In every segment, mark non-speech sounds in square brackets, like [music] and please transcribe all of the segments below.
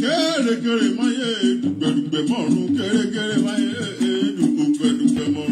kẹ́rẹ́kẹ́rẹ́ máyé dùgbẹ̀dùgbẹ̀ mọ́rùn kẹ́rẹ́kẹ́rẹ́ máyé dùgbẹ̀dùgbẹ̀ mọ́rùn.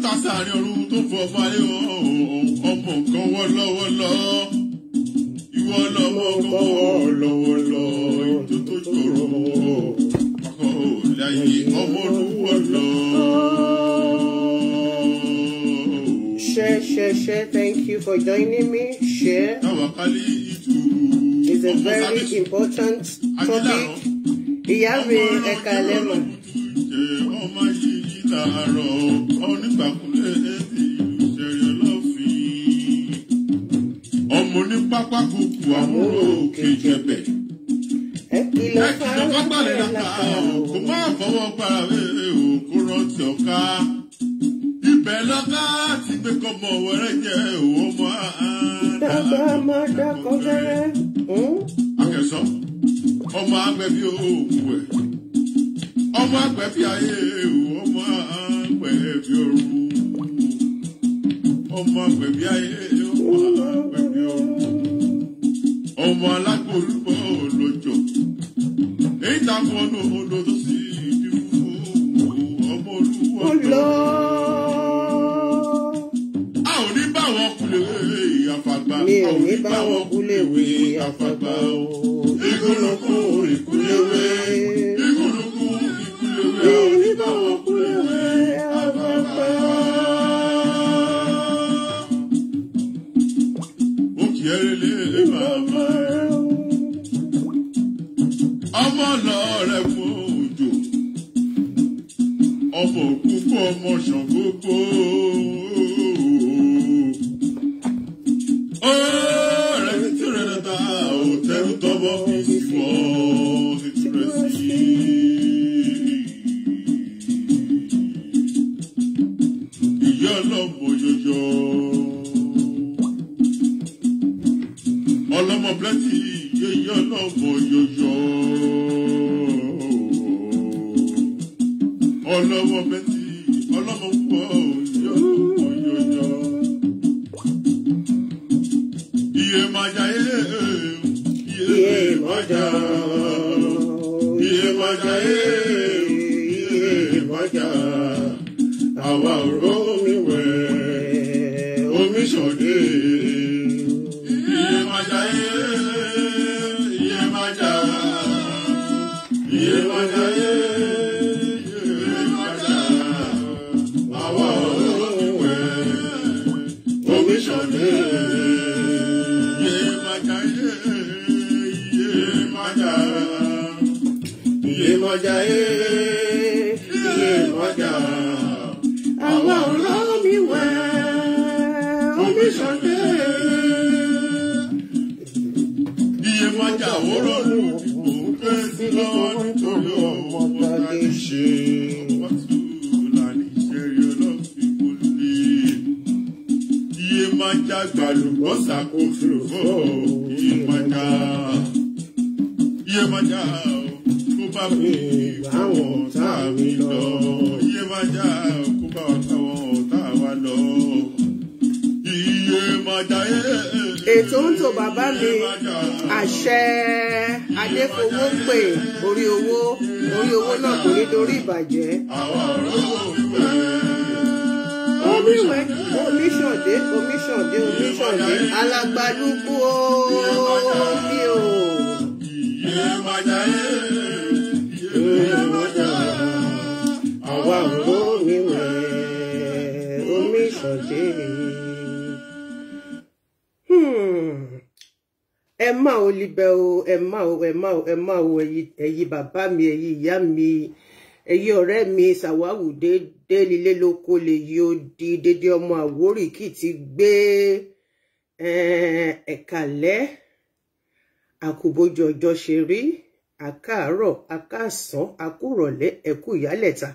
tó fọ kan wọ́ ìwọ tó lọ. Share, share, share. Thank you for joining me. Share. It's a very important topic. Ìyá mi ẹ̀ka lẹ́mọ̀. tààrọ̀ onígbàkúlẹ̀ ẹ̀bí ìlú ṣẹ̀rí ọlọ́fin. ọmọ ní pápákọ̀kọ̀ àmúrò òkè jẹ̀bẹ̀. ẹ kìlọ̀ fáwọn ọ̀rẹ́ làkà o. kò má fọwọ́ para wẹ́rẹ́ o kó rántí ọ̀ka. ibẹ̀ lọ́ká ti gbé kọ́mọ wẹ́rẹ́ jẹ́ òun ọmọ àdàgbà. dàgbà máa dákọ̀ fẹ́rẹ́. akẹ́sọ̀ ọmọ hmm? agbẹ̀bí òògùn ẹ̀ ọmọ agbẹ̀bí ayé o. ọmọ gbẹ̀bí ayé ọmọ gbẹ̀bí ọ̀run ọmọ alágbòlúbọ̀ olójó èyí takò ọ̀nà odò tó sì dìbò ọmọ olúwa lọ. a ò ní bá wọn kulèwé àfàgbà mi ò ní bá àfàgbà o ìgbónà kò rí kulèwé. ọmọ ṣàn gbogbo. ẹ má o libẹ o ẹ má o ẹ má o ẹ má o ẹ̀yin bàbá mi ẹ̀yin ìyá mi ẹ̀yin ọ̀rẹ́ mi ṣàwáwù délilé lóko lè yí ó di dédé ọmọ Àwórì kì í ti gbé ẹ̀kàlẹ́ àkùbọjọ ọjọ́ ṣe rí àkàárọ̀ àkàsán àkúrọ̀lẹ́ ẹkú ìyálẹ̀ta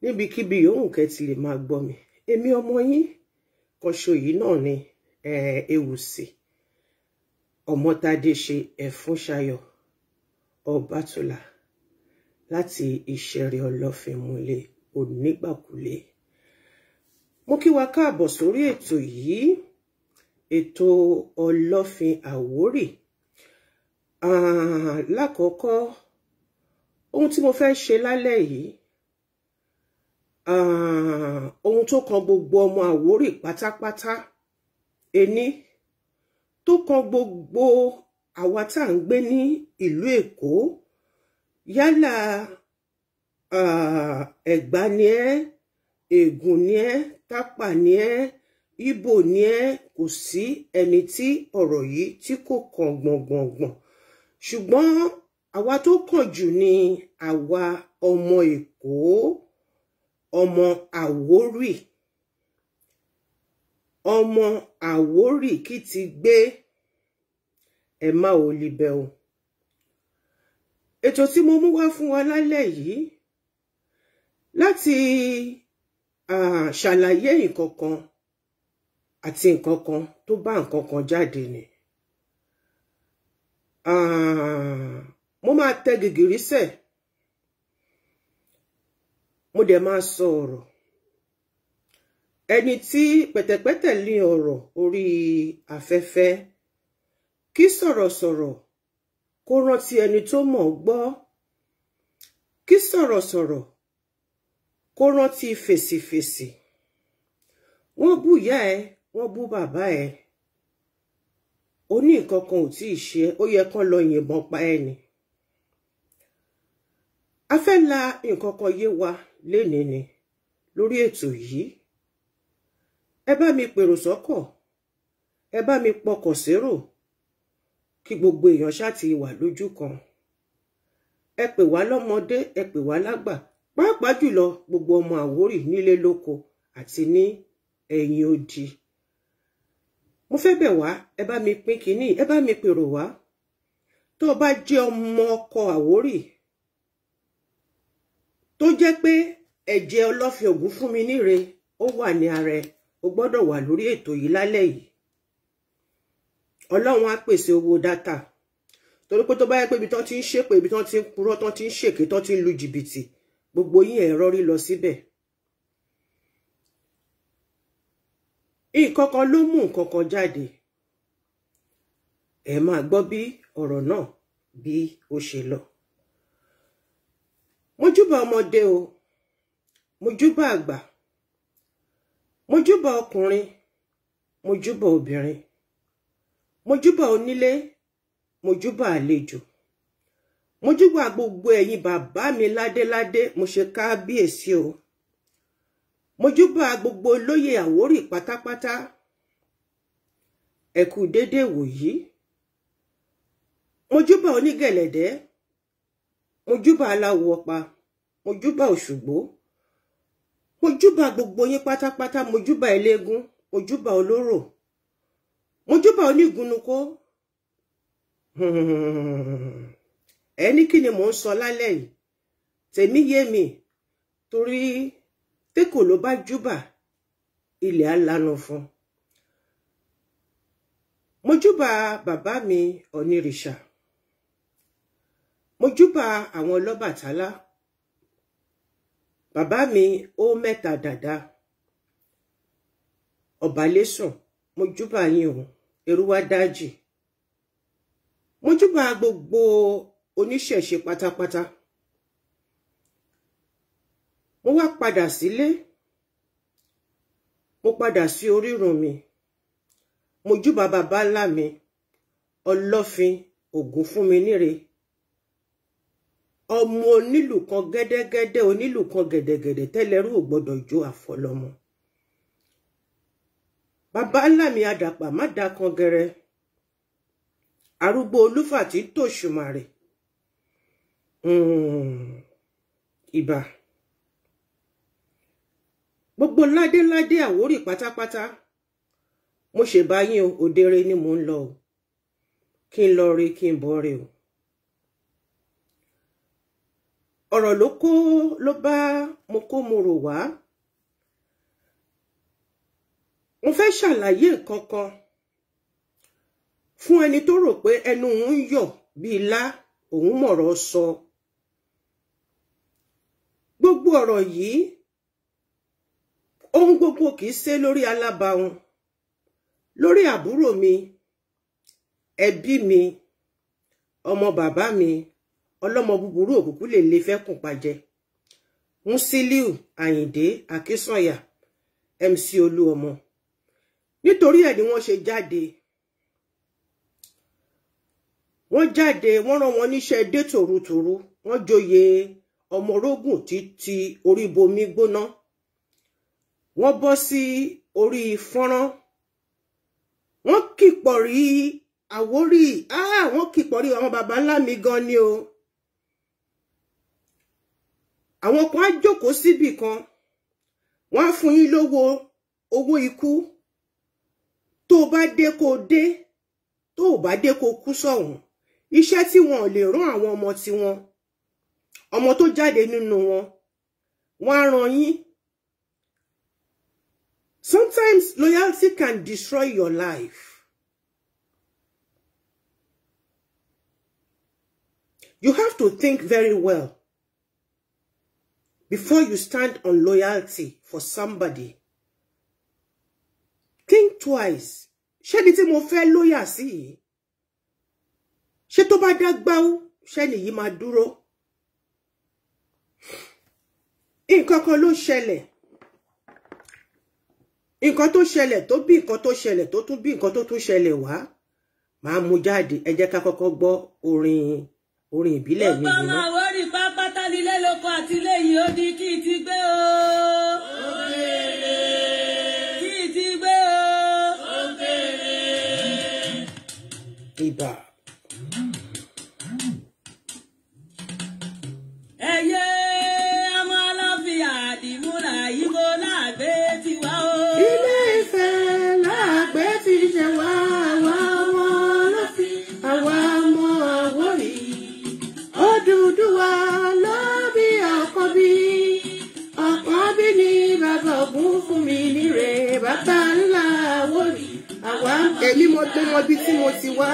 níbikíbi yòówù kẹ́ lè máa gbọ́ mi èmi ọmọ yín kọṣọ yìí náà ni Ewùsì. Eh, ọmọtádéṣe ẹfúnṣayọ ọbátúlá láti ìṣẹ̀rí ọlọ́fẹ̀múlẹ̀ onígbàkulé mo kí wa káàbọ̀ sórí ètò yìí ètò ọlọ́fin àwórì lákọ̀ọ́kọ́ ohun tí mo fẹ́ ṣe lálẹ́ yìí ohun tó kan gbogbo ọmọ àwórì pátápátá ení. E tó kan gbogbo àwa tá à ń gbé ní ìlú Èkó yálà Ẹ̀gbá ni ẹ́ Ègùn ni ẹ́ Tápà ni ẹ́ Ìbò ni ẹ́ kò sí ẹni tí ọ̀rọ̀ yìí tí kò kàn gbọ̀ngbọ̀ngbọ̀n ṣùgbọ́n àwa tó kàn jù ni àwa ọmọ Èkó ọmọ Àwórì ọmọ Àwórì kí ti gbé ẹ má ò libẹ o ètò tí mo mú wá fún wa lálẹ́ yìí láti ṣàlàyé nǹkan kan àti nǹkan kan tó bá nǹkan kan jáde ni mo máa tẹ gìgìrísẹ̀ mo dẹ̀ máa sọ ọ̀rọ̀ ẹni tí pẹ̀tẹ̀pẹ́tẹ̀ lé ọ̀rọ̀ orí afẹ́fẹ́ kí sọ̀rọ̀sọ̀rọ̀ kó rántí ẹni tó mọ̀ gbọ́ kí sọ̀rọ̀sọ̀rọ̀ kó rántí fèsìfèsì wọ́n bú ìyá ẹ wọ́n bú bàbá ẹ ó ní nǹkan kan ò tí ì ṣe ó yẹ kán lọ yìnbọn pa ẹ ni a fẹ́ la nǹkan kan yé wa lénìí ni lórí ètò yìí ẹ bá mi pèrò sọ́kọ̀ ẹ bá mi pọkọ̀ sérò kí gbogbo èèyàn ṣáà ti wà lójú kan ẹ pè wá lọ́mọdé ẹ pè wá lágbà pàápàá jùlọ gbogbo ọmọ Àwórì nílé lóko àti ní ẹ̀yìn odi mo fẹ́ bẹ̀ wá ẹ bá mi pín kínní ẹ bá mi pèrò wá tó o bá jẹ́ ọmọ ọkọ Àwórì tó jẹ́ pé ẹ̀jẹ̀ ọlọ́fin ògún fún mi níre ó wà ní ara ẹ o gbọ́dọ̀ wà lórí ètò yìí lálẹ́ yìí ọlọ́run á pèsè owó dátà torí pé tó bá yẹ pé ibi tán ti ń ṣépè ibi tán ti ń purọ́ tán ti ń ṣèké tán ti ń lu jìbìtì gbogbo yín ẹ̀rọ rí lọ síbẹ̀ nǹkan kan ló mú nǹkan kan jáde ẹ máa gbọ́ bí ọ̀rọ̀ náà bí ó ṣe lọ mojúbà ọmọdé o mojúbà àgbà mojúbà ọkùnrin mojúbà obìnrin mojúbà onílé mojúbà àlejò mojúbà gbogbo ẹ̀yin bàbá mi ládéládé mo ṣe kábíyèsí o mojúbà gbogbo olóyè Àwórì pátápátá ẹkú dédé wòyí mojúbà onígẹ̀lẹ̀dẹ́ mojúbà aláwọ̀ ọ̀pá mojúbà Òṣùgbó mo júbà gbogbo yín pátápátá mo júbà eléégún mo júbà olóró mo júbà onígunukó [laughs] ẹni kí ni mò ń sọ lálẹ́ yìí tèmi yé mi torí tékò ló bá júbà ilẹ̀ alanu fún mo bàbá mi onírìṣà mo àwọn lọ́bàtálá bàbá mi ó mẹ́ta dàda ọ̀bálẹ́sùn mojúbà yín o èrúwá dájì mojúbà gbogbo oníṣẹ̀ṣe pátápátá mo wá padà sílé mo padà sí orírun mi mojúbà bàbá ńlá mi ọlọ́fin ògún fún mi níre ọmọ onílù kan gẹ́dẹ́gẹ́dẹ́ onílù kan gẹ̀dẹ̀gẹ̀dẹ̀ tẹ́lẹ̀rú ò gbọ́dọ̀ jó àfọlọ́mọ bàbá ńlámi àdàpà má da kan gẹrẹ arúgbó olúfà tí tòṣùmà rẹ̀ hmm, ìbà gbogbo ládéládé àwórì pátápátá mo ṣèbáyín òdere ni mò ń lọ o kí n lọ rí kí n bọ̀ rí o. ọ̀rọ̀ ló kó ló bá mo kó mo rò wá mo fẹ́ ṣàlàyé nǹkan kan fún ẹni tó rò pé ẹnu òun ń yọ̀ bíi ilá òun mọ̀rọ̀ sọ gbogbo ọ̀rọ̀ yìí ohun gbogbo kì í ṣe lórí alábàáhùn lórí àbúrò mi ẹbí mi ọmọ bàbá mi ọlọ́mọ búburú òkùnkùn lè lè fẹ́ kùn pàjẹ́ Musiliu Àyìndé Akínsànyà MC Olúọmọ nítorí ẹ̀ ni wọ́n ṣe jáde wọ́n jáde wọ́n rán wọn níṣẹ́ dé tòrutòru wọ́n joyè ọmọ orógùn títí orí bomi gbóná wọ́n bọ́ sí orí fọ́nrán wọ́n kìpọ̀ rí àwórí ah wọ́n kìpọ̀ rí àwọn baba ńlá mi gan ni o àwọn kan á jókòó síbì kan wọ́n á fún yín lówó owó ikú tó bá dé kó dé tó bá dé kó kú sọ̀hún iṣẹ́ tí wọn ò lè rán àwọn ọmọ tiwọn ọmọ tó jáde nínú wọn wọ́n á ràn yín sometimes loyalty can destroy your life you have to think very well. Before you stand on loyalty for somebody, think twice. Ṣé ni tí mo fe lóyà sí yìí? Ṣé ba bá dágbáwó? Ṣé nìyí máa dúró? Nǹkan kan ló ṣẹlẹ̀. Nǹkan tó ṣẹlẹ̀ tó bi nǹkan tó ṣẹlẹ̀ tó tún bí nǹkan tó tún ṣẹlẹ̀ wá. Màá mú jáde ẹ jẹ́ ká kọ́kọ́ gbọ́ orin mi yìí náà ni di kí ti gbé o. Òkèèrè. Kí ti gbé o. Òkèèrè. Ibà. àwa èmi mo gbé wọn bí tí mo ti wá.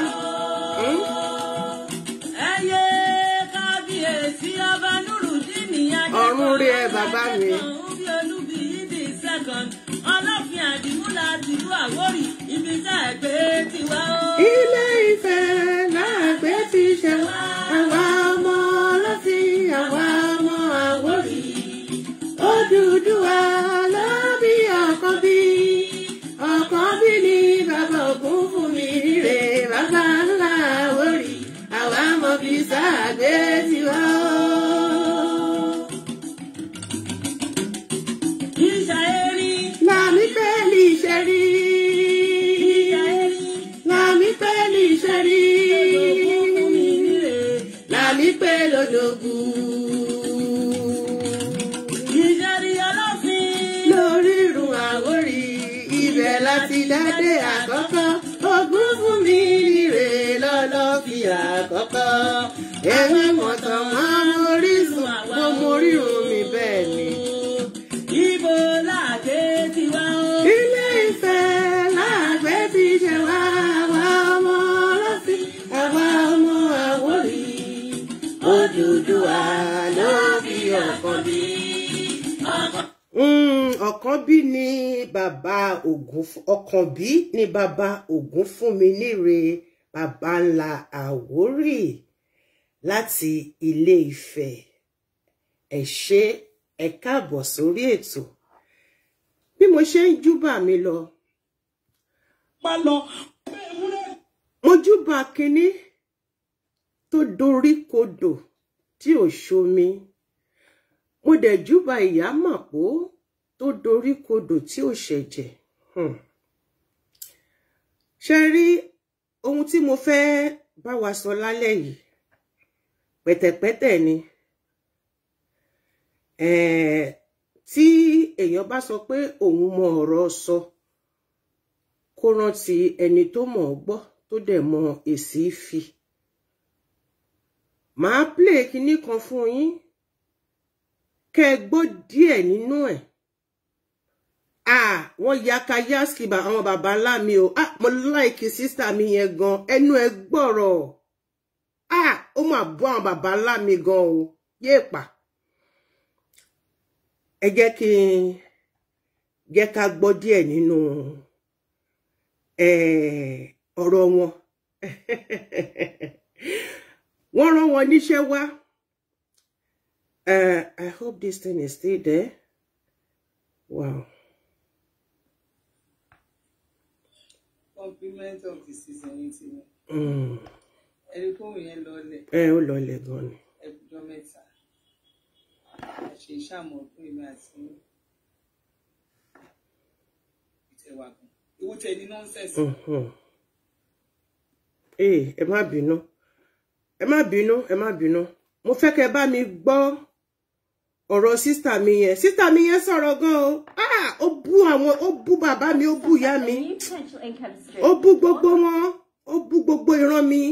ẹyẹ hmm? kábíyèsí ọba nurudin adébọlá ọrùn rẹ bàbá mi. ọlọ́fin àdìmúlà tìlú àwórì ibi tá a gbé tiwa ilé Ifẹ̀ náà gbé ti ṣe wá. Ọ̀kànbí ni bàbá Ògúnfúnminíre bàbá ńlá Àwórì láti Ilé Ifẹ̀ ẹ ṣé ẹ káàbọ̀ sórí ètò bí mo ṣe ń júbà mi lọ. mo júbà kínní tó dorí kodò tí ò ṣomi mo dẹ̀ júbà ìyá màpó tó dorí kodò tí ò ṣẹ̀jẹ̀ Hmm. ṣe rí ohun tí mo fẹ́ bá wa sọ lálẹ́ yìí pẹ̀tẹ̀pẹ̀tẹ̀ ni tí èèyàn bá sọ pé òun mọ ọ̀rọ̀ sọ kó rántí ẹni tó mọ̀ ọ́ gbọ́ tó dẹ̀ mọ èsì fi màá plé kinní kan fún yín kẹ́ ẹ díẹ̀ nínú ẹ̀. E ah wọ́n ya ka yaskiba àwọn baba ńlá mi o ah mo like sister mi yẹn gan ẹnu ẹ gbọ́rọ̀ ah ó mà bú àwọn baba ńlá mi gan o yéèpà ẹ jẹ́ kí n jẹ́ ká gbọ́ díẹ̀ nínú eh, ọ̀rọ̀ wọn [laughs] wọ́n rán wọn níṣẹ́ wá eh, I hope this thing is still there wow. compliment of the season yìí ti mú. Mm. ẹni tó wù yẹn lọlẹ̀. ẹ ó lọlẹ̀ gan ni. ẹgbẹ̀jọ mẹ́ta àṣẹ ìṣàmọ̀ fún èmi àti ìtẹ̀wàgùn ìwú tẹ ní nọ́ńsẹ̀sì. ee ẹ má bínú ẹ má bínú ẹ má bínú mo fẹ́ kẹ́ bá mi gbọ́ ọ̀rọ̀ sísítà mi yẹn sísítà mi yẹn sọ̀rọ̀ gan o ah, ó bú àwọn ó bú bàbá mi ó bú ìyá mi ó bú gbogbo wọn ó bú gbogbo ìran mi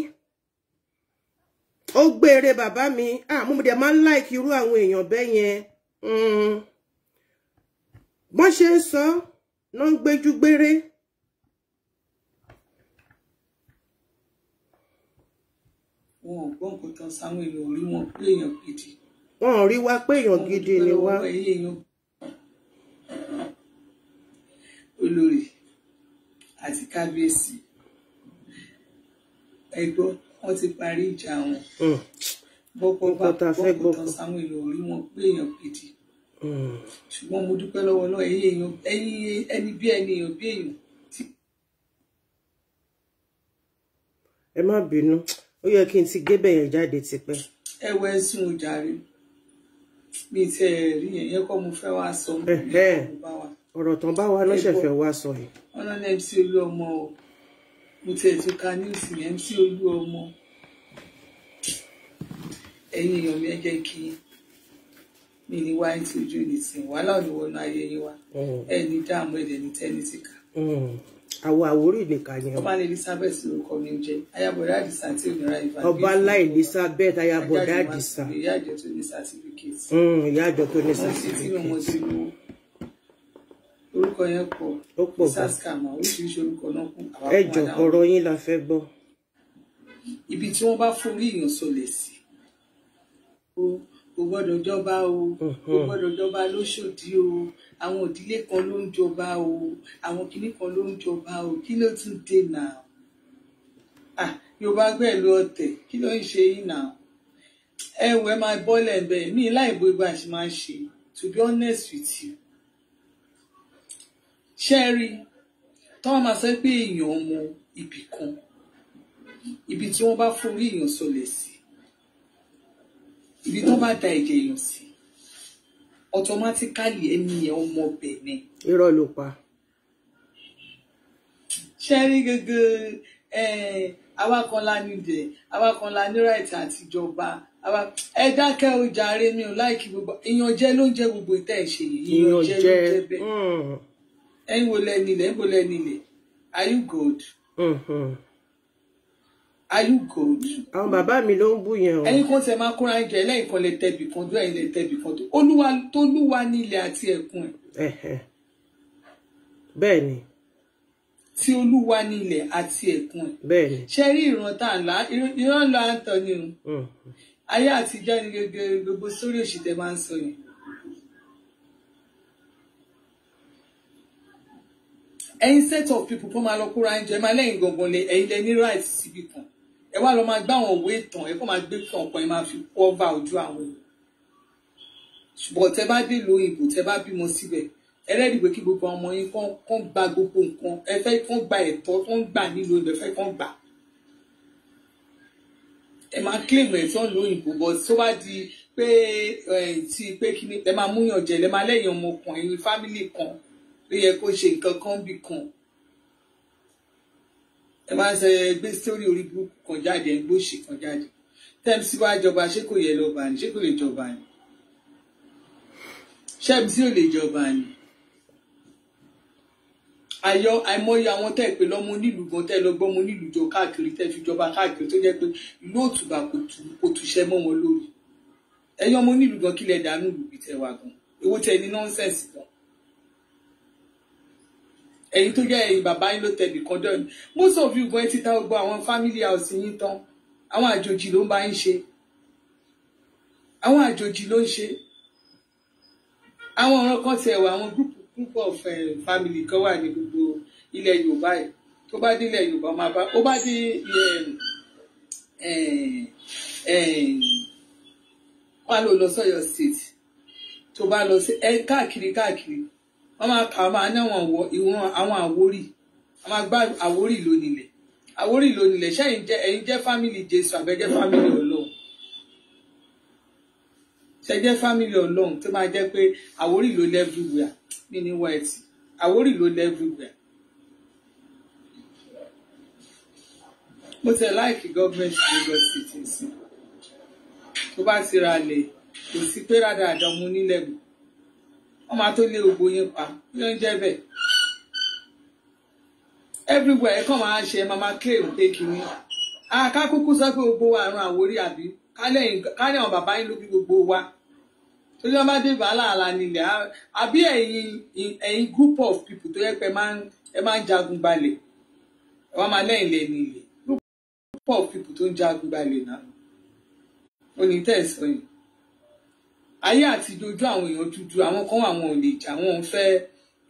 ó gbére bàbá mi ah, mo dẹ̀ máa ń láìkì irú àwọn èèyàn bẹ́ẹ̀ yẹn hmm. bọ́n ṣe ń sọ náà ń gbéjú gbére. wọn ò gbọ́ nǹkan kan Samuel ò rí wọn léèyàn gidi wọn ò rí wa pé èèyàn gidi ni wá. olórí àti kábíyèsí ẹ gbọ́ wọ́n ti parí ìjà wọn hmm. bọ́pọ̀ bá bọ́pọ̀ tán samuel orí wọn pé èèyàn gidi hmm. ṣùgbọ́n mo dúpẹ́ lọ́wọ́ náà ẹ̀yin èèyàn ẹ̀yin ẹni bí ẹni èèyàn bí èèyàn. ẹ má bínú ó yẹ kí n ti gébẹ̀ yẹn jáde tipẹ́. ẹ wẹ sún o jàre. mi tẹ ẹ rí ẹyẹ mo wá sọ ọ̀rọ̀ tán bá wa lọ́sẹ̀ fẹ́ wá sọ yìí. ọ̀nà ní MC ọmọ o mo ọmọ tún ka níìsì ní MC Olúọmọ ẹ̀yin èèyàn mi ẹ jẹ́ kí mi ní wàhálà ayé yín wa mm. ẹ̀ ní dààmú àwọ àwórì nìkan ni. ọba elizabeth lórúkọ mi ń jẹ ayabọdá àdìsá tí òmìnira ìfà. ọba ńlá elizabeth ayabọdá àdìsá. ìyá àjọ tó ní certificate. Hmm, ìyá àjọ tó ní certificate. mo ti tí mo ti mú orúkọ yẹn pọ̀ ó pọ̀ sascama oríṣiríṣi orúkọ náà kún. ẹ jọ yín la fẹ́ gbọ́. ibi tí wọ́n bá forí èèyàn sọlẹ̀ sí kò gbọdọ̀ jọba o kò gbọdọ̀ jọba lóṣòdì o àwọn òdílé kan ló ń jọba o àwọn kinní kan ló ń jọba o kí ló tún dé náà ah yorùbá gbẹ̀lú ọ̀tẹ̀ kí ló ń ṣe yìí náà ẹ wẹ máa bọ́lẹ̀ bẹ́ẹ̀ mí láìbo ibà ṣe máa ṣe to be honest with you ṣẹ́ẹ̀rí táwọn máa sọ pé èèyàn ọmọ ibì kan ibi tí wọ́n bá forí èèyàn sọlẹ̀ sí ibi tó bá da ẹ̀jẹ̀ èèyàn sí automatically ẹni yẹn ọmọ ọbẹ̀ ni. irọ́ ló pa. ṣẹ́rí gangan àwa kan la nídẹ̀ àwa kan la ní right àti ìjọba àwa ẹ dákẹ́ o jàre mi ò láìkí gbogbo ìyànjẹ ló ń jẹ gbogbo ìtẹ́ ìṣe yìí ìyànjẹ ló ń jẹ bẹ́ẹ̀ mm. ẹ̀yin wo lẹ́nilẹ̀ ẹ̀yin wo lẹ́nilẹ̀ are you good. Mm-hmm are you good. àwọn bàbá mi ló ń bù yẹn o. ẹ̀yin kan tẹ máa kóra jẹ lẹ́yìn kan lè tẹbi kan jọ ẹ̀yin lè tẹbi kan tó olúwa tó lúwa ní ilẹ̀ àti ẹ̀kún ẹ̀. bẹ́ẹ̀ ni. tí olúwa ní ilẹ̀ àti ẹ̀kún ẹ̀. bẹ́ẹ̀ ni. ṣe rí ìran tá à ń la ìran ńlá ń tọ́ ni o. Mm. ayé àtijọ́ ni gbogbo sórí òṣìṣẹ́ máa ń sọ yẹn. ẹ̀yin set of people kó máa lọ kóra ń jẹ máa lẹ́yìn gangan lé ẹ̀yin lẹ ní right síbi kan ẹ wá lọ máa gbá àwọn òwe tàn ẹ kó máa gbé kí ọkàn ẹ máa fi kú ọba ojú àwọn èèyàn ṣùgbọ́n tẹ bá dé lóyìnbó tẹ bá bímọ síbẹ̀ ẹlẹ́dìí pé kí gbogbo ọmọ yín kán kán gba gbogbo nǹkan ẹ fẹ́ kán gba ẹ̀tọ́ kán gbà nílùú ẹ fẹ́ kán gbà ẹ máa claim ẹ̀tọ́ lóyìnbó bọ́ tó bá di pé ẹ ti pé kí ni ẹ máa múyàn jẹ ẹ máa lẹ́yìn ọmọkùnrin fámìlì kan ló yẹ kó ṣe nǹkan kan bí kan ẹ máa ń ṣe gbé sórí orí burúkú kan jáde ẹ ń gbóṣì kan jáde tẹ́ms wá jọba ṣé kò yẹ lọ́ba ni ṣé kò lè jọba ni ṣẹ́ms yóò lè jọba ni àyọ àìmọye àwọn tẹ́ pé lọ́mọ onílùú gan tẹ́ lọ gbọ́mọ onílùú jọ káàkiri tẹ́ fi jọba káàkiri tó jẹ́ pé lóòtùbà kò túṣẹ́ mọ́ wọn lórí ẹ̀yọ́ ọmọ onílùú gan kílẹ̀ dànù lùbí tẹ́ wà gan owó tẹ́ ní nọ́ńsẹ̀nsì gan ẹ̀yin tó jẹ́ ẹ̀yin bàbá yín ló tẹ̀lé kọ́dọ̀ ni most of you gan ti ta gbogbo àwọn family house yín tán àwọn àjòjì ló ń bá yín ṣe àwọn àjòjì ló ń ṣe àwọn ọ̀ràn kan ti ẹ̀wà àwọn group group of eh, family kan wà ní gbogbo ilẹ̀ Yorùbá yìí tó bá dé ilẹ̀ Yorùbá máa bá ó bá dé eh, eh, wà ló lọ sọ́yọ́ state tó bá lọ sí ẹ káàkiri káàkiri wọ́n máa kà máa ní àwọn àwọ̀ ìwọ̀n àwọn àwórì a máa gbá àwórì lónìlẹ̀ àwórì lónìlẹ̀ ṣé ẹ̀yin jẹ́ ẹ̀yin jẹ́ fámìlì Jésù àbẹ́jẹ́ fámìlì Ọlọ́run ṣe jẹ́ fámìlì Ọlọ́run tó máa jẹ́ pé àwórì ló lẹ́fúwẹ̀à ní ní wẹ́ẹ̀tì àwórì ló lẹ́fúwẹ̀à. mo tẹ láìkí gọọmenti Lagos city sí tó bá ti ra lè kò sí pé rádàá àdánwò nílẹ̀ gbọ́ wọ́n máa tó lé gbogbo yín pa kí ń jẹ́ bẹ́ẹ̀ everywhere kàn máa ṣe mama claim pé kìíní akákúkú sọ pé gbogbo wa àrùn àwórí àbí kálẹ̀ àwọn bàbá yín ló bí gbogbo wa torí wọn bá dé wàhálà àlà nílẹ̀ àbí ẹ̀yin group of people tó yẹ pé ẹ máa ń jagun balẹ̀ ẹ wá máa lẹ́yìn lẹ́nu ilẹ̀ group of people tó ń jagun balẹ̀ náà ó ní ayé àti dojú àwọn èèyàn dúdú àwọn kan wà wọn ò lè jà wọn ò fẹ́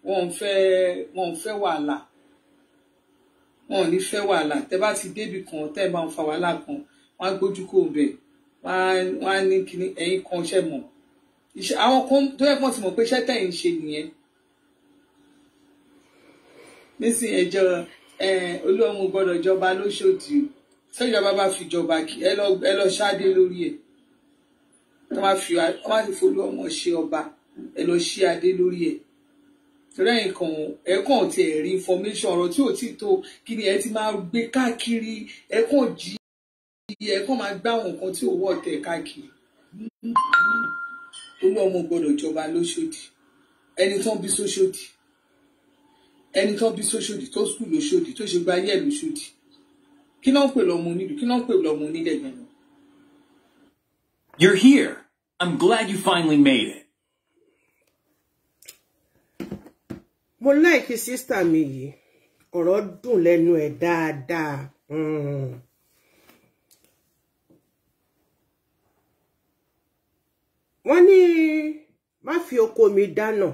wọn ò fẹ́ wọn ò fẹ́ wàhálà wọn ò ní fẹ́ wàhálà tẹ́ bá ti débi kan tẹ́ bá ń fa wàhálà kan wọn á gbójú kó bẹ̀ wọn á ní kíní ẹ̀yin kan ṣẹ mọ̀ iṣẹ́ àwọn kan tó yẹ kàn ti mọ̀ pé iṣẹ́ tẹ̀yìn ṣe nìyẹn nísìnyí ẹjọ́ olóhùn gbọ́dọ̀ jọba lóṣòdì o sẹ́jọba bá fi jọba kí ẹ lọ ṣáde lórí ẹ̀ tó máa fi ọ máa ti folú ọmọ ṣe ọba ẹ lọ ṣí adé lórí ẹ torí ẹ̀yin kan ẹ kàn ti ẹ rí information ọ̀rọ̀ tí ò tí tó kí ni ẹ ti máa gbé káàkiri ẹ kàn jí ẹ kàn máa gbá àwọn nǹkan tí ò wọ tẹ káàkiri olú ọmọ gbọ́dọ̀ jọba lóṣòdì ẹni tán bí sóṣòdì ẹni tán bí sóṣòdì tó sùkúl lóṣòdì tó ṣe gba ayé ẹ lóṣòdì kí náà ń pè lọmọ onílù kí náà ń pè lọmọ onílẹ̀ gbẹ̀ngàn You're here. I'm glad you finally made it. Mo like sister mi yìí. Ọ̀rọ̀ dùn lẹ́nu ẹ̀ dáadáa. Mm. Wọ́n ní fi oko mi dáná.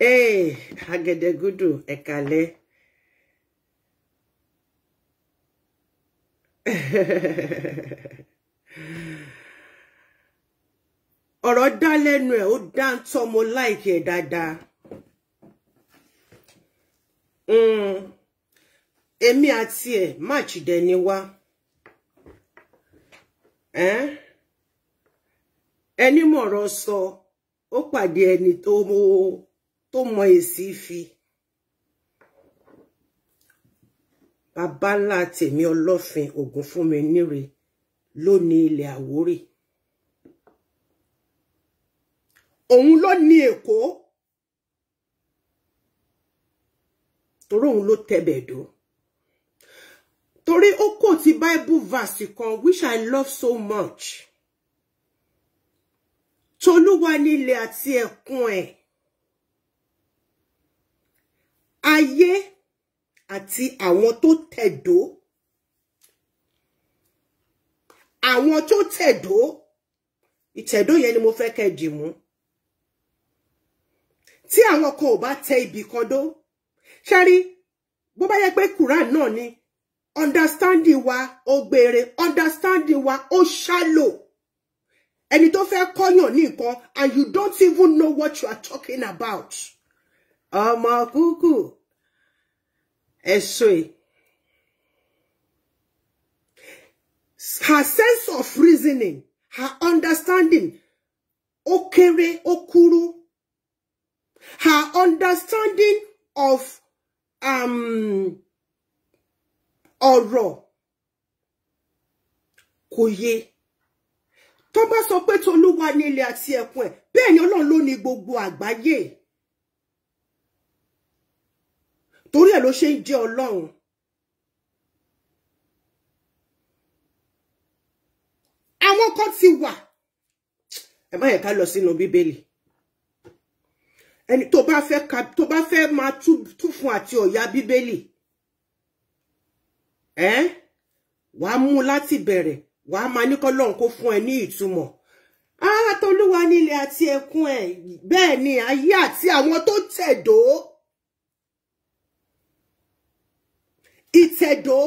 Eh, hey, Àgẹ̀dẹ̀gúdù ẹ kálẹ́. [laughs] ọ̀rọ̀ dá lẹ́nu ẹ̀ ó dá ń tọ́ mo láìkí ẹ̀ dáadáa mm. èmi àti ẹ̀ máàchì dẹ̀ ni wá ẹni mọ̀rọ̀ sọ ó pàdé ẹni tó mọ èsì fi. bàbá ńlá tèmi ọlọ́fin ògùn fún mi níre ló ní ilẹ̀ Àwórì òun ló ní Èkó torí òun ló tẹ̀bẹ̀dó torí ó kò ti bible verse kan which I love so much tolúwa ní ilẹ̀ àti ẹ̀kún ẹ̀ ayé àti àwọn tó tẹ̀dó àwọn tó tẹ̀dó ìtẹ̀dó yẹn ni mo fẹ́ kẹ́ dìmú tí àwọn kan ò bá tẹ ibì kan dó ṣárí bó bá yẹ pé Quran náà ni understanding wa ó gbére understanding wa ó shallow ẹni tó fẹ́ kọ́yàn ní nǹkan and you don't even know what you are talking about ọmọ kúkú. Eso e. Her sense of reasoning, her understanding, ó kéré, ó kúrú. Her understanding of um ọ̀rọ̀ kò yé tó bá sọ pé tolúwa ní àti ẹ̀kún ẹ̀ bẹ́ẹ̀ ni Ọlọ́run ló ní gbogbo àgbáyé torí ẹ̀ ló ṣe ń jẹ́ Ọlọ́run àwọn kan ti wà ẹ má yẹ ká lọ sínú Bíbélì ẹni tó bá fẹ́ ka tó bá fẹ́ máa tú fún àti ọ̀yà Bíbélì ẹ wàá mú láti bẹ̀rẹ̀ wàá máa ní kọ́lọ́run kó fún ẹ ní ìtumọ̀ ara tolúwa nílé àti ẹkún ẹ bẹ́ẹ̀ ni ayé àti àwọn tó tẹ̀dó. ìtẹ̀dó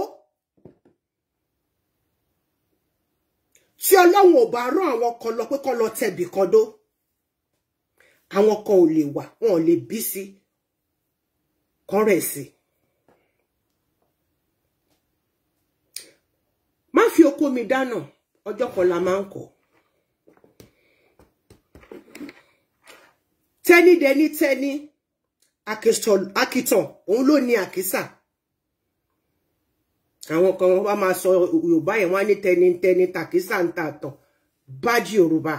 tí ọlọ́run ò bá rán àwọn kan lọ pé kán lọ tẹ̀bì kan dó àwọn kan ò lè wà wọn ò lè bí sí kán rẹ̀ sí. má fi oko mi dáná ọjọ́ kan la máa ń kọ́. tẹ́ni dẹni tẹ́ni àkìtàn òun ló ní àkísà àwọn kan wọ́n bá máa sọ yorùbá yẹn wọ́n á ní tẹnitẹni tàkísà ń ta àtàn bájì yorùbá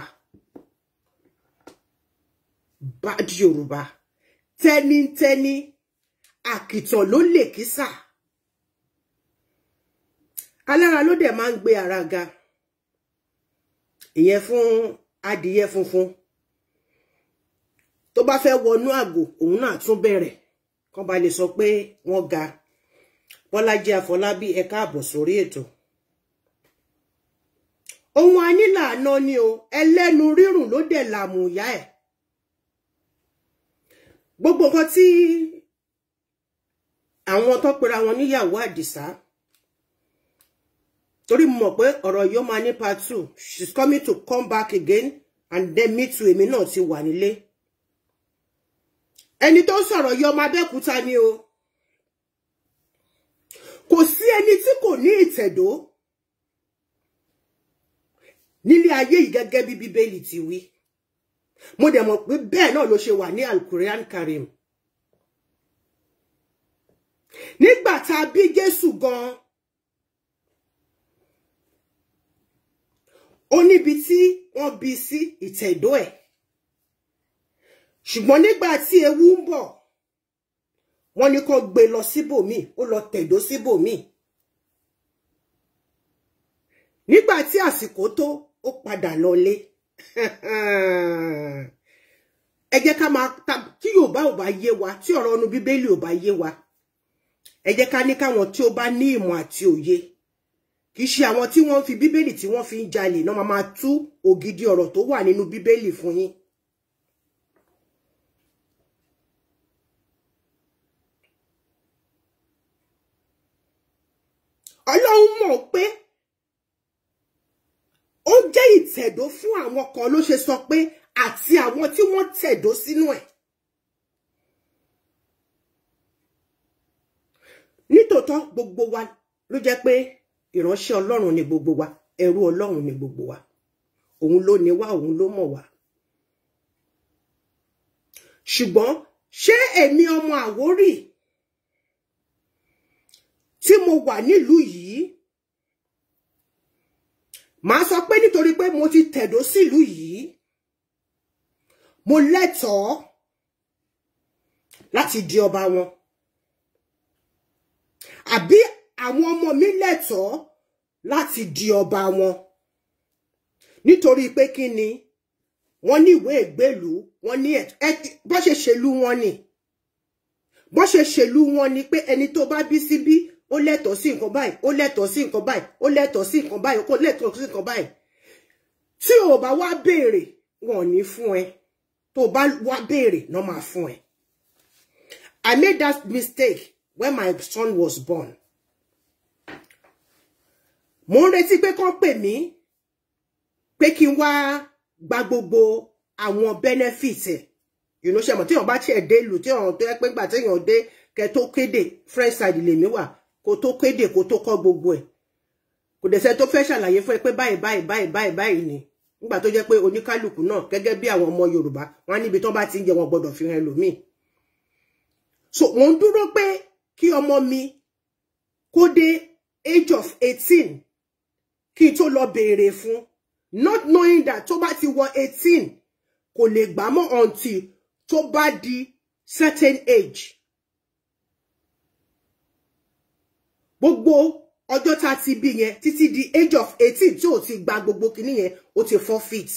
bájì yorùbá tẹnitẹni àkìtàn ló lè kísà alára ló dẹ̀ máa ń gbé ara ga ìyẹn fún adìyẹ funfun tó bá fẹ́ wọnú àgò òun náà tún bẹ̀rẹ̀ kán ba lè sọ pé wọ́n ga. Bọ́lájí Àfọlábí ẹ káàbọ̀ sórí ètò ohun anílànà ni o ẹlẹ́nu rírùn ló dẹ̀ làmù ìyá ẹ̀ gbogbo nǹkan tí àwọn tó pera wọn níyàwó Àdìsá torí mo mọ̀ pé ọ̀rọ̀ yìí ó máa ní part two she's coming to come back again and then me too èmi náà ti wà nílé ẹni tó sọ̀rọ̀ yìí ọmọ Abẹ́òkúta ni o kò sí ẹni tí kò ní ìtẹ̀dó nílé ayé yìí gẹ́gẹ́ bí bíbélì ti wí mo dẹ̀ mọ̀ pé bẹ́ẹ̀ náà ló ṣe wà ní alkurian karim nígbà tá a bí jésù gan ó níbi tí wọ́n bí sí ìtẹ̀dó ẹ̀ ṣùgbọ́n nígbà tí ewu ń bọ̀ wọ́n ní kó gbé lọ síbòmí ó lọ tẹ̀dó síbòmí nígbà tí àsìkò tó ó padà lọlé [laughs] ẹ jẹ́ ká máa tí Yorùbá ò bá yé wa tí ọ̀rọ̀ ọnu Bíbélì ò bá yé wa ẹ jẹ́ ká ní káwọn tí ó bá ní ìmọ̀ àti òye kì í ṣe àwọn tí wọ́n fi Bíbélì tí wọ́n fi ń jalè náà máa tú ògidì ọ̀rọ̀ tó wà nínú Bíbélì fún yín ọlọ́run mọ̀ pé ó jẹ́ ìtẹ̀dó fún àwọn kan ló ṣe sọ pé àti àwọn tí wọ́n tẹ̀dó sínú ẹ̀. nítòótọ́ gbogbo wa ló jẹ́ pé ìránṣẹ́ ọlọ́run ni gbogbo wa ẹrú ọlọ́run ni gbogbo wa òun ló ní wá òun ló mọ̀ wá. ṣùgbọ́n ṣé èmi ọmọ Àwórì tí mo wà nílùú yìí màá sọ pé nítorí pé mo ti tẹ̀dó sílùú yìí mo lẹ́tọ̀ọ́ láti di ọba wọn àbí àwọn ọmọ mi lẹ́tọ̀ọ́ láti di ọba wọn nítorí pé kí ni wọ́n ní ìwé ìgbélú wọ́n ní bó ṣe ṣèlú wọn ni bó ṣe ṣèlú wọn ni pé ẹni tó bá bí síbí ó lẹ́tọ̀ọ́ sí nǹkan báyìí ó lẹ́tọ̀ọ́ sí nǹkan báyìí ó lẹ́tọ̀ọ́ sí nǹkan báyìí ó lẹ́tọ̀ọ́ sí nǹkan báyìí tí o bá wá béèrè wọn ò ní fún ẹ tó o bá wá béèrè náà máa fún ẹ I made that mistake when my son was born mo ń retí pé kán pè mí pé kí n wá gba gbogbo àwọn benefit ẹ you know ṣe mọ̀ téèyàn bá tiẹ̀ dé ìlú téèyàn tó yẹ pé gbà téèyàn dé kẹ tó kéde friend side lèmi wà kó tó kéde kó tó kọ́ gbogbo ẹ̀ kò dẹ̀ sẹ́ tó fẹ́ ṣàlàyé fún ẹ pé báyìí báyìí báyìí báyìí báyìí ni nígbà tó jẹ́ pé oníkálukú náà gẹ́gẹ́ bí àwọn ọmọ Yorùbá wọn níbi tó bá ti ń jẹ wọn gbọdọ̀ fi hàn ẹlòmíì so wọ́n ń dúró pé kí mi kó dé age of eighteen ki to lo bere fun. not knowing that tó bá ti wọ eighteen kò lè gbà mọ́ until tó bá di certain age gbogbo ọjọ́ tá a ti bí yẹn títí di age of eighteen tí ò ti gba gbogbo kinní yẹn ó ti forfeit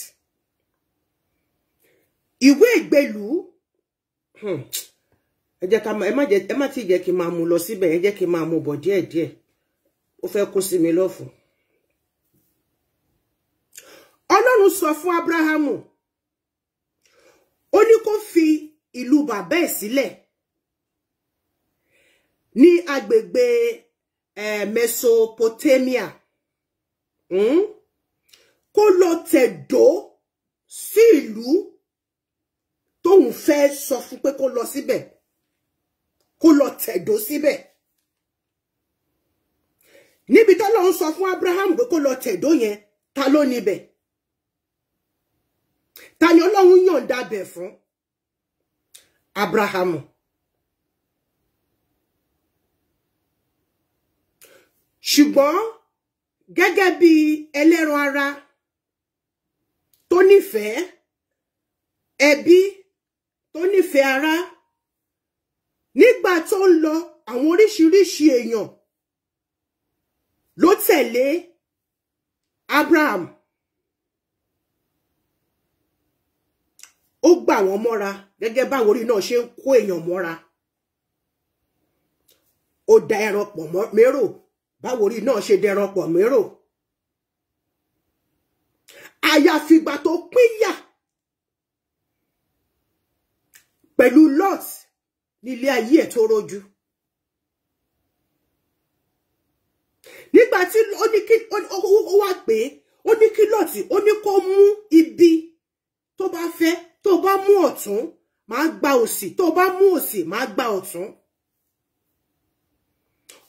ìwé ìgbélú hmm, ẹ jẹ́ ká ẹ má jẹ́ ẹ má ti jẹ́ kí n máa mú lọ síbẹ̀ ẹ jẹ́ kí n máa mú bọ̀ díẹ̀díẹ̀ ó fẹ́ kó sí mi lọ́fun ọlọ́run sọ fún abrahamu ó ní kó fi ìlú bàbá ẹ̀ sílẹ̀ ní agbègbè eh, Mesopotamia mm? kó lọ tẹ̀dó sí ìlú tóun fẹ́ sọ fún pé kó lọ síbẹ̀ kó lọ tẹ̀dó síbẹ̀ níbi tọ́lọ́run sọ fún Abraham pé kó lọ tẹ̀dó yẹn ta ló níbẹ̀ ta ni Ọlọ́run yọ̀ǹda bẹ̀ fún Abrahamu. ṣùgbọ́n gẹ́gẹ́ bí ẹlẹ́ran ara tó nífẹ̀ẹ́ ẹbí tó nífẹ̀ẹ́ ara nígbà tó ń lọ àwọn oríṣiríṣi èèyàn ló tẹ̀lé Abraham ó gbà wọ́n mọ́ra gẹ́gẹ́ báwọn orí náà ṣe ń kó èèyàn mọ́ra ó da ẹran pọ̀ mọ́ mérò báwo rí náà ṣe dẹranpọ̀ mérò àyàfìgbà tó pínyà pẹ̀lú Lot nílé ayé ẹ̀ tó rojú nígbà tí ó ní kí ó wà pé ó ní kí Lot ó ní kó mú ibi tó bá fẹ́ tó bá mú ọ̀tún máa gba òsì tó bá mú òsì máa gba ọ̀tún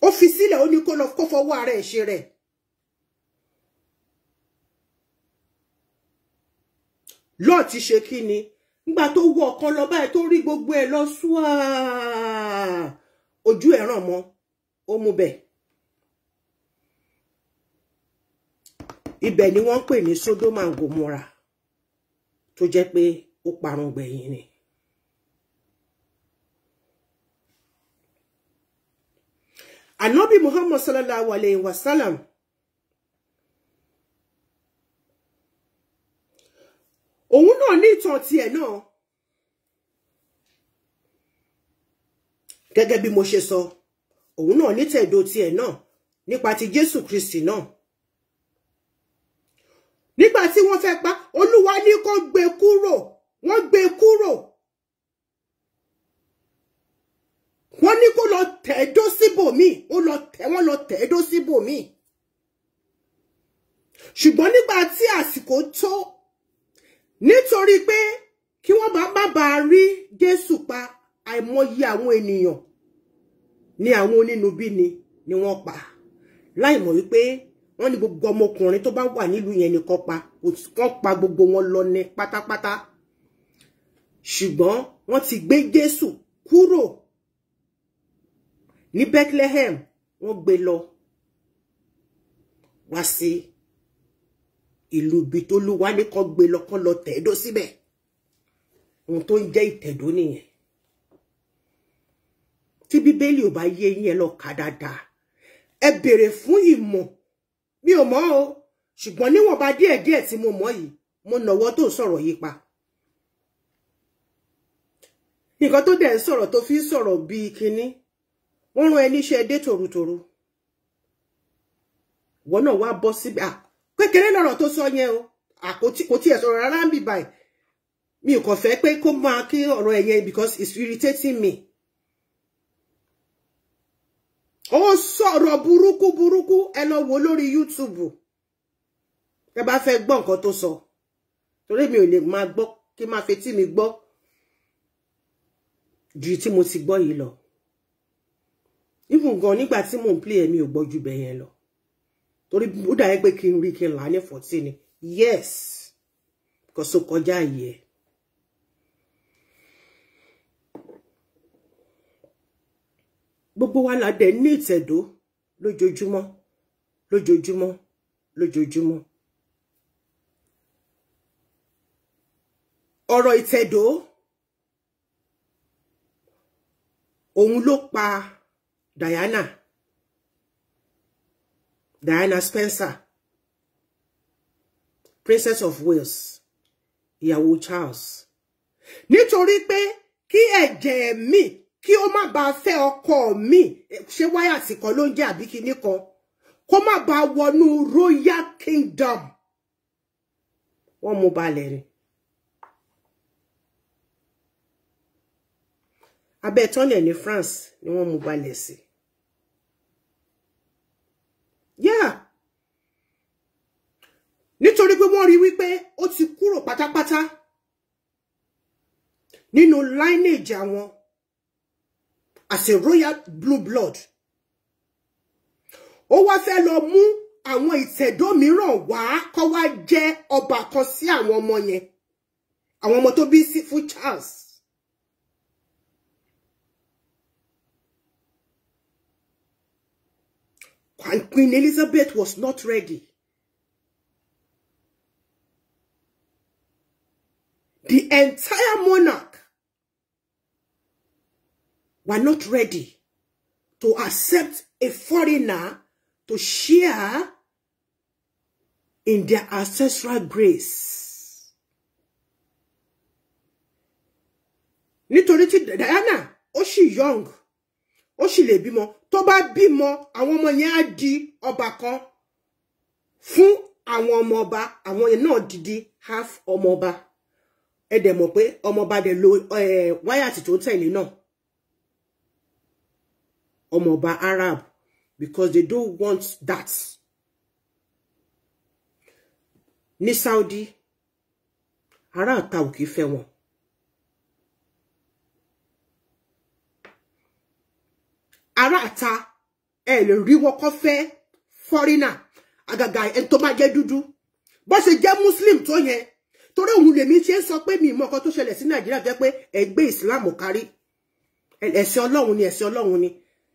ó fi sílẹ̀ ó ní kó lọ kó fọwọ́ ara ẹ̀ ṣe rẹ̀ lọ́ọ̀ ti ṣe kí ni nígbà tó wọ ọ̀kan lọ báyìí tó rí gbogbo ẹ̀ lọ súà ojú ẹ̀ ràn mọ́ ó mú bẹ̀ ibẹ̀ ni wọ́n ń pè ní Sódómà tó jẹ́ pé ó parun gbẹ̀yìn ni. Ànábì Muhammad sallallahu alayhi wa sallam òun náà ní ìtàn tiẹ̀ náà gẹ́gẹ́ bí mo ṣe sọ òun Ni ní tẹ̀dó tiẹ̀ náà nípa ti Jésù Kristi náà ni tí wọ́n fẹ́ pa Olúwa ní kó gbé kúrò wọ́n gbé kúrò wọ́n ní kó lọ tẹ̀ dó síbòmíì ó lọ tẹ̀ wọ́n lọ tẹ̀ dó síbòmíì ṣùgbọ́n nígbà tí àsìkò tó nítorí pé kí wọ́n bá má bàa rí Jésù pa àìmọye àwọn ènìyàn ni àwọn onínúbíni ni wọ́n pa láìmọ̀ wípé wọ́n ní gbogbo ọmọkùnrin tó bá wà nílùú yẹn nìkan pa wọ́n pa gbogbo wọn lọ ní pátápátá ṣùgbọ́n wọ́n ti gbé Jésù kúrò Ni Bethlehem wọ́n gbé lọ wá sí ìlú ibi tó lúwa ní kan gbé lọ kán lọ tẹ̀dó síbẹ̀ ohun tó ń jẹ́ ìtẹ̀dó nìyẹn tí bíbélì ò bá yé yín ẹ lọ kà dáadáa ẹ béèrè fún mi ò mọ̀ o ṣùgbọ́n níwọ̀nba díẹ̀díẹ̀ tí mo mọ̀ yìí mo nàwọ́ tó soro yìí pa nǹkan tó dẹ̀ ń sọ̀rọ̀ tó fi ń sọ̀rọ̀ bíi wọ́n rán ẹ níṣẹ́ dé tòrutòru wọ́n náà wá bọ́ síbi à kékeré lọ́rọ̀ tó sọ yẹn o àkótí kò tiẹ̀ sọ̀rọ̀ rárá ń bì báyìí mi ò kàn fẹ́ pé kó máa kí ọ̀rọ̀ ẹ yẹn because it's irritating me ó sọ̀rọ̀ burúkú burúkú ẹ lọ wò lórí YouTube ẹ bá fẹ́ gbọ́ nǹkan tó sọ torí mi ò lè máa gbọ́ kí máa fetí mi gbọ́ ju tí mo ti gbọ́ yìí lọ even gan nígbà tí mò ń play èmi ò gbọ́jú bẹ́ẹ̀ yẹn lọ torí ó dà yẹ pé kí n rí kí n fourteen ni yes kò so kọjá yìí gbogbo wa la dẹ̀ ní ìtẹ̀dó lójoojúmọ́ lójoojúmọ́ lójoojúmọ́. ọ̀rọ̀ ìtẹ̀dó òun ló pa. Diana Diana Spencer Princess of Wales Yahoo Charles Nitori pe ki ẹ̀jẹ̀ mi ki o ma ba fẹ́ ọkọ mi ṣé waya tí kan ló ń jẹ́ àbí kinní kan kó má bàa royal kingdom wọ́n mú balẹ̀ rìn. abẹ́ tọ́lẹ̀ ni France ni wọ́n mú balẹ̀ sí yeah nítorí pé wọ́n rí wípé ó ti kúrò pátápátá nínú lineage àwọn as a royal blue blood ó wá fẹ́ lọ mú àwọn ìtẹ̀dó mìíràn wá kó wá jẹ́ ọba kan sí àwọn ọmọ yẹn àwọn ọmọ tó bí sí fún Charles And Queen Elizabeth was not ready. The entire monarch were not ready to accept a foreigner to share in their ancestral grace. Nítorí tí Diana, oh she young ó sì lè bímọ tó bá bímọ àwọn ọmọ yẹn á di ọba kan Fun àwọn ọmọ ọba àwọn yẹn náà dìde half ọmọ ọba ẹ dẹ̀ mọ̀ pé ọmọ ọba dẹ̀ lo wáyàtì tó tẹ̀lé náà omo ọba Arab because they don't want that Ni Saudi ará ta ò kìí fẹ́ wọn ará àta ẹ lè rí wọn kọ́ fẹ́ fọ́rínà àgàgà ẹ̀ tó máa jẹ́ dúdú bó ṣe jẹ́ muslim tó yẹn torí òun lèmi ṣe ń sọ pe mi mọ ọkọ to ṣẹlẹ̀ si nàìjíríà jẹ́ pé ẹ gbé islam kárí ẹ̀sìn ọlọ́run ni ẹ̀sìn ọlọ́run ni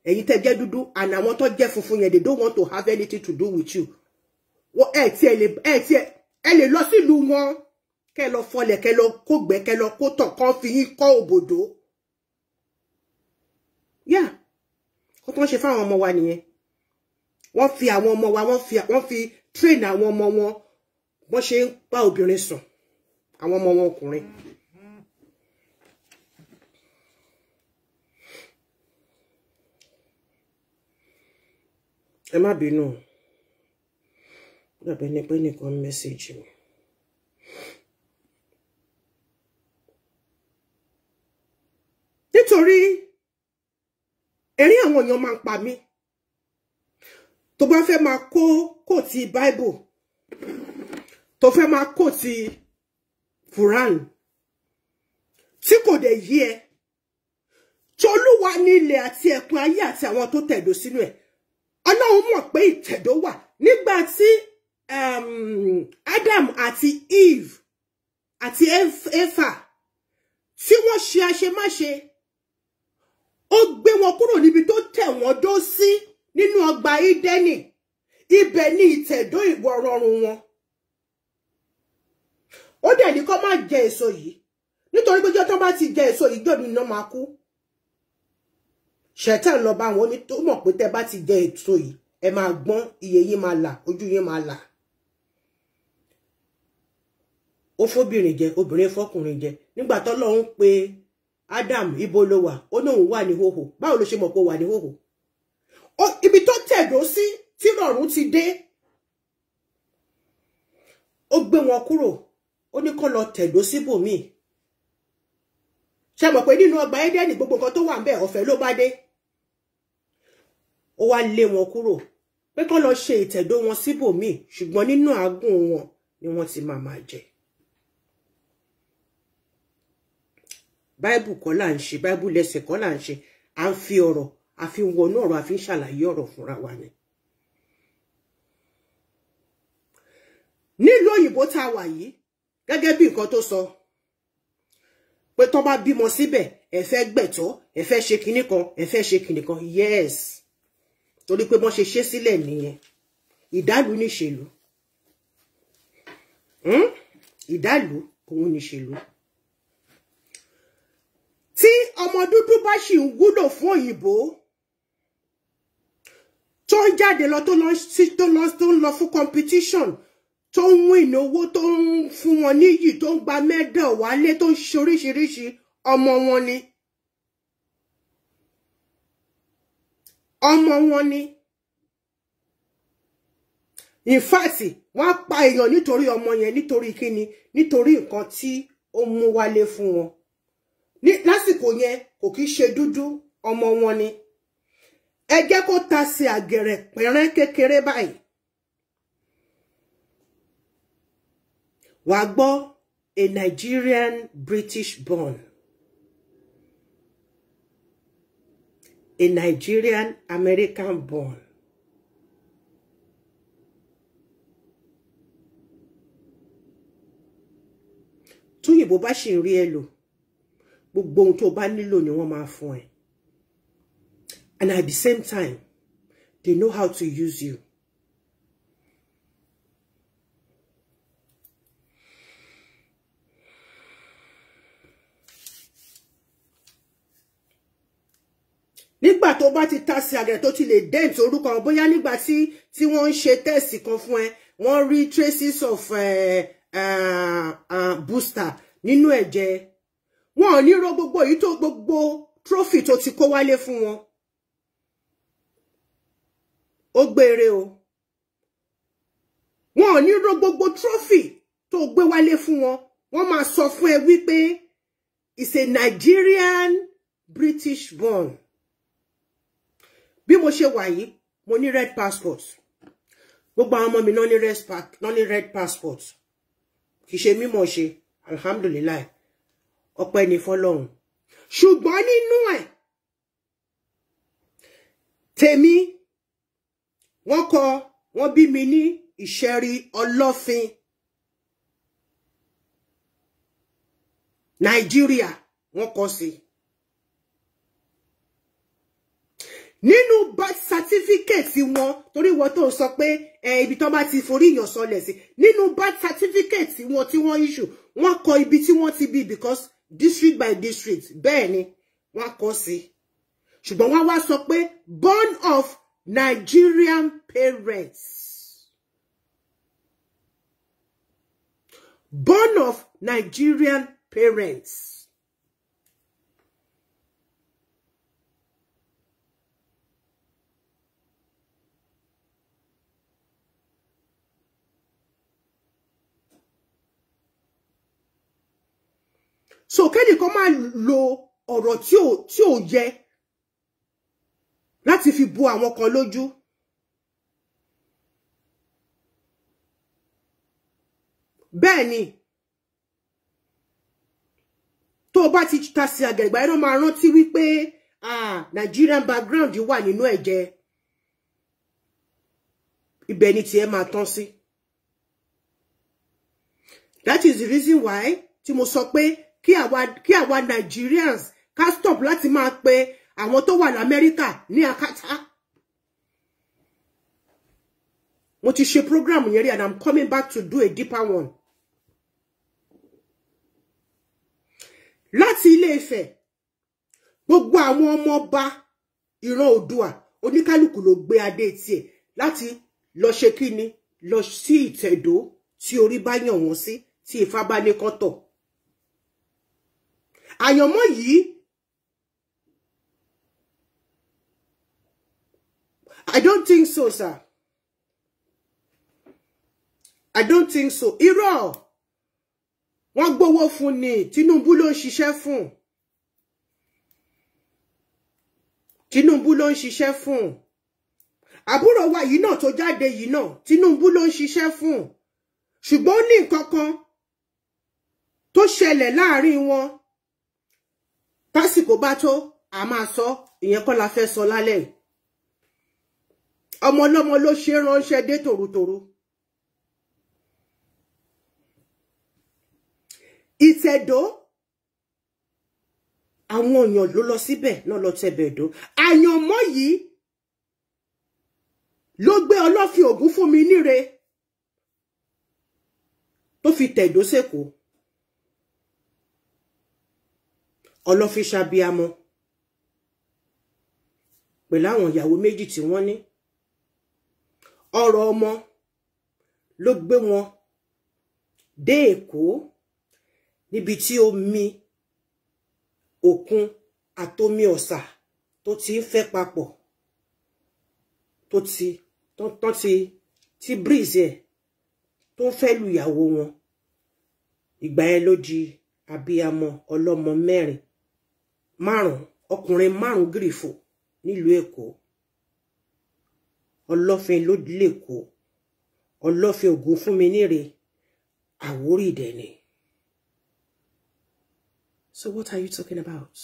ẹ̀yin tẹ́ jẹ́ dúdú and àwọn tó jẹ́ funfun yen they don't want to have anything to do with you ẹ ti e le ẹ ti ẹ lè lọ sílùú wọn kẹ́ lọ fọlẹ̀ kẹ́ lọ kógbẹ kẹ́ lọ kó tàn kán fi yín kọ́ òbòdó yeah kó tó ń ṣe fáwọn ọmọ wa nìyẹn wọ́n fi àwọn ọmọ wa wọ́n fi wọ́n fi train àwọn ọmọ wọn wọ́n ṣe ń bá obìnrin sùn àwọn ọmọ wọn ọkùnrin. ẹ má bínú dàbẹ ni pé nìkan mi. nítorí ẹ̀rín àwọn èèyàn máa ń pa mí tó bá fẹ́ máa kó kò ti bible tó fẹ́ máa kò ti quran tí kò dẹ̀ yí ẹ tolúwa ní ilẹ̀ àti ẹ̀kún ayé àti àwọn tó tẹ̀dó sínú ẹ̀ ọlọ́run mọ̀ pé ìtẹ̀dó wà nígbà tí Adam àti Eve àti Efa tí wọ́n ṣe àṣemáṣe ó gbé wọn kúrò níbi tó tẹ̀ wọ́n dó sí nínú ọgbà Ídẹ́nì ibẹ̀ ni ìtẹ̀dó ìwọ̀ rọrùn wọn ó dẹ̀ ní kó má jẹ èso yìí nítorí pé jọ́ tó bá ti jẹ èso yìí jọ̀dún iná máa kú ṣẹ̀tàn lọ bá wọn ní tó mọ̀ pé tẹ́ bá ti jẹ èso yìí ẹ máa gbọ́n iye yín máa là ojú yín máa là ó fóbìnrin jẹ obìnrin fọkùnrin jẹ nígbà tọ́lọ́run pé Adam ibolowa, ló wà ó lóun wà ní hòhò báwo ló ṣe mọ̀ pé ó wà ní hòhò ibi tó tẹ̀dó sí tí rọ̀rùn ti dé ó gbé wọn kúrò ó ní kó lọ tẹ̀dó síbòmíì ṣe mọ̀ pé nínú ọgbà Édẹ́nì gbogbo nǹkan tó wà ń bẹ̀ ọ̀fẹ́ ló bá dé ó wá lé wọn kúrò pé kó lọ ṣe ìtẹ̀dó wọn síbòmíì ṣùgbọ́n nínú àágùn wọn ni wọ́n ti máa máa jẹ báìbù kọ́ là ń ṣe báìbù lẹ́sẹ̀ kọ́ là ń ṣe à ń fi ọ̀rọ̀ a fi wọnú ọ̀rọ̀ a fi ń ṣàlàyé ọ̀rọ̀ fúnra wa ni. nílùú òyìnbó tá a wà yìí gẹ́gẹ́ bí nǹkan tó sọ pé tán bá bímọ síbẹ̀ ẹ fẹ́ gbẹ̀tọ́ ẹ fẹ́ ṣe kinní kan ẹ fẹ́ ṣe kinní kan yes torí pé wọ́n ṣe ṣe sílẹ̀ nìyẹn ìdálù níṣèlú hmm? ìdálù òun níṣèlú tí ọmọ dúdú bá sì ń wúlò fún òyìnbó tó ń jáde lọ tó ń lọ fún competition tó ń win owó tó ń fún wọn níyì tó ń gba mẹ́dọ̀ wálé tó ń ṣe oríṣiríṣi ọmọ wọn ni ọmọ wọn ni in fact wọ́n á pa èèyàn nítorí ọmọ yẹn nítorí kíni nítorí nǹkan tí ó mú wálé fún wọn ní lásìkò yẹn kò kí ṣe dúdú ọmọ wọn ni ẹ jẹ́ kó ta sí àgẹ̀rẹ̀ pẹ̀rẹ́ kékeré báyìí wàá gbọ́ a Nigerian British born a Nigerian American born tóyìnbó bá ṣì ń rí ẹ lò gbogbo ohun tó bá nílò ni wọ́n máa fún ẹ and at the same time they know how to use you. nígbà tó bá ti ta sí àgẹ̀ tó ti lè dent orúkọ bóyá nígbà tí tí wọ́n ń ṣe tẹ́ẹ̀sì kan fún ẹ wọ́n rí traces of uh, uh, uh, booster nínú ẹ̀jẹ̀ wọn ò ní ro gbogbo èyí tó gbogbo trophy tó ti kó wálé fún wọn ó gbére o wọn ò ní ro gbogbo trophy tó gbé wálé fún wọn wọn máa sọ fún ẹ wípé is a Nigerian British born bí mo ṣe wà yìí mo ní red passport gbogbo àwọn ọmọ mi náà ní red passport kì í ṣe mímọ̀ ṣe alhamdulillah ọpẹ́ ni fọ́lọ́run ṣùgbọ́n nínú ẹ̀ tèmi wọ́n kọ wọ́n bí mi ní ìṣẹ̀rí ọlọ́fin nàìjíríà wọ́n kọ sí nínú birth certificate wọn torí wọn tó sọ pé ibi tó bá ti forí èèyàn sọlẹ̀ sí nínú birth certificate wọn tí wọ́n issue wọ́n kọ ibi tí wọ́n ti bí because district by district bẹ́ẹ̀ ni wọ́n kọ sí ṣùgbọ́n wọ́n wá sọ pé born of Nigerian parents born of Nigerian parents. so kẹ́ni kan máa lo ọ̀rọ̀ tí ò tí ò yẹ láti fi bo àwọn kan lójú. bẹ́ẹ̀ ni tó o bá ti ta sí àgẹ̀gbà ẹ̀rọ máa rántí wípé Nigerian background wà nínú ẹ̀jẹ̀ ibẹ̀ ni tiẹ̀ máa tán sí. That is the reason why tí mo sọ pé kí àwa kí àwa Nigerians ká stop láti máa pe àwọn tó wà l'Amẹ́ríkà ní akátá mo ti ṣe program yẹn rí and I'm coming back to do a deeper one láti Ilé Ifẹ̀ gbogbo àwọn ọmọ ọba ìran Oòduà oníkálùkù ló gbé adé tiẹ̀ láti lọ ṣe kíni lọ sí Ìtẹ̀dó tí orí bá yàn wọ́n sí tí Ifá bá àyànmọ́ yìí I don't think so sir I don't think so irọ́ wọ́n gbowó fún ni Tinubu ló ń ṣiṣẹ́ fún Tinubu ló ń ṣiṣẹ́ fún àbúrò wa yìí náà tó jáde yìí náà Tinubu ló ń ṣiṣẹ́ fún ṣùgbọ́n ó ní nǹkan kan tó ṣẹlẹ̀ láàrin wọn tásìkò bá tó a máa sọ ìyẹn kọ́ la fẹ́ sọ lálẹ́ ọmọ ọlọ́mọ ló ṣe ránṣẹ́ dé tòrótòró ìtẹ̀dọ́ àwọn èèyàn ló lọ síbẹ̀ náà lọ tẹ̀bẹ̀dọ́ àyànmọ́ yìí ló gbé ọlọ́fin ògún fún mi níre tó fi tẹ̀dó sẹ́kọ̀ọ́ ọlọ́fíṣà bíamọ pẹ̀lú àwọn ìyàwó méjì tí wọ́n ní ọ̀rọ̀ ọmọ ló gbé wọn dé Èkó níbi tí omi òkun àtomi ọ̀sà tó ti ń fẹ́ papọ̀ tó ti tó ti ti breeze ẹ̀ tó fẹ́ lu ìyàwó wọn ìgbà yẹn ló di abiyamọ ọlọ́mọ mẹ́rin márùn-ún ọkùnrin márùn-ún gírìfò nílùú èkó ọlọ́fin ló lèkó ọlọ́fin ògún mi níre àwórí ìdẹ̀ni. So what are you talking about?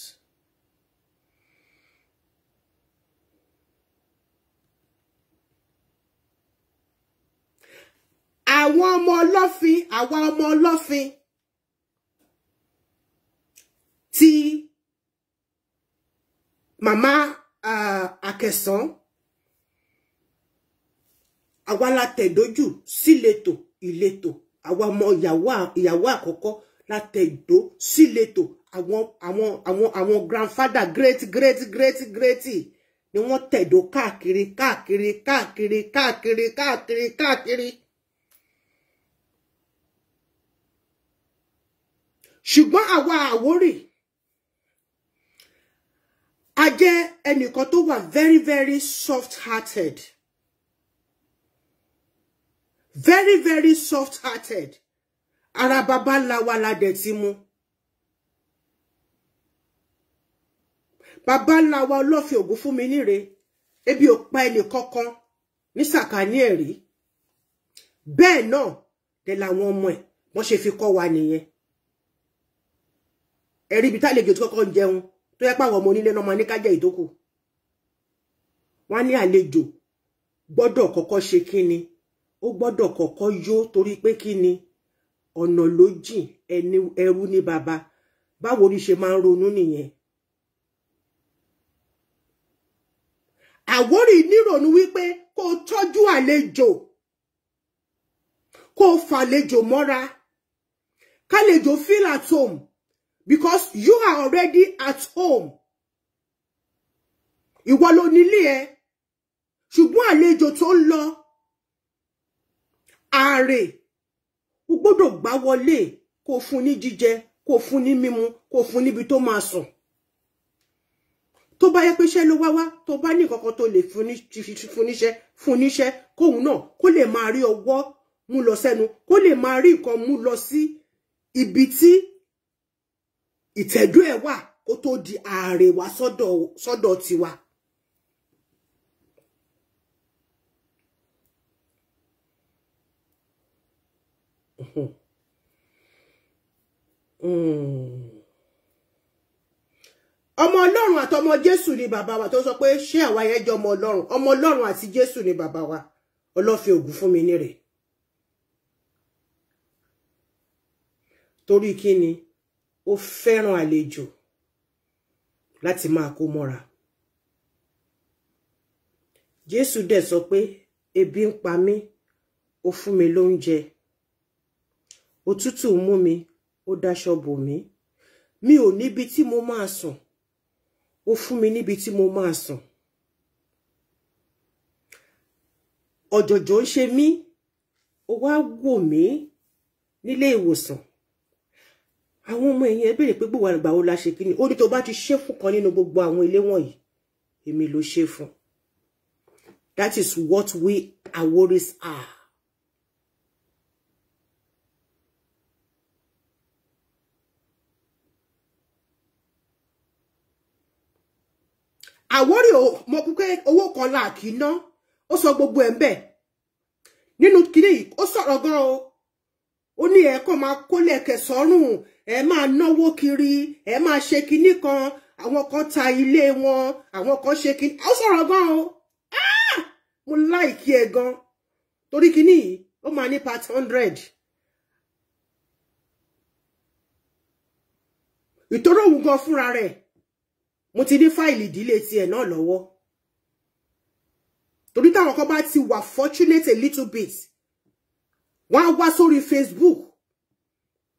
àwọn ọmọ ọlọ́fin àwa ọmọ ọlọ́fin ti Mama, màmá àkẹsàn àwa la tẹ̀dójú síletò ìletò àwa ọmọ ìyàwó àkọ́kọ́ la tẹ̀dó síletò àwọn àwọn àwọn àwọn grandfather great great great great ni wọ́n tẹ̀dó káàkiri káàkiri káàkiri káàkiri káàkiri káàkiri. ṣùgbọ́n àwa Àwórì a jẹ́ ẹnìkan tó wà very very soft hearted very very soft hearted ara baba ńlá wa la dẹ̀ ti mú baba ńlá wa ọlọ́fin ògún fún mi níre ebi ò pa ẹnì kankan ní sàkání ẹ̀rí bẹ́ẹ̀ náà dẹ̀ làwọn ọmọ ẹ̀ wọ́n ṣe fi kọ́ wa nìyẹn ẹ̀rí ibi tá àlejò tí kọ́kọ́ ń jẹun tó yẹ pàwọn ọmọ onílé lọ́mọ ní kájẹ́ ìdókù wọ́n ní àlejò gbọ́dọ̀ kọ́kọ́ ṣe kíni ó gbọ́dọ̀ kọ́kọ́ yó torí pé kíni ọ̀nà ló jìn ẹni ẹrú ní baba báwo ni ṣe máa ń ronú nìyẹn àwórì nírònú wípé kó o tọ́jú àlejò kó o fàlejò mọ́ra kálejò feel at home because you are already at home ìwọ ló nílé ẹ ṣùgbọ́n àlejò tó ń lọ ààrẹ o gbọ́dọ̀ gbá wọlé kó fún ní jíjẹ kó fún ní mímu kó fún níbi tó máa sùn tó bá yẹ pé iṣẹ́ ló wá wá tó bá ní kankan tó lè fún níṣẹ́ fún níṣẹ́ kóun náà kó lè máa rí ọwọ́ mú lọ sẹ́nu kó lè máa rí nǹkan mú lọ sí ibi tí ìtẹ̀dó ẹ̀ wà kó tó di ààrẹ wá sọ́dọ̀ sọ́dọ̀ tiwa. ọmọ ọlọ́run àtọmọ jésù ni bàbá wa tó sọ pé ṣé àwa yẹn jọ ọmọ ọlọ́run ọmọ ọlọ́run àti jésù ni bàbá wa ọlọ́fin ògùn fún mi ní rẹ̀ torí kí ni ó fẹ́ràn àlejò láti máa kó mọ́ra Jésù dẹ̀ sọ pé ebi ń pa mí ó fún mi lóúnjẹ òtútù mú mi ó dáṣọ bò mí mi ò níbi tí mo máa sùn ó fún mi níbi tí mo máa sùn ọ̀jọ̀jọ̀ ń ṣe mí ó wá wò mí nílé ìwòsàn àwọn ọmọ ẹ̀yìn ẹ béèrè pé gbòwà ìgbà wo la ṣe kí ni ó ní tó bá ti ṣe fún kan nínú gbogbo àwọn ilé wọ̀nyí èmi ló ṣe fún that is what we our worries are. Àwórì mọ kúkẹ́ owó kan láàkì ná ó sọ gbogbo ẹ̀ ń bẹ̀ nínú kiri ó sọ̀rọ̀ gan-an ó ní ẹ kàn máa kólẹ̀kẹ̀ sọ́rùn ẹ máa náwó kiri ẹ máa ṣe kinní kan àwọn kan ta ilé wọn àwọn kan ṣe kinní ó sọ̀rọ̀ gan o ah! mo láìkí ẹ gan torí kinní yìí ó máa ní part hundred. ìtòrò òun gan fúnra rẹ̀ mo ti ní fáìlì ìdílé tiẹ̀ náà lọ́wọ́ torí táwọn kan bá ti wà fortunate a little bit wọ́n á wá sórí Facebook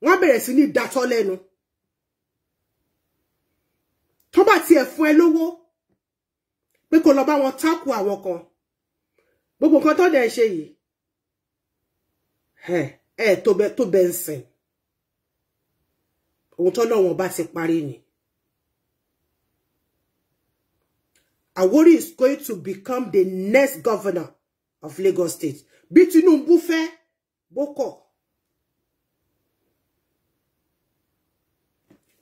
wọ́n á bẹ̀rẹ̀ sí ní datọ́ lẹ́nu tó bá tiẹ̀ fún ẹ lówó pé kó lọ bá wọn tákù àwọn kan gbogbo nǹkan tó dẹ̀ ṣe yìí ẹ tó bẹ ń sìn ohun tó lọ́wọ́n bá ti parí ni. Awori is going to become the next governor of Lagos State. Bí Tinubu fẹ́ Boko.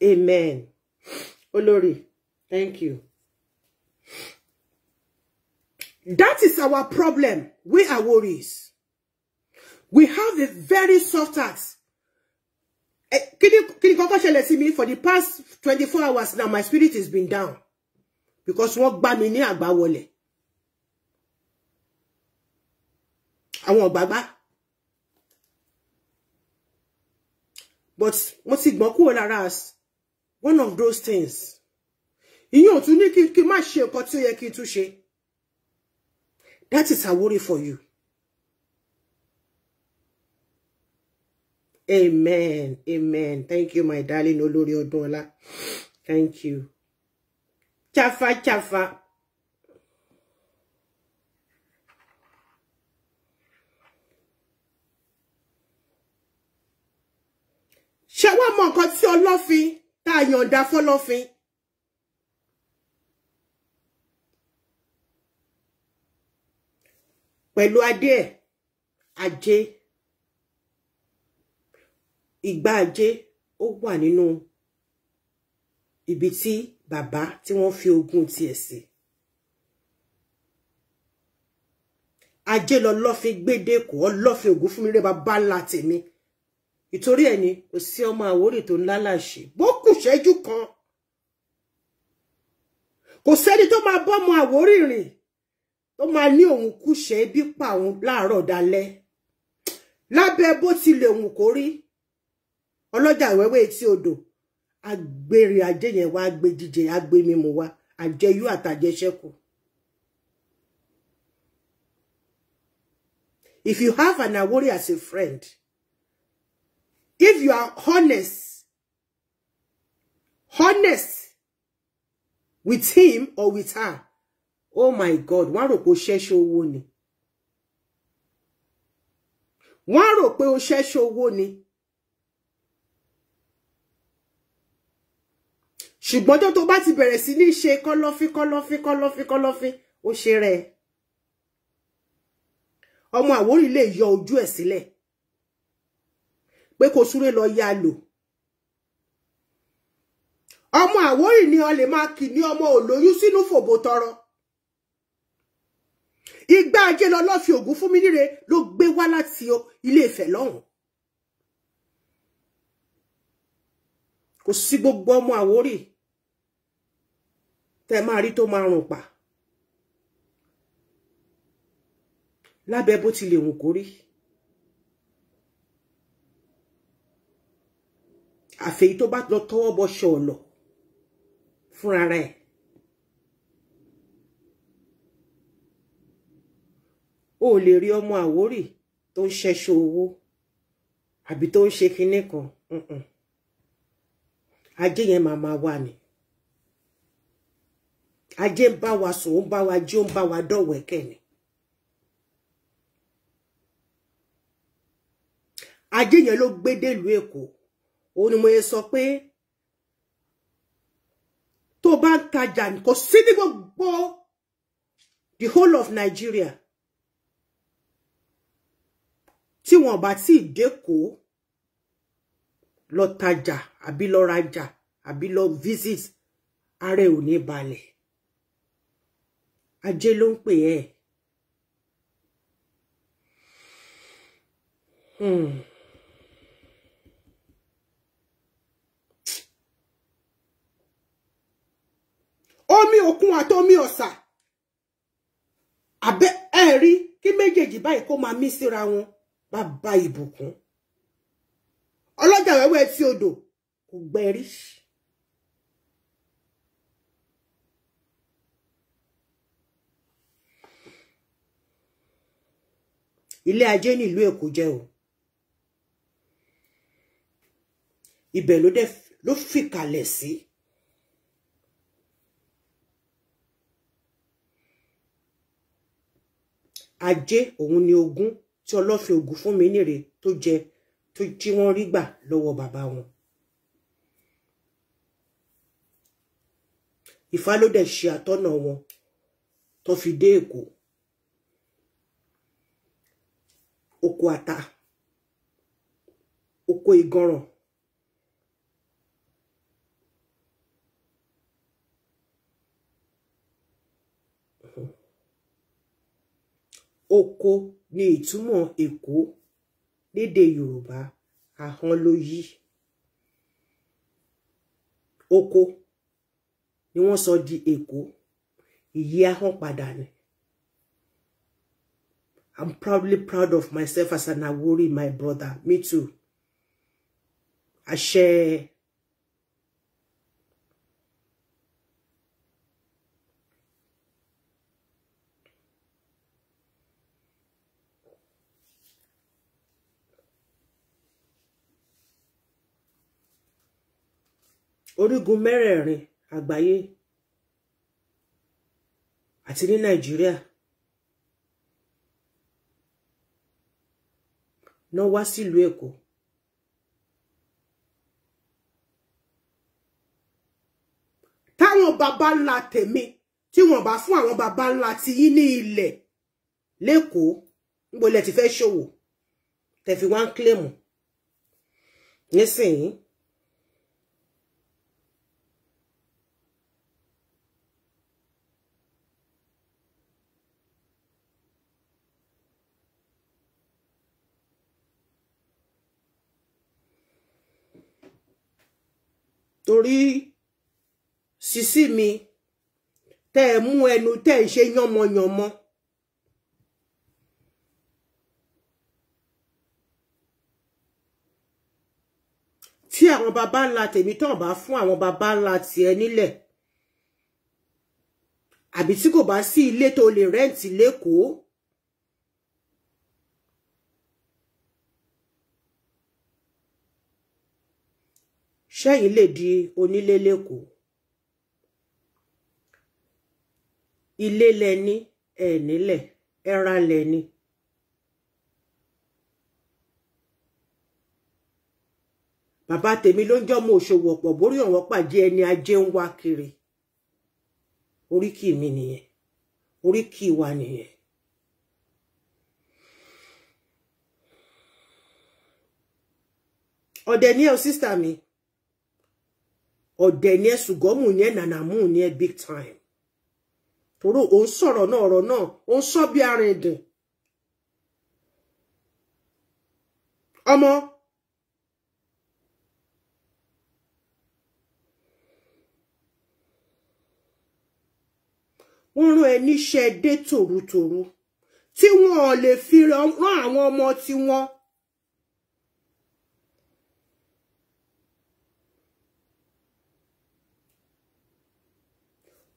amen Olori. thank you. That is our problem. We are worries. We have a very soft tax. Eh, kini kọ́kọ́ ṣẹlẹ̀ sí me for the past 24 hours now my spirit has been down because wọ́n gbá mi ní àgbáwọlẹ̀. Àwọn ọ̀gbàgbá but mo ti gbọ́n kúrò lára as one of those things ìyẹn ò tún ní kí n má ṣe nǹkan tí ó yẹ kí n that is a worry for you amen amen thank you my darling olórí ọdún ọlá thank you chafa chafa. ṣé wàá mọ nǹkan tí ọlọ́fin tá a yọ̀ǹda fọlọ́fin pẹ̀lú adé ẹ̀ ajé ìgbà ajé ó wà nínú ibi tí bàbá tí wọ́n fi ogún tiẹ̀ sí ajé lọ lọ́fin gbédèkó ọlọ́fin ògún fún mi rẹ bàbá ńlá tèmi ìtorí ẹ̀ ni kò sí ọmọ Àwórì tó ń lálàṣe bó kù ṣẹ́jú kan kò sẹ́ni tó máa bọ́mọ Àwórì rìn tó máa ní òun kúṣẹ́ ebi pa òun láàárọ̀ dalẹ́ lábẹ́ bó tilẹ̀ òun kò rí ọlọ́jà wẹ́wẹ́ etí odò agbèrè ajé yẹn wá gbé jíjẹ agbé mímu wá àjẹyú àtàjẹṣẹ́kù. If you have an Awori as a friend, If you are honest, honest with him or with her, oh my God, One rò pé ó ṣẹ́ṣe owó ni. Wọ́n rò pé ó ṣẹ́ṣe owó ni. ṣùgbọ́n tó tó bá ti bẹ̀rẹ̀ sí ní ṣe kọ́lọ́fín kọ́lọ́fín kọ́lọ́fín kọ́lọ́fín ó ṣe rẹ̀ ọmọ Àwórì lè yọ ojú ẹ̀ sílẹ̀ pé kò súré lọ ya lò ọmọ Àwórì ni ọ lè máa kì ní ọmọ olóyún sínú fòbò tọrọ ìgbà ajé lọ lọ fi ògún fún mi níre ló gbé wá láti ilé Ifẹ̀ lọ́hùn kò sí gbogbo ọmọ Àwórì tẹ máa rí tó máa rùn pa lábẹ́ bó ti lè wù kó àfẹ́yí tó bá lọ tọwọ́ bọ ṣọ̀ọ̀nà fúnra rẹ̀ o lè rí ọmọ àwórì tó ń ṣẹṣọ owó àbí tó ń ṣe kinní kan ajé yẹn máa máa wà ní ajé ń bá wa sùn ó ń bá wa jí ó ń bá wa dọ̀wẹ́kẹ̀ ni ajé yẹn ló gbé dèlú Èkó òun ni mo yẹ sọ pé tó bá ń tajà kò sí ní gbogbo the whole of Nigeria tí wọn bá tí ì dẹ́kọ̀ọ́ lọ tajà àbí lọ rajà àbí lọ visit ààrẹ ò ní balẹ̀ ajé ló ń pè ẹ́. Hmm. omi òkun àtomi ọ̀sà àbẹ́ ẹ̀rí kí méjèèjì báyìí kó máa ba síra wọn bàbá ìbùkún ọlọ́jà wẹ́wẹ́ tí odò kò gbẹ̀rí. ilé ajé nílùú èkó jẹ́ o ibẹ̀ ló fìkàlẹ̀ sí. Si. ajé òun ni ogún tí ọlọ́fin ògùn fún mi nìre tó jẹ tó tí wọ́n rí gbà lọ́wọ́ bàbá wọn. Ifá ló dẹ̀ ṣe àtọ́nà wọn tó fi dé Èkó oko ata oko ìgànràn oko ni ìtumọ̀ Èkó lédè Yorùbá ahọ́n ló yí oko ni wọ́n sọ di Èkó ìyí ahọ́n padà ni I'm probably proud of myself as an Awori, my brother. Me too. I share. orígun mẹ́rẹ̀ẹ̀rin àgbáyé àti ní nàìjíríà ná wá sílùú èkó táwọn baba ńlá tèmi tí wọ́n bá fún àwọn baba ńlá ti yín ní ilẹ̀ lẹ́kọ̀ọ́ níbo ti fẹ́ ṣòwò tẹ́ fi wá ń kílèmù nísìnyí. torí sísí mi tẹ́ ẹ mú ẹnu tẹ́ ẹ ṣe yánmọyànmọ. tí àwọn baba ńlá tèmi tán bá fún àwọn baba ńlá tiẹ̀ nílẹ̀ àbí tí kò bá sí ilé tó lè rẹ́ǹtì lẹ́kọ̀ọ́ ṣẹ́yìn lè di onílé lẹ́kọ̀ọ́ ilé lẹni ẹ̀ nílẹ̀ ẹ̀ra lẹni. bàbá tèmi ló ń jọ́mọ òṣòwò ọ̀pọ̀ borí ọ̀wọ́n pàjẹ́ ẹni ajé ń wá kiri oríkì mi nìyẹn oríkì wa nìyẹn. ọ̀dẹ̀ ní ẹ̀ sísítà mi ọ̀dẹ̀ ni ẹ ṣùgọ́mù ni ẹ nànàmù ni ẹ big time toro ò ń sọ̀rọ̀ náà ọ̀rọ̀ náà ó ń sọ bí arìndìn ọmọ wọ́n rán ẹ níṣẹ́ dé tòrutòru tí wọ́n lè fi rán àwọn ọmọ tiwọn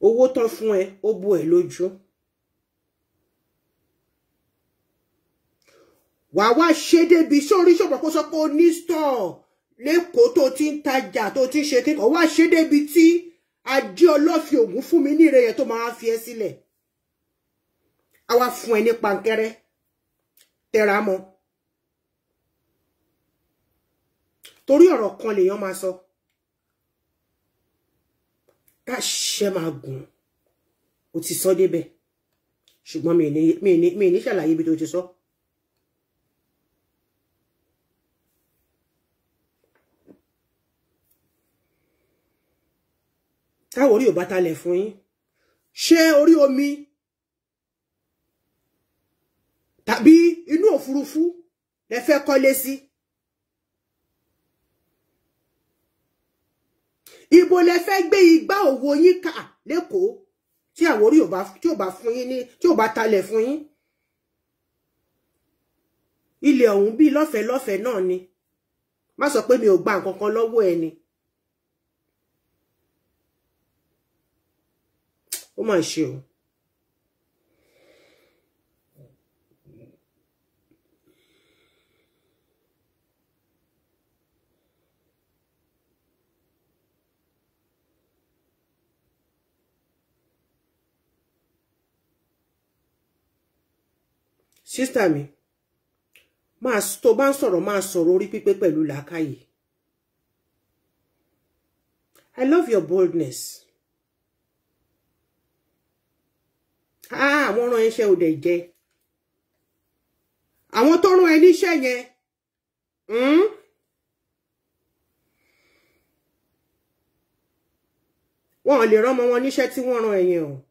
owó tán fún ẹ ó bò ẹ́ lójú wà wá ṣe débi sórí ṣọ̀pọ̀ kó sọ pé ó ní stọọ lẹkọọ tó ti ń tajà tó ti ń ṣe kíkọ wá ṣe débi tí ajé ọlọ́fi ògún fún mi ní ìrẹyẹ tó máa fi ẹ sílẹ̀ a wá fún ẹ ní pankẹ́rẹ́ tẹra mọ́ torí ọ̀rọ̀ kan lèèyàn máa sọ. So táṣẹ máa gùn ó ti sọ débẹ̀ ṣùgbọ́n mi ní mi ní mi ní ṣàlàyé ibi tó ti sọ. táwọn o ò bá talẹ̀ fún yín ṣé orí omi tàbí inú òfurufú lẹ fẹ́ kọ́lé Si ibo lẹ fẹ́ gbé igbá òwò yín kà lẹ́kọ̀ọ́ tí Àwórì ò bá tí ò bá fún yín ní tí ò bá talẹ̀ fún yín ilẹ̀ ọ̀hún bíi lọ́fẹ̀ẹ́ lọ́fẹ̀ẹ́ náà ni má sọ pé mi ò gba nǹkan kan lọ́wọ́ ẹ ni ó mà o. sísítà mi máa tó bá ń sọ̀rọ̀ máa sọ̀rọ̀ orí pípé pẹ̀lú I love your boldness ah àwọn ran iṣẹ́ ò dẹ̀ jẹ́ àwọn tó rán ẹ níṣẹ́ yẹn Hmm? ò lè rán ọmọ wọn níṣẹ́ tí wọ́n rán ẹ̀yẹn o.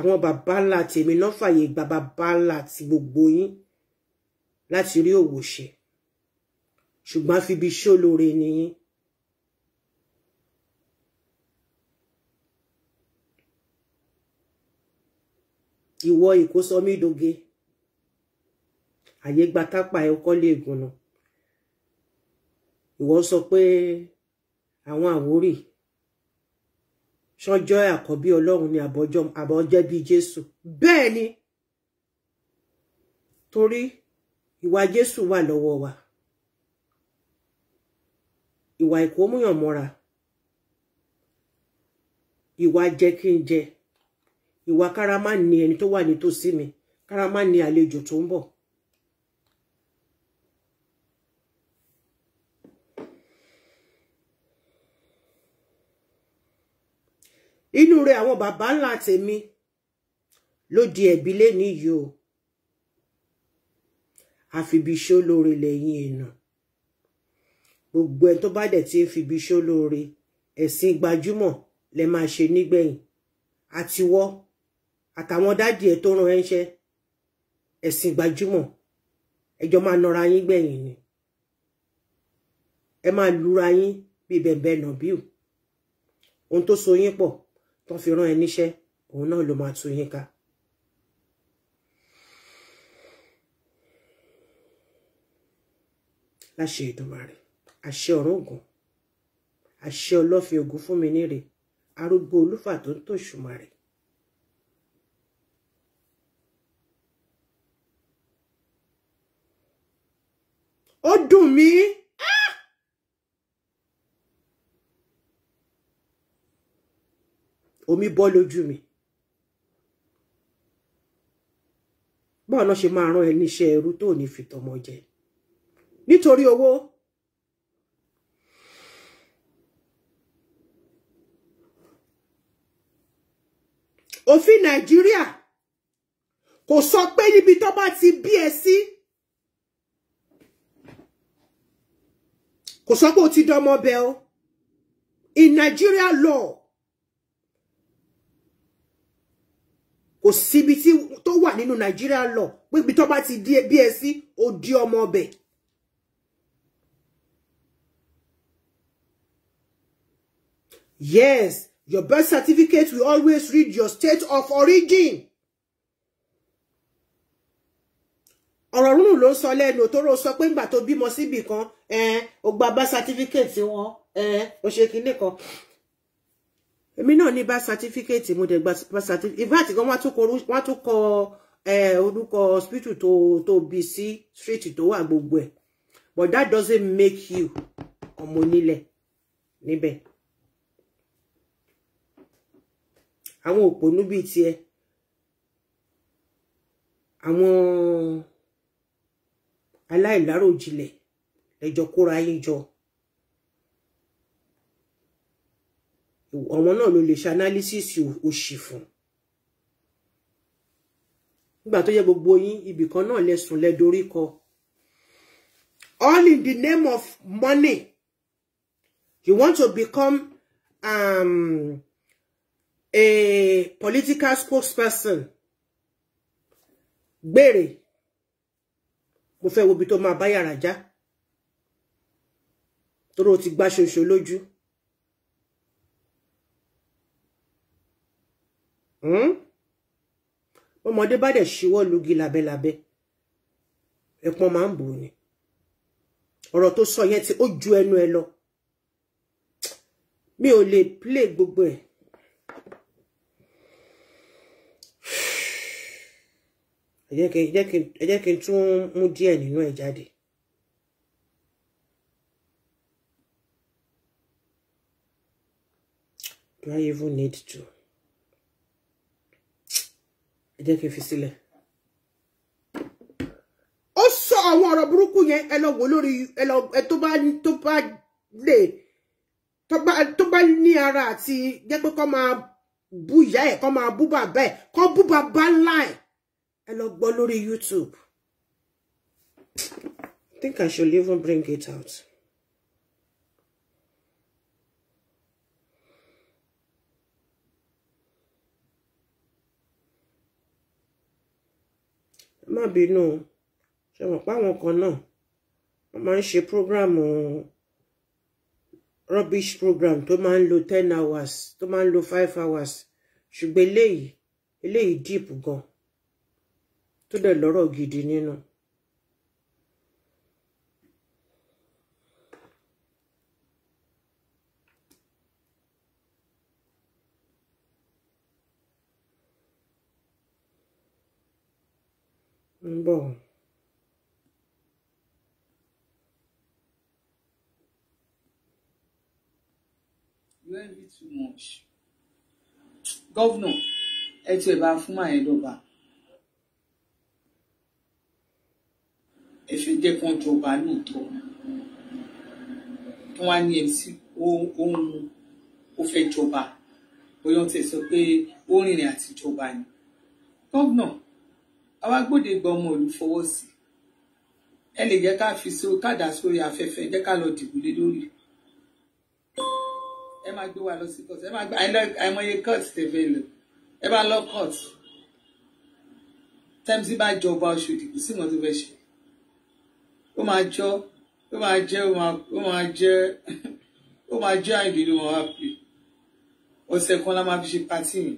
àwọn bàbá ńlá tèmi náà fàyè gba bàbá ńlá ti gbogbo yín láti rí òwò ṣe ṣùgbọ́n fi bí ṣó lóore nìyí. ìwọ ìkósọmídóge àyè gba tápà ẹ kọ́lé ègùnà ìwọ sọ pé àwọn àwórì ṣọjọ́ àkọ́bí ọlọ́run ni àbọ̀jọ́ àbọ̀jẹ́ bíi jésù bẹ́ẹ̀ ni torí ìwà jésù wà lọ́wọ́ wa ìwà ìkómúyàn mọ́ra ìwà jẹ kí n jẹ ìwà kára má ní ẹni tó wà nítòsí mi kára má àlejò tó ń bọ̀ inú rẹ̀ àwọn bàbá ńlá tèmi ló di ẹ̀bi léni yìí o àfibi ṣó lóore lẹ́yìn ẹ̀nà gbogbo ẹni tó bá dẹ̀ ti fibi ṣó lóore ẹ̀sìn gbajúmọ̀ lẹ máa ṣe nígbẹ̀yìn àtiwọ́ àtàwọn dádì ẹ̀ tó ran ẹ̀ńṣẹ́ ẹ̀sìn gbajúmọ̀ ẹjọ́ máa nọra yín gbẹ̀yìn ni ẹ máa lura yín bíi bẹ̀bẹ̀ nàbíù ohun tó so yín pọ̀ tó fi rán ẹ níṣẹ́ òun náà ló máa tú yín ká. láṣẹ Èdùmàrè àṣẹ ọ̀run ògùn àṣẹ ọlọ́fin ògùn fún mi níre arúgbó olúfà tó ń tòṣùmà rẹ̀. ó dùn mí. omi bọ́ lójú mi báwo ló ṣe máa rán ẹ níṣẹ́ ẹrú tó ní fi tọmọ jẹ nítorí owó òfin nàìjíríà kò sọ pé níbi tó bá ti bí ẹ sí kò sọ pé o ti dọmọ bẹ o in Nigeria law kò síbi tí tó wà nínú nàìjíríà lọ pé ibi tó bá ti di bí ẹ sí ó di ọmọ ọbẹ̀. yes your birth certificate will always read your state of origin. ọ̀rọ̀ runu ló ń sọ lẹ́nu tóró sọ pé ńgbà tó bímọ síbì kan ó gba birth certificate wọn ó ṣe kinní kan èmi náà ní bá sátífíkẹ́ẹ̀tì mo dẹ̀ gba bá sátífíkẹ́ẹ̀tì ìfẹ́ àtìkan wọ́n tún kọ orúkọ hospital tó tó bí sí street tó wà gbogbo ẹ̀ but that doesn't make you ọmọ onílẹ̀ níbẹ̀ àwọn òpònú bíi tiẹ̀ àwọn aláìláròjinlẹ̀ ẹjọ́ kóra yín jọ àwọn náà ló lè ṣe analysis òṣì fún nígbà tó yẹ gbogbo yín ibì kan náà lẹsùn lẹdorí kọ all in the name of money you want to become um, a political spokesperson gbèrè mo fẹ́ wo ibi tó máa bá yàrá já torí ti gbá ṣoṣo lójú. Hmm? ọmọdé bá dẹ̀ ṣíwọ́ lugi labẹ́labẹ́ ẹ̀pọ̀n máa ń bò ní ọ̀rọ̀ tó sọ yẹn tí ó ju ẹnu ẹ lọ mi ò lè play gbogbo ẹ̀ ẹ kí n tún mú díẹ̀ nínú ẹ̀ jáde. Do I even need to? ẹ kí n fi sílẹ̀ ó sọ àwọn ọ̀rọ̀ burúkú yẹn ẹ lọ wò lórí ẹ lọ ẹ tó bá tó bá lè tó bá ní ara àti jẹ́ pé kọ́ máa bú ìyá ẹ̀ kọ́ máa bú bàbá ẹ̀ kọ́ bú bàbá ńlá ẹ̀ ẹ lọ gbọ́ lórí YouTube I think I should even bring it out. má bínú ṣe mọ̀ páwọn kan náà wọ́n máa ń ṣe prógráàmù rubbish program tó máa ń lo ten hours tó máa ń lo five hours ṣùgbọ́n eléyìí eléyìí deep gan tó dẹ̀ lọ́rọ̀ gidi nínú. No bọ̀. you envy too much. gọ́vnọ̀ ẹ tiẹ̀ bá fún màá yẹn dọ̀bà. ẹ fẹ́ jẹ́ kán jọba lóòótọ́ kí wọ́n á ní mc ohun ó fẹ́ jọba bóyá ó ti sọ pé ó rìnrìn àti jọba ni. gọ́vnọ̀ àwa Gbódegbà ọmọ ìlú fọwọ́ sí ẹ lè jẹ́ ká fi so káàdà sórí afẹ́fẹ́ jẹ́ ká lọ dìbò lé lórí ẹ máa gbé wa lọ sí court ẹ máa gbé àìmọye court tẹ̀fẹ́ lọ ẹ bá lọ court tẹ́mísì bá jọba Ọ̀ṣọ́dì kò sí ìmọ̀tò fẹ́ ṣe ó máa jọ ó máa jẹ́ ó máa jẹ́ ó máa jẹ́ àìdè ló wá pè ọ̀sẹ̀ kan la máa fi ṣe pàtì yìí.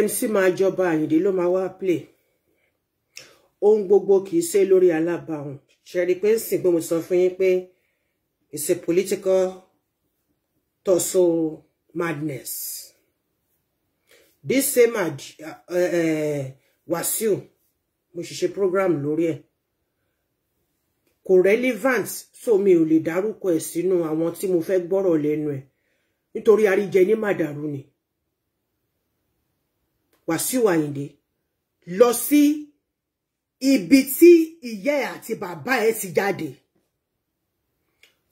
MC máa jọba Àyìndé ló máa wá play ohun gbogbo kì í ṣe lórí alábàáhùn ṣẹ́rí pé ń sìn pé mo sọ fún yín pé it's a political tussle madness this same uh, uh Wàsíù mo sì program lórí ẹ̀ kò relevant so mi ò lè dárúkọ ẹ̀ sínú àwọn tí mo fẹ́ gbọ́rọ̀ lẹ́nu ẹ̀ nítorí àríjẹ ní màdàrú ni Wàsíù Àyìndé lọ sí ibi tí ìyá ẹ̀ àti bàbá ẹ̀ ti jáde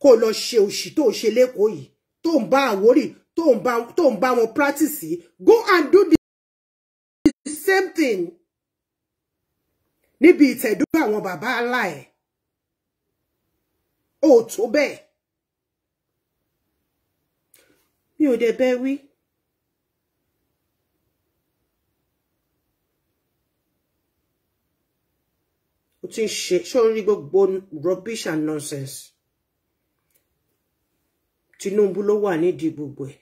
kó lọ ṣe òṣì tó ṣe lẹ́kọ̀ọ́ yìí tó ń bá Àwórì tó ń bá wọn practice go and do the same thing níbi ìtẹ̀dú àwọn bàbá ńlá ẹ̀ ó tó bẹ́ẹ̀ mi ò dẹ̀ bẹ́ẹ̀ wí. ti ń ṣe gbogbo rubbish and nonsense Tinubu ló wà nídìí gbogbo ẹ̀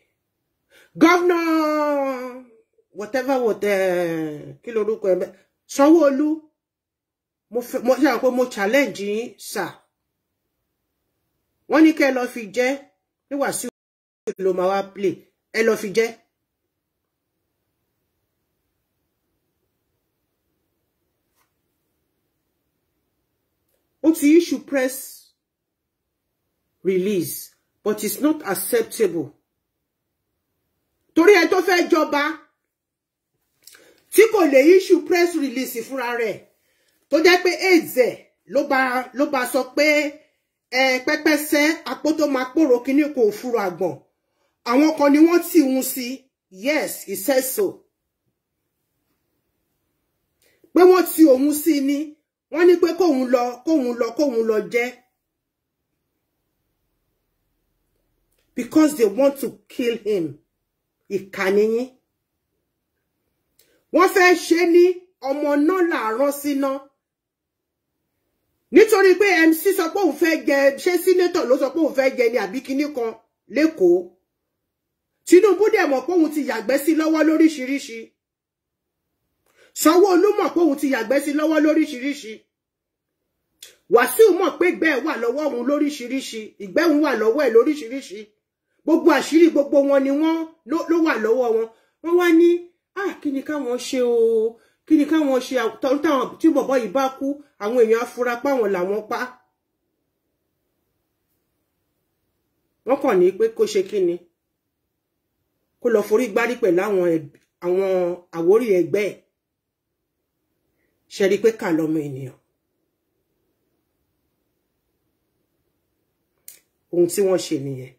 whatever whatever eh, kí lorúkọ ẹ̀ bẹ́ẹ̀ sanwó mo ṣe àwọn mo challenge sa. sà wọ́n ní kẹ́ ẹ lọ́ọ́ fi jẹ́ ní Wàsíù ló play ẹ lọ́ọ́ fi jẹ́. ó ti issue press release but it's not acceptable torí ẹ tó fẹ́ jọba tí kò lè issue press release fúnra rẹ̀ tó jẹ́ pé aids ẹ̀ ló bá ló bá sọ pé ẹ pẹ́pẹ́sẹ́ apó tó máa pòrò kíní kò fúru àgbọ̀n àwọn kan ni wọ́n ti hun sí yes he says so pé wọ́n ti òun si ni wọ́n ní pé kóun lọ kóun lọ kóun lọ jẹ́ because they want to kill him ìkà nìyí wọ́n fẹ́ ṣe ní ọmọ náà làárọ̀ síná nítorí pé MC sọ pé òun fẹ́ jẹ ṣé sínétọ̀ ló sọ pé òun fẹ́ jẹ ní àbí kinní kan lẹ́kọ̀ọ́ Tinubu dẹ̀ mọ̀ pé òun ti yàgbẹ́ sí lọ́wọ́ lóríṣiríṣi. Sanwó-Olú mọ̀ pé òun ti yàgbẹ́ sí lọ́wọ́ lóríṣiríṣi Wàsíù mọ̀ pé ìgbẹ́ wà lọ́wọ́ òun lóríṣiríṣi ìgbẹ́ òun wà lọ́wọ́ ẹ̀ lóríṣiríṣi gbogbo àṣírí gbogbo wọn ni wọ́n ló wà lọ́wọ́ wọn wọ́n wá ní ah kí ni káwọn ṣe o kí ni káwọn ṣe táwọn tí bọ̀bọ̀ yìí bá kú àwọn èèyàn afura páwọn làwọn pa wọ́n kàn ní pé kó ṣe kí ni kó lọ forí gbárí pẹ̀lú àwọn àwórí ẹgbẹ́ ẹ̀ ṣe rí pé kà lọ́mọ ènìyàn ohun tí wọ́n ṣe nìyẹn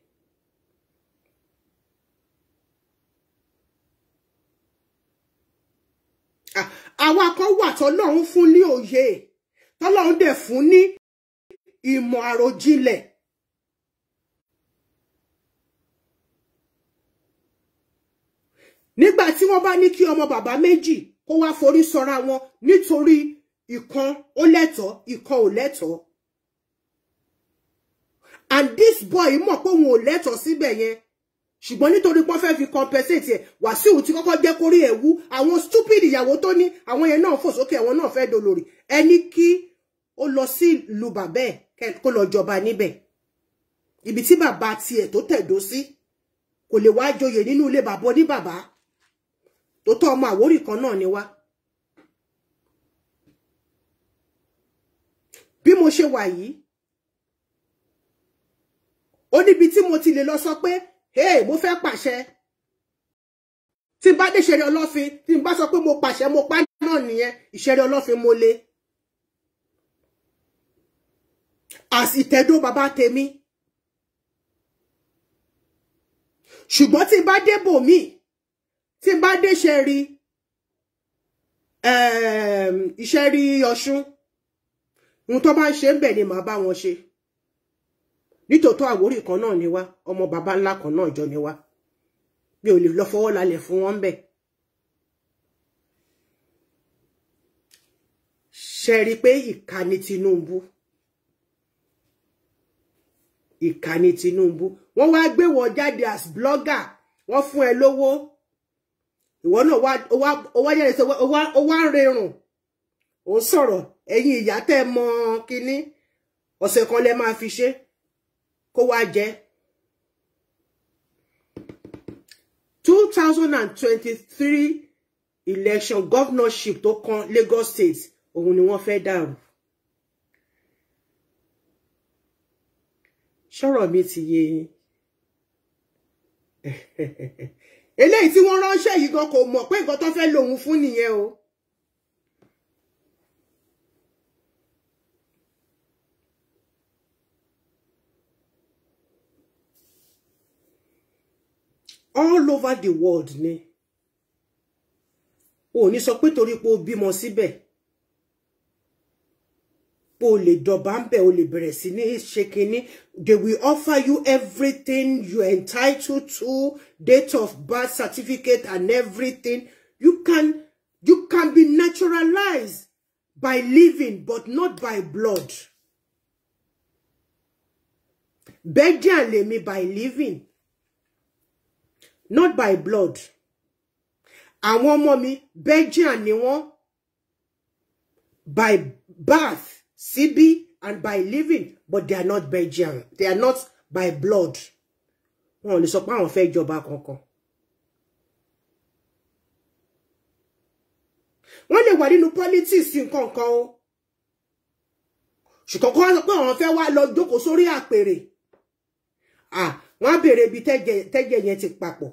àwa kan wà tọ́lọ́run fún ní òye tọ́lọ́run dẹ̀ fún ní ìmọ̀ àròjinlẹ̀ nígbà tí wọ́n bá ní kí ọmọ bàbá méjì kó wá forí sọra wọn nítorí ìkan ó lẹ́tọ̀ọ́ ìkan ò lẹ́tọ̀ọ́ and this boy mọ̀ pé òun ò lẹ́tọ̀ọ́ síbẹ̀ yẹn ṣùgbọ́n nítorí pọ́n fẹ́ fi compensate ẹ̀ Wàsíù ti kọ́kọ́ jẹ́ kórí ẹ̀wú àwọn stupid ìyàwó tó ní àwọn yẹn náà fò sókè àwọn náà fẹ́ dolórí ẹni kí ó lọ sí ìlú bàbá ẹ̀ kó lọ jọba níbẹ̀ ibi tí bàbá tiẹ̀ tó tẹ̀dó sí kò lè wá joyè nínú ilé bàbá oníbàbá tó tọ́ ọmọ Àwórì kan náà ni wá bí mo ṣe wà yìí ó níbi tí mo ti lè lọ sọ pé hey mo fẹ́ pàṣẹ tí n bá dé ìṣeré ọlọ́fin tí n bá sọ pé mo pàṣẹ mo pa náà nìyẹn ìṣeré ọlọ́fin mo le as ìtẹ́dó bàbá tèmi ṣùgbọ́n tí n bá dé bòmíì tí n bá dé ṣẹ̀rí ìṣẹ̀rí ehm, ọ̀ṣun ohun tó bá ń ṣe ń bẹ̀ ni màá bá wọn ṣe nítòótọ́ àwórì kan náà ni wá ọmọ bàbá ńlá kan náà jọ ni wá mi ò le lọ fọwọ́ lálẹ̀ fún wọn bẹ́ẹ̀. ṣe rí i pé ìkà ni Tinubu ìkà ni Tinubu wọ́n wá gbé wọ jáde as blogger wọ́n fún ẹ lówó ìwọ náà wá wá wá jáde sọ wá ó wá ń rerùn ó ń sọ̀rọ̀ ẹ̀yin ìyá tẹ́ mọ kínní ọ̀sẹ̀ kan lẹ máa fi ṣe kó wá jẹ. two thousand and twenty-three election governorship tó kan Lagos State òun ni wọ́n fẹ́ dàrú. ṣọ́rọ̀ mi ti yé yín. [laughs] eléyìí tí wọ́n ránṣẹ́ yìí gan kò mọ̀ pé nǹkan tó fẹ́ lòun fún nìyẹn o all over the world ni o ní sọ pé torí pé o bímọ síbẹ̀ o lè dọ̀bà ń bẹ̀ o lè bẹ̀rẹ̀ sí ní ṣe kínní they will offer you everything you entitled to date of birth certificate and everything you can you can be naturalized by living but not by blood bẹ́díàn lèmi by living not by blood àwọn ọmọ mi bẹ́díàn ni wọ́n by birth CB and by living, but they are not Belgian. They are not by blood. Wọ́n lè sọ pé àwọn fẹ́ ìjọba kankan. Wọ́n lè wà nínú politics nǹkan kan o. Ṣùgbọ́n kọ́ sọ pé àwọn fẹ́ wá lọ jókòó sórí àpèrè. Ah, wọ́n á béèrè ibi tẹ́jẹ̀ yẹn ti papọ̀.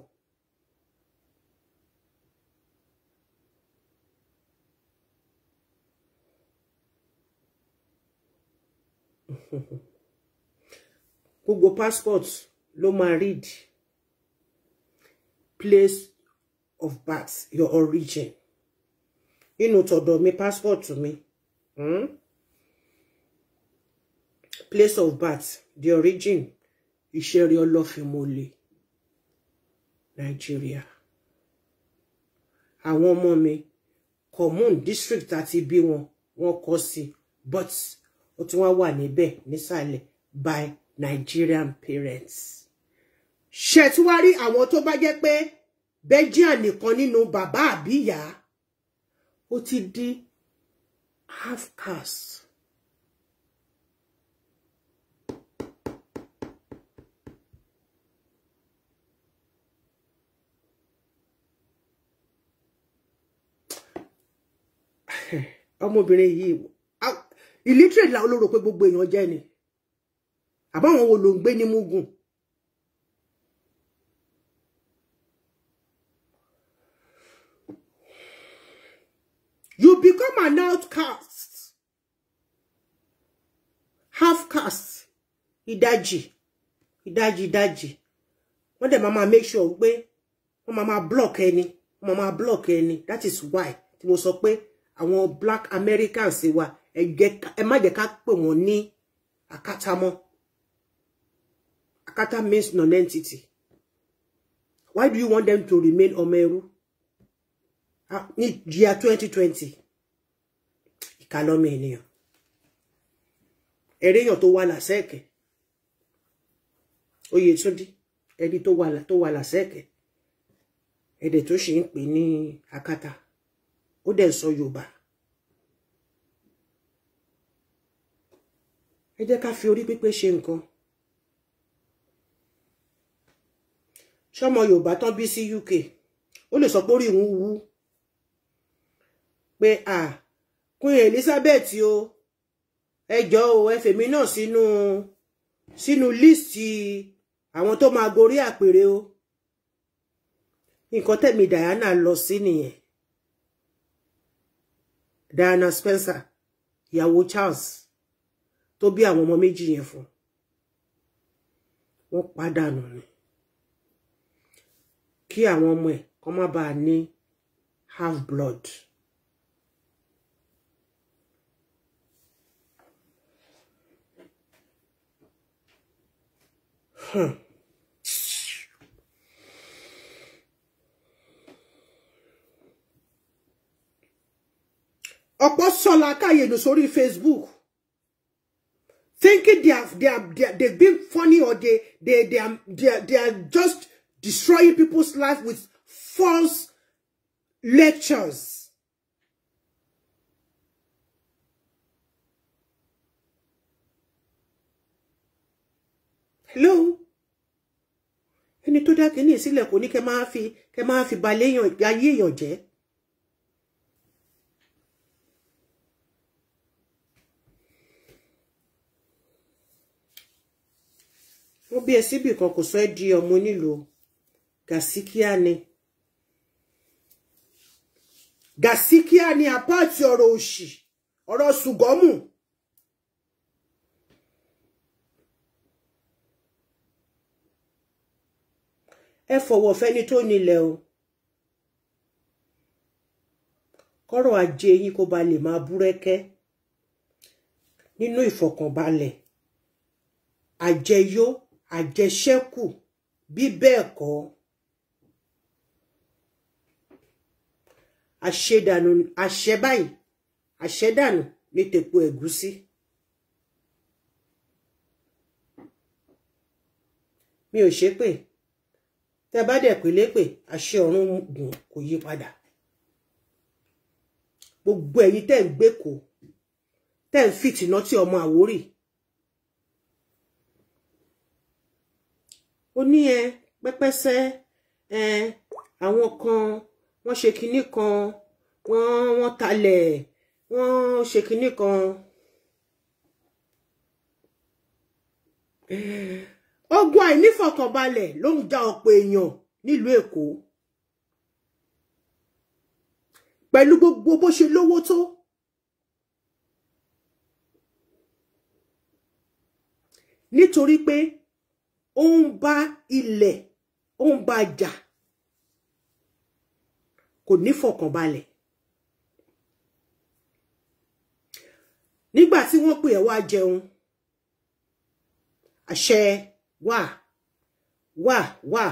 gbogbo [laughs] passport ló máa read place of birth your origin nínú todo mi passport mi hmm? place of birth the origin ìṣeré ọlọ́fimólè nàìjíríà àwọn ọmọ mi Common district àti bí wọn wọn kọ sí but ó wa wá wà níbẹ̀ nísàlẹ̀ by Nigerian parents ṣe tí wá rí àwọn tó bá jẹ́ pé Belgian nìkan nínú bàbá àbí ìyá ó ti di half caste ọmọbìnrin yìí illiterate làwọn olóró pé gbogbo èèyàn jẹ́ ni àbáwọn wo ló ń gbé Mugun you become an outcast half caste Idaji, idaji, idaji. wọ́n dẹ̀ Mama make sure pé wọ́n máa block ẹni Mama block ẹni that is why tí mo sọ pé àwọn black Americans wa ẹ má jẹ́ ká pè wọ́n ní akátá mọ́ akátá means non-entity why do you want them to remain Omeru? Ah, ní year twenty twenty ìkàlọ́mọ ènìyàn la seke. wà làṣẹ́ẹ̀kẹ́ Oyètúndí ẹni tó wà tó wà la seke. tó ṣì ń pè ní akátá ó dẹ̀ so Yorùbá. ẹ jẹ́ ká fi orí pípé ṣe nǹkan ṣọmọ Yorùbá tán bí sí UK ó lè sọ pé orí ìhun wú pé à Queen Elizabeth o ẹjọ́ o ẹ fèmí náà sínú sínú líìsì àwọn tó máa gorí àpèrè o nǹkan tẹ̀mí Diana lọ sí nìyẹn Diana Spencer ìyàwó Charles tó bí àwọn ọmọ méjì yẹn fún wọn pàdánù ni kí àwọn ọmọ ẹ̀ kó má bàa ní half blood. Hmm. ọ̀pọ̀ sọ̀lá káyèdò sórí Facebook thinking they have they have they have, they've been funny or they they they are, they are, they are just destroying people's lives with false lectures. Hello? Ẹni tó dá kìíní sílẹ̀ kò ní kẹ máa fi kẹ máa fi balẹ̀ ayé èèyàn gbé ẹ síbì kan kò sọ ẹ́ di ọmọ onílò gàsíkíá ni gàsíkíá ni àpáàtì ọ̀rọ̀ òṣì ọ̀rọ̀ ṣùgọ́mù ẹ fọwọ́ fẹ́ni tó nílẹ̀ o kọ́rọ̀ ajé yín kó ba lè máa búrẹ́kẹ́ nínú ìfọ̀kànbalẹ̀ àjẹyó àjẹṣẹ́kù bí bẹ́ẹ̀ kọ́ àṣedànù àṣẹ báyìí àṣẹdànù ní tèpo ẹ̀gúsí mi ò ṣépè tẹ́ bá dẹ̀ pé lépè àṣẹ ọ̀run gùn kò yí padà gbogbo ẹ̀yin tẹ́ ń gbé kò tẹ́ ń fìtìnà tí ọmọ Àwórì ó ní ẹ pẹpẹsẹ ẹ àwọn kan wọ́n ṣe kinní kan wọ́n wọ́n talẹ̀ wọ́n ṣe kinní kan. ogun àìnífọ̀kànbalẹ̀ ló ń ja ọ̀pọ̀ èèyàn nílùú Èkó pẹ̀lú gbogbo bó ṣe lówó tó. nítorí pé ó ń bá ilẹ̀ ó ń bá jà kò ní fọkànbalẹ̀ nígbà tí wọ́n pè ẹ́ wá jẹun àṣẹ wà wà wà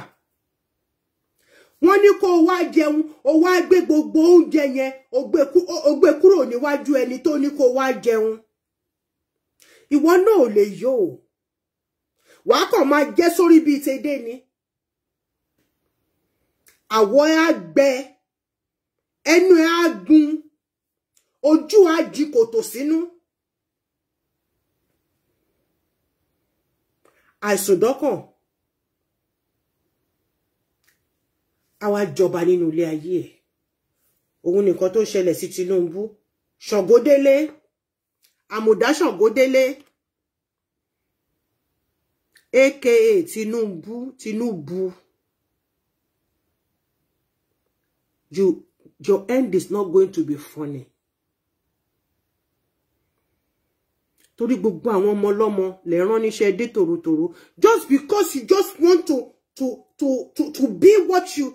wọ́n ní kó wá jẹun ó wá gbé gbogbo oúnjẹ yẹn ó gbé kúrò níwájú ẹni tó ní kó wá jẹun ìwọ náà ò lè yó wà á kàn máa jẹ́ sórí bíi tèdè ni àwọ̀ ẹ á gbẹ ẹnu ẹ á gun ojú doko, jí kòtò sínú àìsùn dọ́kàn àwa jọba nínú ilé ayé ẹ̀ òun nìkan tó Tinubu Ṣàngódélé àmùdá Ṣàngódélé aka Tinubu Tinubu you your end is not going to be funny torí gbogbo àwọn ọmọ ọlọ́mọ lè rán níṣẹ́ dé tòrótòró just because you just want to to to to to be what you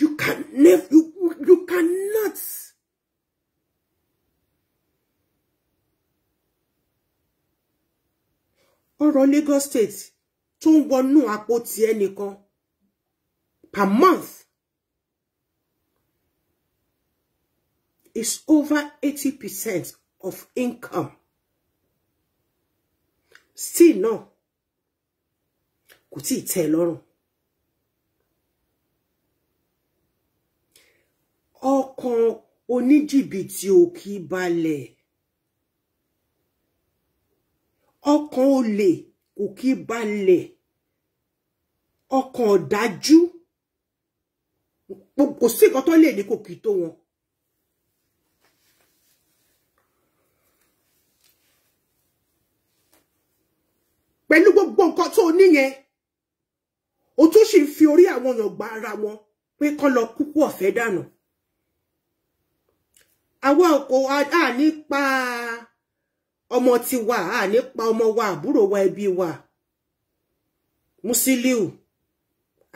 you can never you you cannot. ọ̀rọ̀ Lagos State tó ń wọnú àpótí ẹnìkan per month is over eighty percent of income. Still náà kò tí ì tẹ́ lọ́rùn. Ọkàn oníjìbìtì ò kì í balẹ̀. Ọkàn olè kò kí balẹ̀ ọkàn ọ̀dájú kò sí nǹkan tó lè ní kò kí tó wọn. pẹ̀lú gbogbo nǹkan tó níyẹn o tún sì ń fi orí àwọn èèyàn gba ara wọn pé kán lọ kúkú ọ̀fẹ́ dànù àwa kò a nípa. Ah, ọmọ ti wà á nípa ọmọ wa àbúrò wa ẹbí wa Musiliu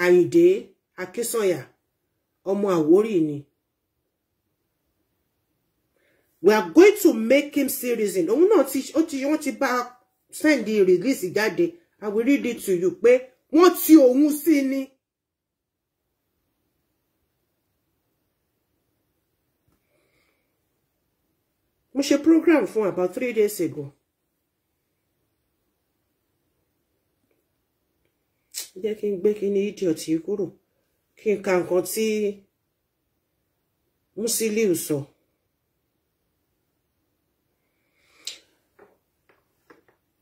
Àyìndé Akínsọ̀yà ọmọ Àwórì ni we are going to make him serious in òun náà ti ó ti wọ́n ti bá send the release jáde I will read it to you pé wọ́n ti òun sí ni. mo ṣe program fún about three days ago jẹ́ kí n gbé kí ní idiot yìí kúrò kí n ka nǹkan tí Musiliu sọ.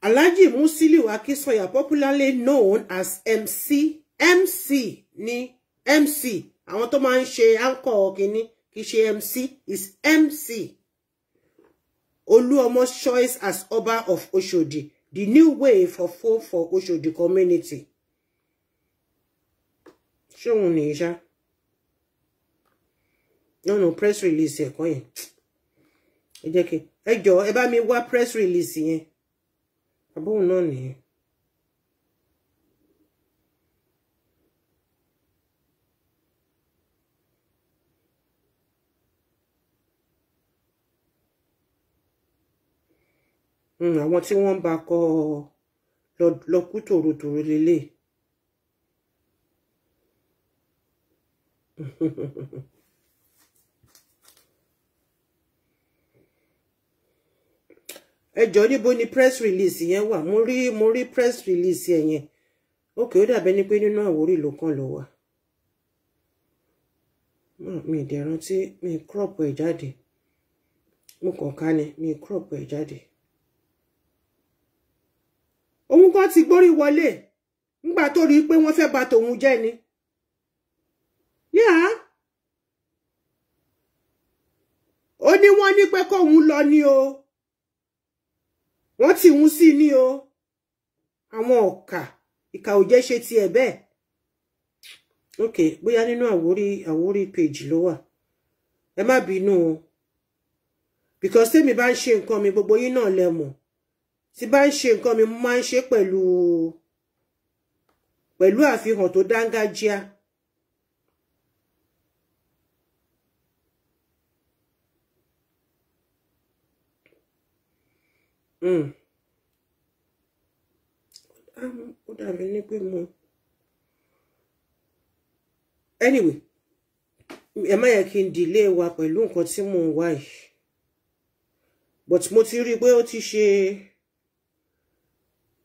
Alhaji Musiliu Akisoya popularly known as MC MC ni MC àwọn tó máa ń ṣe anchor kìíní kì í ṣe MC is MC. Oluomo choice as Oba of Oshodi, the new way for four for Oshodi community. Show ni ṣá. No, no, press release yẹn kọ́ yẹn. Ẹ jẹ́ kí ẹ jọ ẹ mi wá press release yẹn. Àbóhùn náà nìyẹn. Mm, àwọn tí wọ́n ń ba kọ lọ kú tòrótòró lélẹ̀ [laughs] ẹ jọ̀ọ́ níbo ni press release yẹn wà mo rí mo rí press release ẹ yẹn ókè ó dàbẹ ni pé nínú Àwórì ló kàn lọ wà mi ìdẹ̀rántí mi crop ẹ̀ jáde mo kàn ká ni mi crop ẹ̀ jáde òun kan ti gbórí wọlé nígbà tó rí i pé wọ́n fẹ́ bà tòun jẹ́ ni yáa ó ní wọ́n ní pé kóun lọ ni o wọ́n tì wọ́n sí ni o àwọn ọ̀kà ìkà ò jẹ́ ṣe tiẹ̀ bẹ́ẹ̀ ok bóyá nínú àwórí àwórí page ló wà ẹ má bínú o because tèmi bá ń ṣe nǹkan mi gbogbo yín náà lẹ mọ̀ tí bá ń ṣe nǹkan mi mo máa ń ṣe pẹ̀lú pẹ̀lú àfihàn tó dángájíá hmm. ó dàbí ní pé mo anyway ẹ má yẹ kí n dìlé wa pẹ̀lú nǹkan tí mò ń wá yìí but mo ti rí i pé ó ti ṣe. She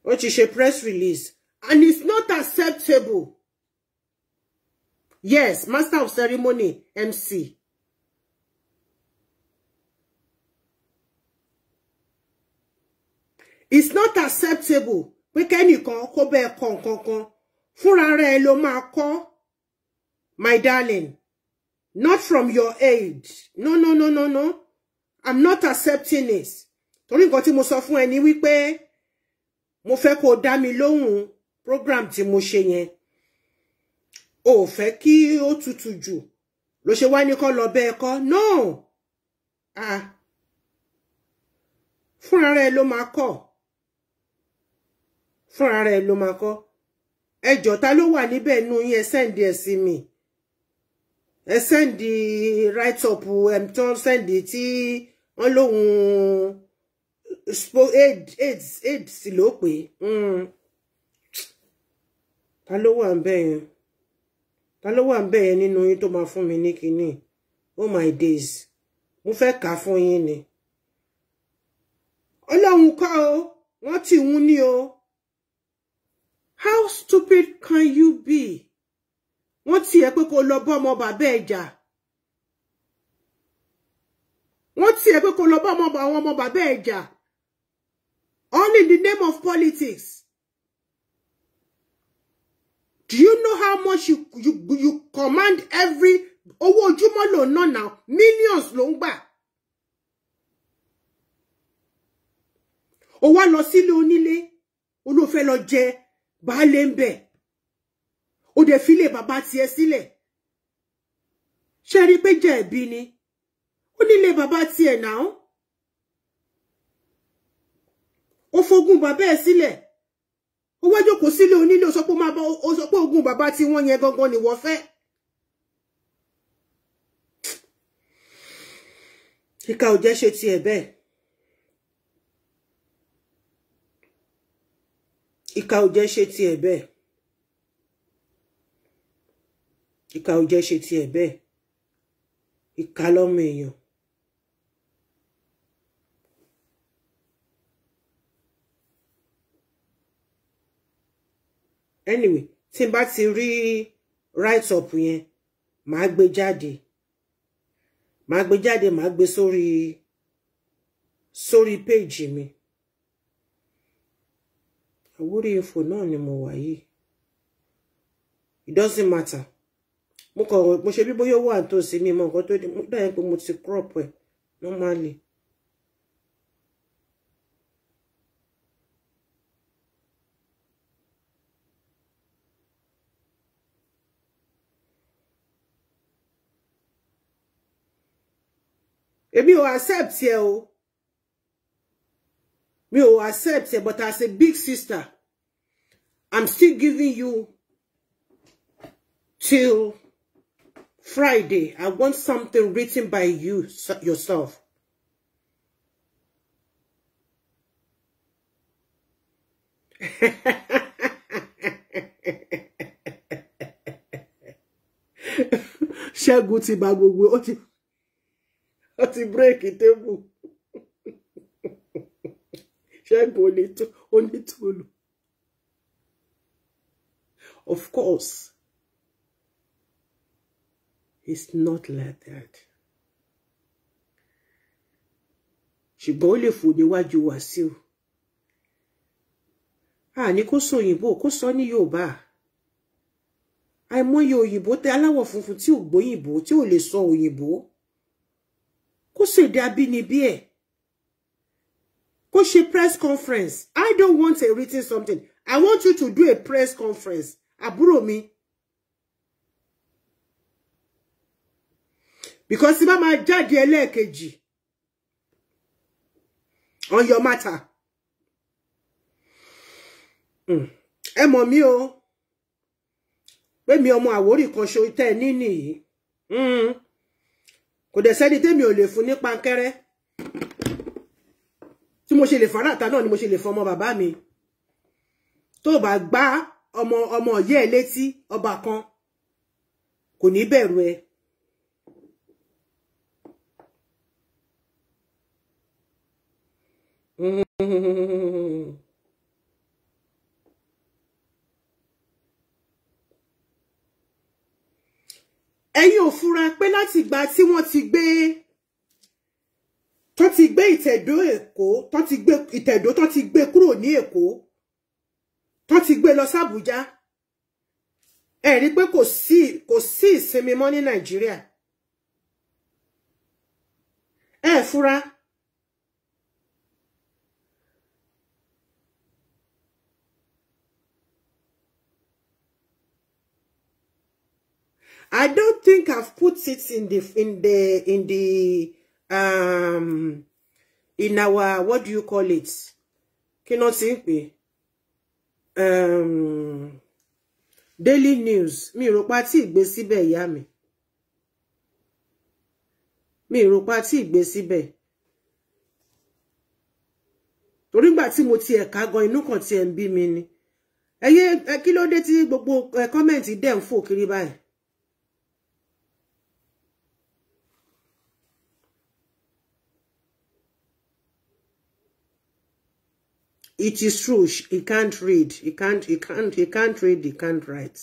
ó is a press release and it's not acceptable yes master of ceremony mc it's not acceptable We can you bẹ́ẹ̀ kọ con con fúnra rẹ̀ ló máa my darling not from your aid no no no no no i'm not accepting this Tony nǹkan tí mo sọ fún mo fẹ́ kó dá mi lóhùn program tí mo ṣe yẹn o fẹ́ kí ó tutù jù ló ṣe wá ní kó lọ bẹ́ ẹ̀kọ́ no ah fúnra rẹ̀ ló máa kọ́ fúnra rẹ̀ ló máa kọ́ ẹjọ́ ta ló wà níbẹ̀ nú yín ẹ sẹ́ǹdì ẹ̀ sí mi ẹ sẹ́ǹdì write up ẹ̀ um, tó ń sẹ́ǹdì tí lóhun aids sì ló pé hmm. ta ló wà ń bẹ yẹn ta ló wà ń bẹ yẹn nínú yín tó máa fún mi ní kinní oh my days mo fẹ́ kà á fún yín ni ọlọ́run kọ́ o wọ́n ti wún ní o how stupid can you be wọ́n ti ẹ̀ pé kó lọ bọ́ ọmọ bàbá ẹ̀ jà wọ́n ti ẹ̀ pé kó lọ bọ́ ọmọ bàbá ẹ̀ All in the name of politics. Do you know how much you you, you command every owó ojúmọ́ ló ń ná now millions ló ń gbà. Ó wá lọ le? onílé ó ló fẹ́ lọ jẹ baálé ń bẹ̀. Ó dẹ̀ fi ilé bàbá tiẹ̀ sílẹ̀. Ṣé rí pé jẹ̀bi ni? Ó nílé bàbá tiẹ̀ náà. ó fogún bàbá ẹ̀ sílẹ̀ ó wá jókòó sílé onílé ó sọ pé máa bá ó sọ pé ogún bàbá tí wọ́n yẹn gangan ni wọ́n fẹ́. ìka ò jẹ́ be. tiẹ̀ bẹ́ẹ̀. ìka ò jẹ́ ṣe tiẹ̀ bẹ́ẹ̀. ìka ò jẹ́ ṣe tiẹ̀ bẹ́ẹ̀. ìka lọ́mọ èèyàn. anyway tí n bá ti rí write up yẹn màá gbé jáde màá gbé jáde màá gbé sórí sórí péèjì mi Àwórì Info náà ni mo wà yìí it doesn't matter mo kàn mo ṣe bí bóyá owó àtòsí mi mọ nǹkan tó dé mo dáhùn pé mo ti crop ẹ normally. èmi ò accept ẹ o mi ò accept ẹ but as a big sister I'm still giving you till Friday. I want something written by you yourself. Share [laughs] ti ba gbogbo ó wọ́n ti bírèkì tébù ṣẹ́gun onítùlù of course it's not like that ṣùgbọ́n ó lè fò níwájú wàsíù àní kó sọ òyìnbó kó sọ ní yorùbá àìmọye òyìnbó tẹ aláwọ̀ funfun tí ò gbóyìnbó tí ò lè sọ òyìnbó. So kó ṣèdè abínibí ẹ̀ kó ṣe press conference i don't want a written something i want you to do a press conference Aburo mi. because bá máa jáde ẹlẹ́ẹ̀kejì on your matter hmm. ẹ mọ̀ mí o pé mi ọmọ Àwórì kan ṣo ite ẹ ní nìyí. Hmm kò dẹ̀ sẹ́ni tèmi ò lè fún ní pankẹ́rẹ́ tí mo ṣe lè fara àta náà ni mo ṣe lè fún ọmọ bàbá mi tó bá gbá ọmọ ọmọ yẹ ẹ létí ọba kan kò ní bẹ̀rù ẹ Mm-hmm. [laughs] ẹ̀yin ò fura pé láti ìgbà tí wọ́n ti gbé tó ti gbé ìtẹ̀dó èkó tó ti gbé ìtẹ̀dó tó ti gbé kúrò ní èkó tó ti gbé lọ sàbújá ẹ rí pé kò sí kò sí ìsinmi mọ́ ní nàìjíríà ẹ fura. I don't think I've put it in the in the in the um in our what do you call it? Cannot simply um daily news. Mi ropati pa tí ìgbé síbẹ̀ ìyá mi. Mi rò pa tí ìgbé síbẹ̀. mo ti ẹ̀ka gan inú kan tí ẹ̀ ń bí mi ni. Ẹyẹ kí ló dé tí gbogbo kọ́mẹ̀ntì dẹ̀ ń fò kiri báyìí? It is true. He can't read. He can't, he can't, he can't read. He can't write.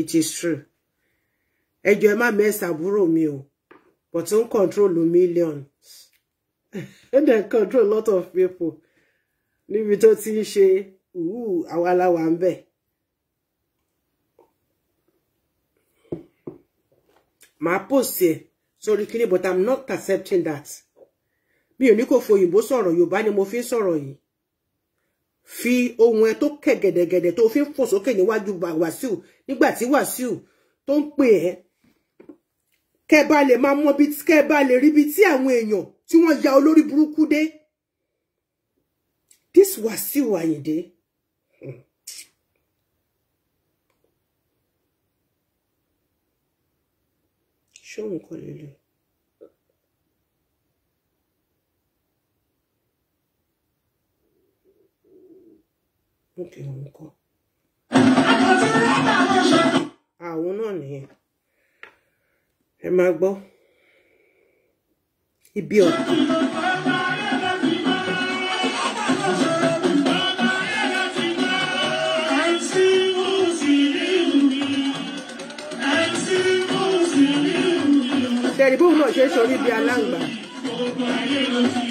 It is true. Ẹjọ́ ẹ má mess àbúrò mi o. But ó ń control millions. And [laughs] then control a lot of people. Ni tó ti ń ṣe àwa la wà ń bẹ̀. Màá post ẹ̀ sórí kíní but I'm not accepting that. Mi o ni ko ní kò fòyìnbó sọ̀rọ̀ Yorùbá ni mo fi soro sọ̀rọ̀ fi ohun ẹ tó kẹ̀ gẹ̀dẹ̀gẹ̀dẹ̀ tó fi ń ni sókè ba Wàsíù nígbà tí Wàsíù tó ń pè ẹ́ kẹ́ bá lè máa mọ̀ bí kẹ́ bá lè rí bí tí àwọn èèyàn tí wọ́n ya olórí burúkú dé this Wàsíù Àyìndé ṣé òun kọ́ lélẹ̀. òkè òun kọ. àwọn náà nìyẹn ẹ máa gbọ́ ibi ọ̀tún. ṣẹ́ẹ̀rí bóun náà ṣe é sọ níbi aláǹgbá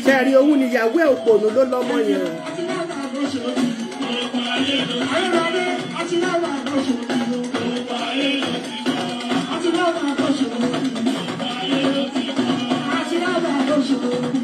ṣẹ́ẹ̀rí owó ni ìyàwó ẹ̀ òpònú ló lọ́mọ yẹn o. Thank you.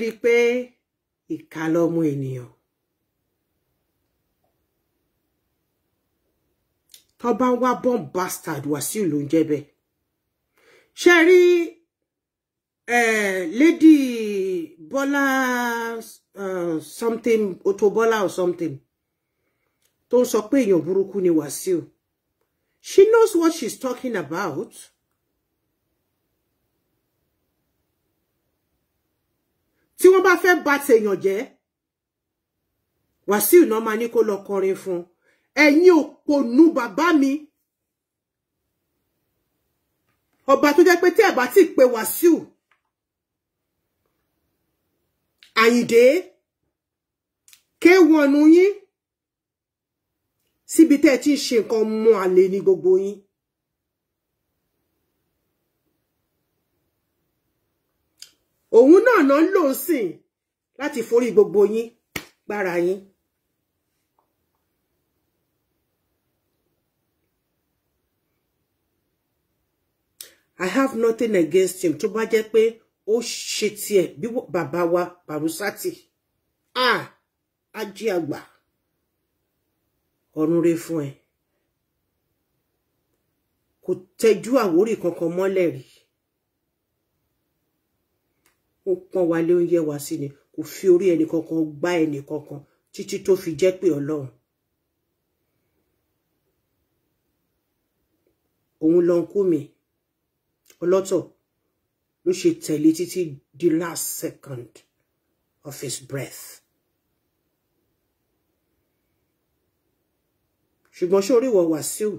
rí i pé ìkà lọmọ ènìyàn tó bá ń wá bomb bastard Wàsíù ló ń jẹ́ bẹ́ẹ̀ ṣe rí lady bola, uh, something Auto Bola or something tó ń sọ pé èèyàn burúkú ni Wàsíù she knows what she's talking about. tí wọ́n bá fẹ́ ba tèèyàn jẹ́ Wàsíù náà máa ní kó lọ kọrin fún ẹ̀yin òpònú bàbá mi ọba tó jẹ́ pé tí ẹ̀ bá ti pe Wàsíù Àyìndé kéwọnú yín síbi tẹ́ ẹ ti ń ṣe nǹkan mọ́ àlè gbogbo yín. òun náà náà ń lò sìn láti forí gbogbo yín gbára yín. I have nothing against him tó bá jẹ́ pé ó ṣe tiẹ̀ bí bàbá wa Barusati. ah ajé àgbà ọ̀run re fún ẹ kò tẹjú àwórì kankan mọ́lẹ̀ rí ó pọ́n wa lé ó yẹ wá sí ni kò fi orí ẹnì kankan gbá ẹnì kankan títí tó fi jẹ́ pé ọlọ́run òun lọ ń mi ọlọ́tọ̀ ló ṣe tẹ̀lé títí the last second of his breath. ṣùgbọ́n ṣé oríwọ̀ Wàsíù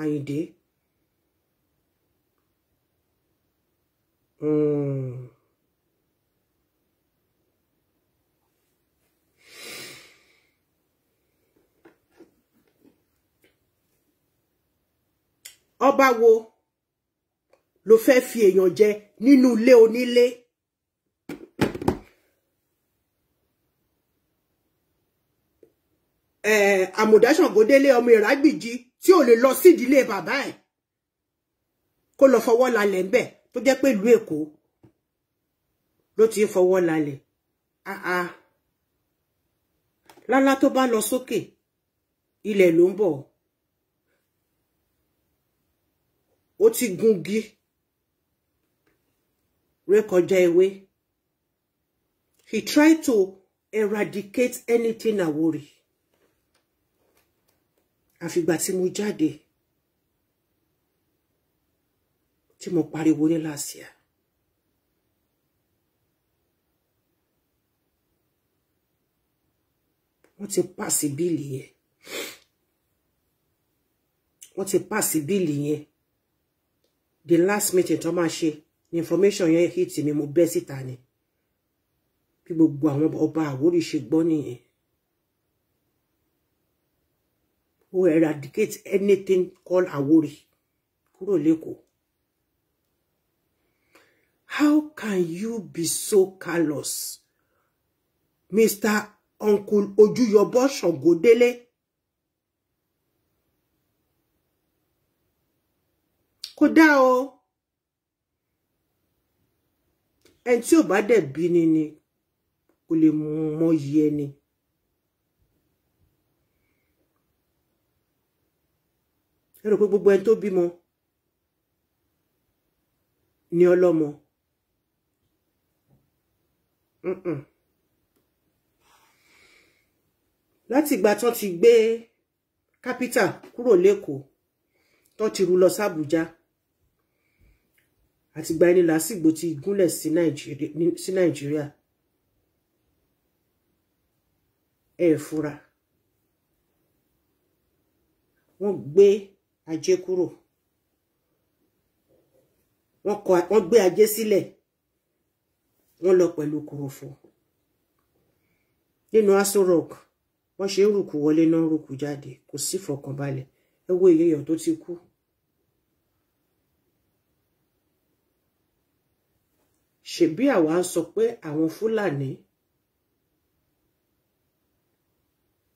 Àyìndé. Mm. ọba wo ló fẹ́ fi èèyàn jẹ nínú ilé onílé àmùdáṣàngódélé ọmọ ìrágbìjí tí ò lè lọ sídìílé bàbá ẹ̀ kó lọ fọwọ́ lálẹ̀ ńbẹ̀ tó jẹ́ pé ìlú èkó ló ti ń fọwọ́ lálẹ̀ àà lálá tó bá lọ sókè ilẹ̀ ló ń bọ̀ ọ́. ó ti gungi rékọjá ewé he tried to eradicate anything Àwórì àfìgbà tí mo jáde tí mo pariwo ní last year wọ́n ti pàṣẹ bíìlì yẹn wọ́n ti pàṣẹ bíìlì yẹn the last meeting tó máa ṣe information yẹn hit mi mo bẹ́ síta ni bí gbogbo àwọn ọba Àwórì ṣe gbọ́ nìyẹn who eradicate anything called Àwórì kúrò lẹ́kọ̀ọ́ how can you be so callous Mr. Uncle Ojuyobo Sangodele. kò dá o ẹni tí ò bá dẹ̀ bí ni ni kò lè mọ yí ẹni. ẹ pé gbogbo ẹni tó bímọ ni ọlọ́mọ. Mm-mm. láti ìgbà tán ti gbé kápítà kúrò lẹ́kọ̀ọ́ tán ti rú lọ sí Àbújá àtìgbà ẹni làásìgbò ti gúnlẹ̀ sí nàìjíríà ẹ fura wọ́n gbé ajé kúrò wọ́n gbé ajé sílẹ̀ wọ́n lọ pẹ̀lú kòròfò nínú aso rock wọ́n ṣe ń rùkù wọlé náà rùkù jáde kò sí fọkànbalẹ̀ ẹ wo èèyàn tó ti kú. ṣebí àwa ń sọ pé àwọn fúlàní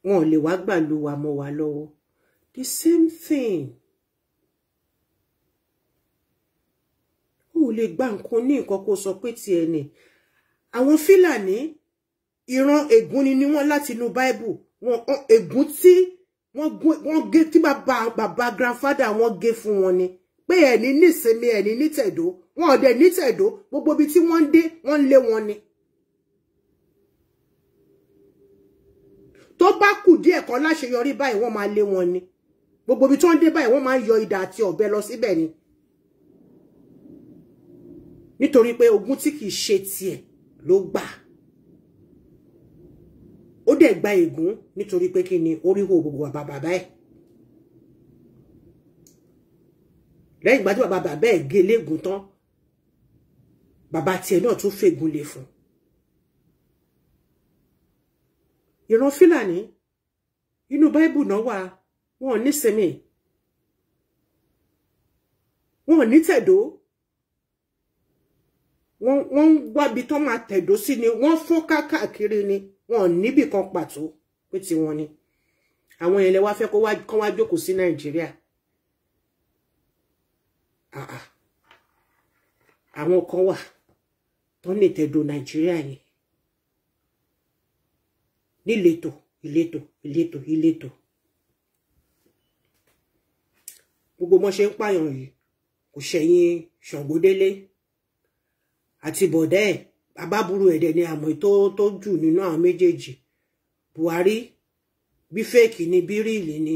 wọn ò lè wá gbàlú wa mọ́ wa lọ́wọ́ the same thing o ò lè gba nǹkan ní nǹkan kó sọ pé tiẹ̀ ni àwọn fúlàní ìran ègún ni ni wọ́n láti inú bible wọn ègún tí wọ́n gé tí bàbá grandfather wọn gé fún wọn ni pé ẹni nísinmi ni nítẹ̀dó wọn ò dẹ̀ ní tẹ̀dó gbogbo ibi tí wọ́n ń dé wọ́n ń lé wọn ni. tó die. kù díẹ̀ kan láṣeyọrí báyìí wọ́n máa lé wọn ni gbogbo ibi tó ń dé báyìí wọ́n máa ń yọ idà àti ọ̀bẹ lọ síbẹ̀ ni nítorí pé ogún tí kìí ṣe tiẹ̀ ló gbà ó dẹ̀ gba ègún nítorí pé kí ni orího gbogbo bàbá bàbá ẹ̀ lẹ́yìn ìgbà tí bàbá gé léegun tán bàbá tiẹ̀ náà tún fègùn lè fún ìran fúlàní inú báíbù náà wà wọn ò nísinmi wọn ò ní tẹ̀dó wọ́n ń wábi tán máa tẹ̀dó sí ni wọ́n fọ́n káàkiri ni wọn ò níbì kan pàtó pé tiwọn ni àwọn yẹn lè wá fẹ́ kó wá jókòó sí nàìjíríà àwọn kan wà tó lè tẹ̀dọ̀ nàìjíríà ni leto ìletò ìletò ìletò gbogbo mọ́ ṣe ń pààyàn yìí kò ṣẹ̀yìn ṣọ̀gbọ́délé àti bọ̀dẹ́ ẹ̀ abáburú ẹ̀dẹ̀ ni àmọ́ tó tó jù nínú àwọn méjèèjì buhari bí fèkì ni bí ríìlì ni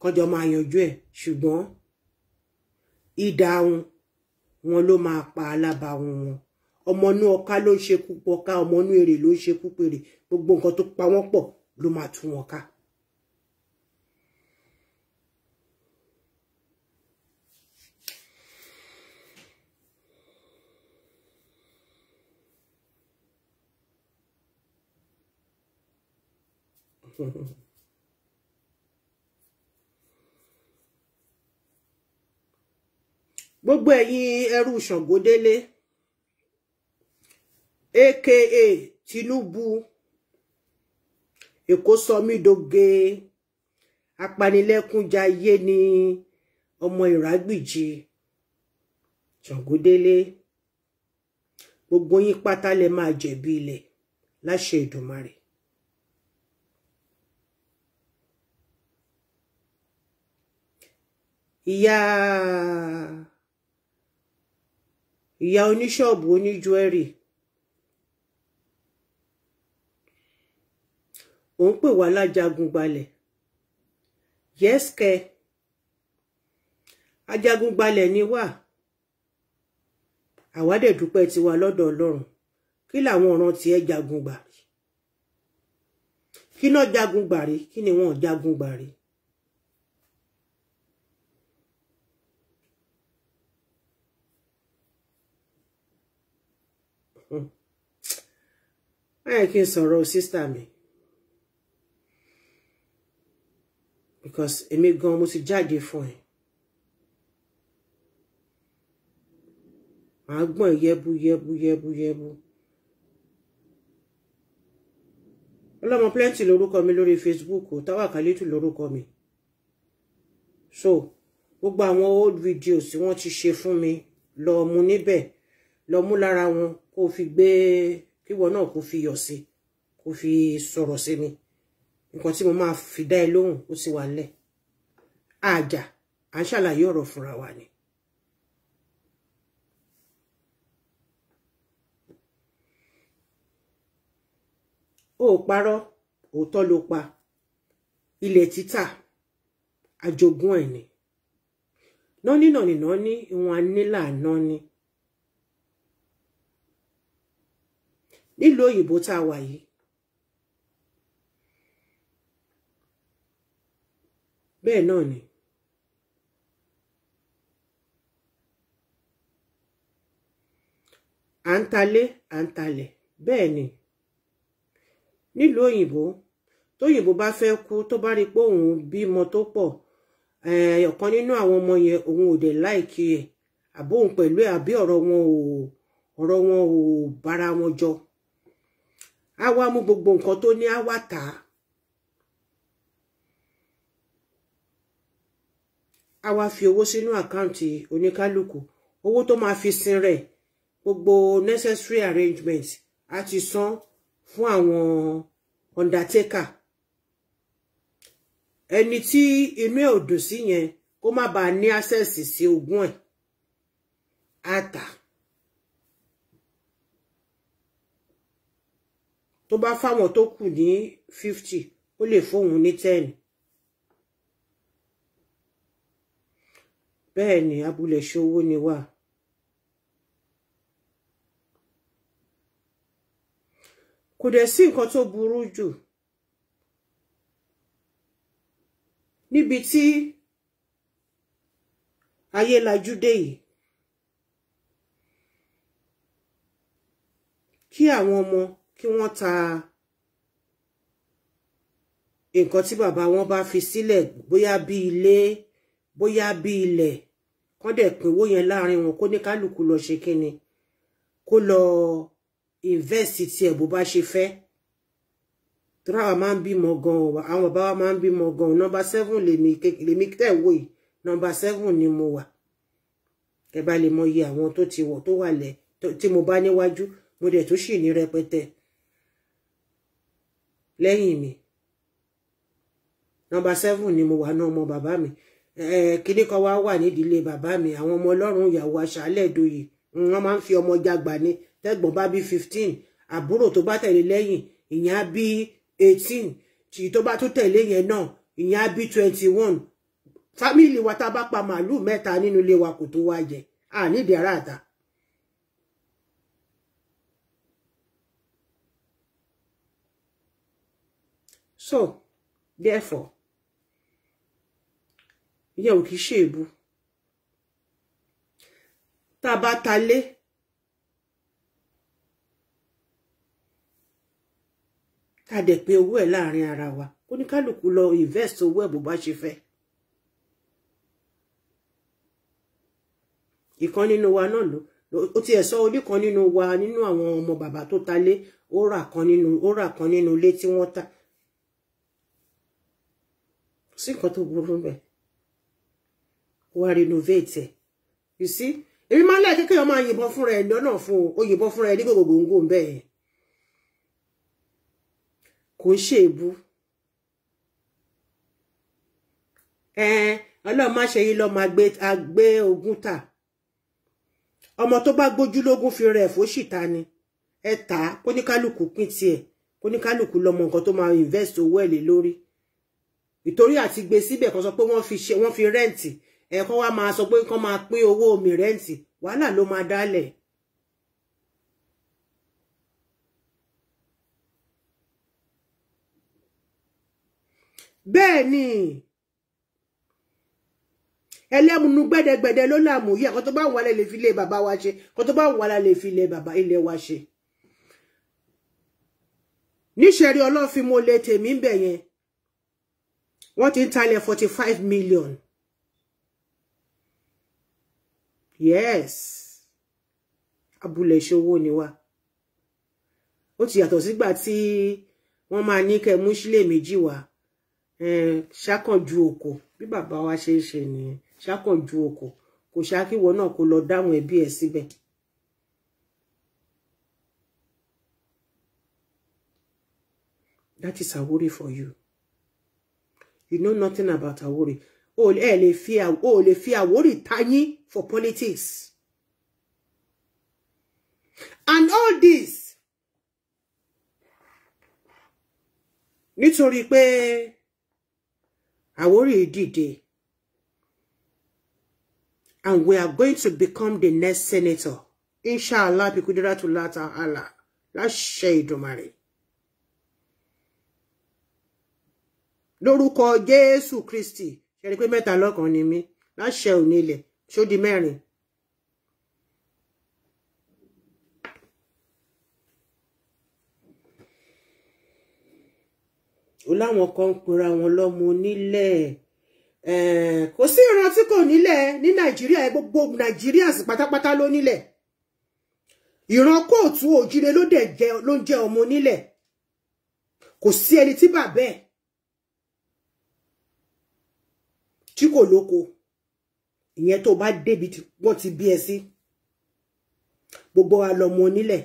kọjọ máa yanjú ẹ̀ ṣùgbọ́n ìdáhùn wọn ló máa pa alábàáhùn wọn ọmọ inú ọká ló ń ṣekú pọká ọmọ inú èrè ló ń ṣekú pèrè gbogbo nǹkan tó pa wọ́n pọ̀ ló máa tú wọn ká. [laughs] gbogbo ẹ̀yin ẹrú Ṣàngódélé aka Tinubu èkó sọmídóge apanilẹ́kúnjayé ni ọmọ ìrágbìjì Ṣàngódélé gbogbo yín pátá lẹ máa jẹ̀bi ilẹ̀ láṣẹ Èdùmàrè. ìyá ìyá oníṣọ́ọ̀bù oníjúẹ̀rì ò ń pè wá lájagunbalẹ̀ yẹ́sìkẹ́ ajagunbalẹ̀ ni wá àwa dẹ̀ dúpẹ́ tiwa lọ́dọ̀ ọlọ́run kí làwọn ọ̀ràn tiẹ̀ jagun gbà kí náà jagun gbà kí ni wọn jagun gbà hmm. ẹ kí n sọ̀rọ̀ sísítà mi. because èmi gan mo ti jáde fún ẹ màá gbọ̀n yẹbu yẹbu yẹbu yẹbu ọlọ́mọ plenty lórúkọ mi lórí Facebook táwa kálítù lórúkọ mi so gbogbo àwọn old videos tí wọ́n ti ṣe fún mi lọ mú níbẹ̀ lọ mú lára wọn kó fi gbé kíwọ náà kó fi yọ̀ sí kó fi sọ̀rọ̀ sí mi nǹkan tí mo máa fi dá ẹ lóhùn ó sì wà lẹ̀ àjà à ń ṣàlàyé ọ̀rọ̀ fúnra wa ni. ó parọ́ òótọ́ ló pa ilẹ̀ títà àjogún ẹ̀ ni nọ́ní nọ́ní nọ́ní ìwọ̀n anílà nọ́ní nílùú òyìnbó tá a wà bẹ́ẹ̀ náà ni. à ń talé à ń talẹ̀ bẹ́ẹ̀ ni nílùú òyìnbó tóyìnbó bá fẹ́ kú tó bá rí pé òun bímọ tó pọ̀ eh, ọ̀kan nínú àwọn ọmọ yẹn òun ò dẹ̀ láìkí ẹ̀ àbóhùn pẹ̀lú ẹ̀ àbí ọ̀rọ̀ wọn ò ọ̀rọ̀ wọn ò bára wọn jọ á wá mú gbogbo nǹkan tó ní á wá tà a wá fi owó sínú àkáǹtì oníkálukú owó tó máa fi sin rẹ̀ gbogbo necessary arrangements a ti san fún àwọn undertaker ẹni tí inú ẹ̀ ò dùn sí yẹn kó má bàa ní access sí ogún ẹ̀ á tó bá fáwọn tó kù ní fifty ó lè fóun ní ten bẹ́ẹ̀ ni abúlé ṣòwò ni wà. kò dẹ̀ sí nǹkan tó burú jù níbi tí ayé lajú dé yìí kí àwọn ọmọ kí wọ́n ta nǹkan tí bàbá wọn bá fi sílẹ̀ bóyá bí ilé bóyá bí ilẹ̀ kọ́n dẹ̀ pín owó yẹn láàrin wọn kó ní kálukú lọ ṣe kíni kó lọ invest ti ẹ̀ bó bá ṣe fẹ́ tora wa máa ń bímọ gan àwọn bàbá wa máa ń bímọ gan nọmba seven lèmi lèmi tẹ̀ wò yìí nọmba seven ni mo wà ẹ bá lè mọ iye àwọn tó ti wọ̀ tó wà lẹ̀ tí mo bá níwájú mo dẹ̀ tó sì ní rẹpẹtẹ lẹ́yìn mi nọmba seven ni mo wà náà ọmọ bàbá mi Eh, kíní kan wá wà nídìílé bàbá mi àwọn ọmọ ọlọ́run ìyàwó aṣáálẹ̀ ìdòyè wọ́n máa ń fi ọmọ jagba ni tẹ́gbọ̀n bá bí fifteen àbúrò tó bá tẹ̀lé lẹ́yìn ìyẹn á bí eighteen tí tó bá tún tẹ̀lé yẹn náà ìyẹn á bí twenty one fámìlì wa tá a bá pa màálùú mẹ́ta nínú ilé wa kò tó wá jẹ ànídìí ara So, therefore, ìyẹn ò kìí ṣe èbu tá a bá ta lé ká dẹ̀ pín owó ẹ̀ láàrin ara wa kó ní kálukú lọ invest owó ẹ̀ bó bá ṣe fẹ́. ìkan nínú wa náà ló ó tiẹ̀ sọ oníkan nínú wa nínú àwọn ọmọ bàbá tó ta lé ó rà kan nínú ó rà kan nínú ilé tí wọ́n tà sí nǹkan tó burú bẹ́ẹ̀ wá renovate you see èmi máa ń lẹ́ẹ̀ kékeré ọmọ yìnbọn fúnra ẹ̀ lọ́nà fún o yìnbọn fúnra ẹ̀ ní gbogbo gbòǹgbò bẹ́ẹ̀ yẹn kò ń ṣe èbú ọlọ́run má ṣe lo lọ́mọ agbé ogún tà ọmọ tó bá gbójú lógún fi rẹ̀ fóṣì ta ni ẹ tà á kóníkálùkù pín tiẹ̀ kóníkálùkù lọ́mọ nǹkan tó máa invest owó ẹ̀ lé lórí ìtorí àti gbé kan sọ pé wọ́n fi rẹ́ǹtì ẹ̀kan wá máa sọ pé kán máa pín owó omi rẹ́ǹtì wàhálà ló máa dálẹ̀. bẹ́ẹ̀ ni ẹlẹ́mùnú gbẹ́dẹgbẹ́dẹ ló làmú yìí àkọ́tọ́ bá wà lè fi ilé bàbá wa ṣe àkọ́tọ́ bá wà lè fi ilé bàbá ilé wa ṣe. níṣẹ́rí ọlọ́fin mo lè tèmi ń bẹ̀ yẹn wọ́n ti ń forty five million. yes abúlé ṣòwò ni wá ó ti yàtọ̀ sígbà tí wọ́n máa ní kẹ́ mú sílé méjì wá ṣàkànjú oko bí bàbá wa ṣe ń ṣe nìyẹn ṣàkànjú oko kò ṣàkíwọ náà kó lọ dáhùn ẹbí ẹ síbẹ̀. That is a worry for you. You know nothing about a worry o ẹ lè fi o lè fi Àwórì tayín for politics and all this nítorí pé Àwórì dìde and we are going to become the next senator inshallah bi kudratullah ta'ala láṣẹ Ìdùmarè lórúkọ Jésù Kristi ẹ rí i pé mẹ́ta lọ́kàn ni mí láṣẹ òní ilẹ̀ ṣó di mẹ́rin ó láwọn kan ń pera wọn lọ́mọ onílẹ̀ kò sí ìran tí kò nílẹ̀ ní nàìjíríà gbogbo nàìjíríà sì pátápátá ló nílẹ̀ ìran kóòtù òjìlélódé ló ń jẹ ọmọ onílẹ̀ kò sí ẹni tí bàbá ẹ̀ tí kò lóko ìyẹn tó bá débi wọ́n ti bí ẹ sí gbogbo wa lọmọ onílẹ̀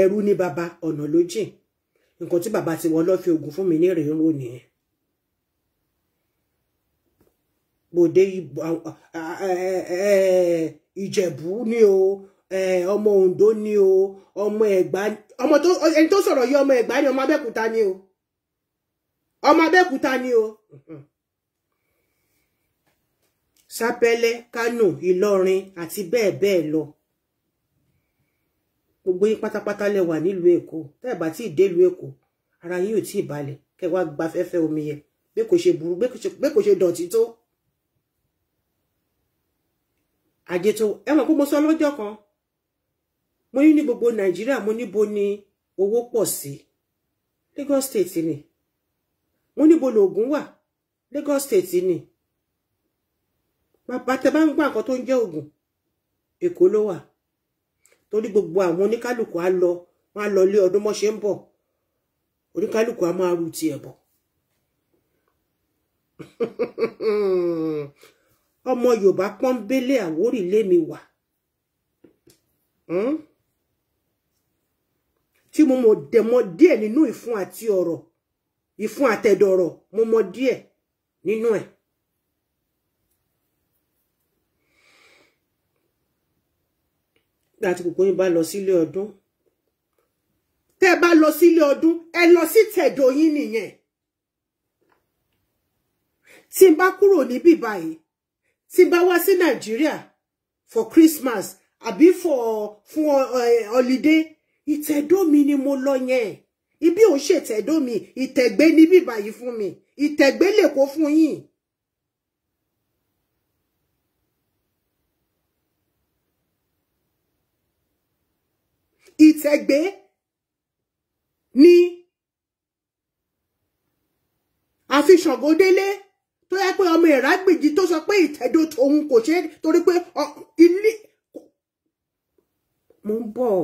ẹrú ní baba ọ̀nà ló jìn nǹkan tí bàbá ti wọn lọ fi oògùn fún mi ní rèé rò nìyẹn bòde ìjẹ̀bú ni o ọmọ Oǹdó ni o ọmọ Ẹ̀gbá ọmọ tó ẹni tó sọ̀rọ̀ yìí ọmọ Ẹ̀gbá ni ọmọ Abẹ́òkúta ni o ọmọ Abẹ́òkúta ni o Sápẹ́lẹ́ Kánò Ìlọrin àti bẹ́ẹ̀ bẹ́ẹ̀ lọ gbogbo yín pátápátá lẹ wà nílùú Èkó tẹ́ ẹ bá tí ì délùú Èkó ara yín ò tí ì balẹ̀ kẹ́ wá gba fẹ́fẹ́ omi yẹn bí kò ṣe burú bí kò ṣe dọ̀tí tó ajé tó mo sọ lọ́jọ́ kan mo ní ní ni owó pọ̀ sí Lagos State ni wọ́n níbo lògùn wà Lagos state ni bàbá tẹ bá ń gbọ́ nǹkan tó ń jẹ́ Ògùn Èkó ló wà torí gbogbo àwọn oníkálùkù á lọ wọn á lọ lé ọdún mọ́ṣe ń bọ̀ oníkálùkù á máa ru tiẹ̀ bọ̀ [laughs] ọmọ Yorùbá pọ́nbélé Àwórì lémi wà hmm? tí mo mọ̀ dẹ̀mọ́ díẹ̀ nínú ìfun àti ọ̀rọ̀ ìfun àtẹ̀dọ̀rọ̀ mo mọ díẹ̀ nínú ẹ̀. láti gbogbo yín bá lọ sílé ọdún tẹ́ ẹ bá lọ sílé ọdún ẹ lọ sí tẹ̀dọ̀ yín nìyẹn kuro n bá kúrò níbí báyìí tí n bá for Christmas àbí for fún eh, holiday ìtẹ̀dọ̀ mi ni mo lọ yẹn ibi ò ń ṣètẹ́dó mi ìtẹ̀gbé ní bíbá yìí fún mi ìtẹ̀gbé lè kó fún yín. ìtẹ̀gbé ní àfi ṣàngódélé tó yẹ pé ọmọ ìrágbèjì tó sọ pé ìtẹ̀dó òun kò ṣe torí pé ilé mo ń bọ̀.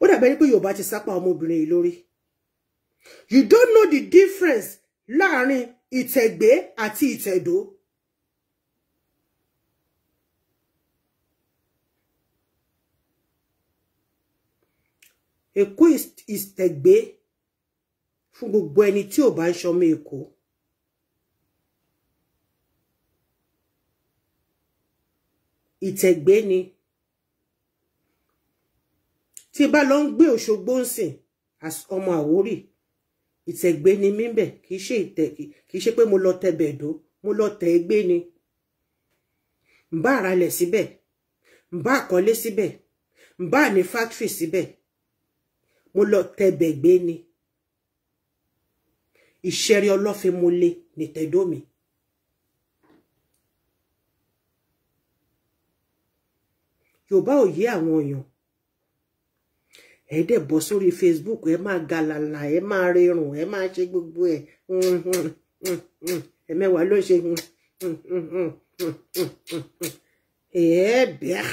ó dàbẹ́ pé Yorùbá ti sápá ọmọbìnrin yìí lórí you don't know the difference láàrin ìtẹ̀gbé àti ìtẹ̀dó. Èkó ìtẹ̀gbé fún gbogbo ẹni tí ò bá ń ṣọmọ Èkó. Ìtẹ̀gbé ni tí bá lọ ń gbé Òṣogbo as ọmọ Àwórì ìtẹ̀gbé ni mí bẹ̀ kì í ṣe ìtẹ̀ kì í ṣe pé mo lọ tẹ bẹ̀dó mo lọ tẹ̀ gbé ni ń bá àralẹ̀ síbẹ̀ ń bá àkọ́lé síbẹ̀ ń bá ní fáktírì mo lọ tẹ bẹ̀gbé ni ìṣẹ́rí ọlọ́fin mo lé ní tẹ̀dó mi. Yorùbá ò yé ẹ dẹ̀ bọ́ sórí Facebook ẹ máa galala ẹ máa rerun ẹ máa ṣe gbogbo ẹ ẹ mẹ́wàá ló ṣe ẹ bẹ́ẹ̀.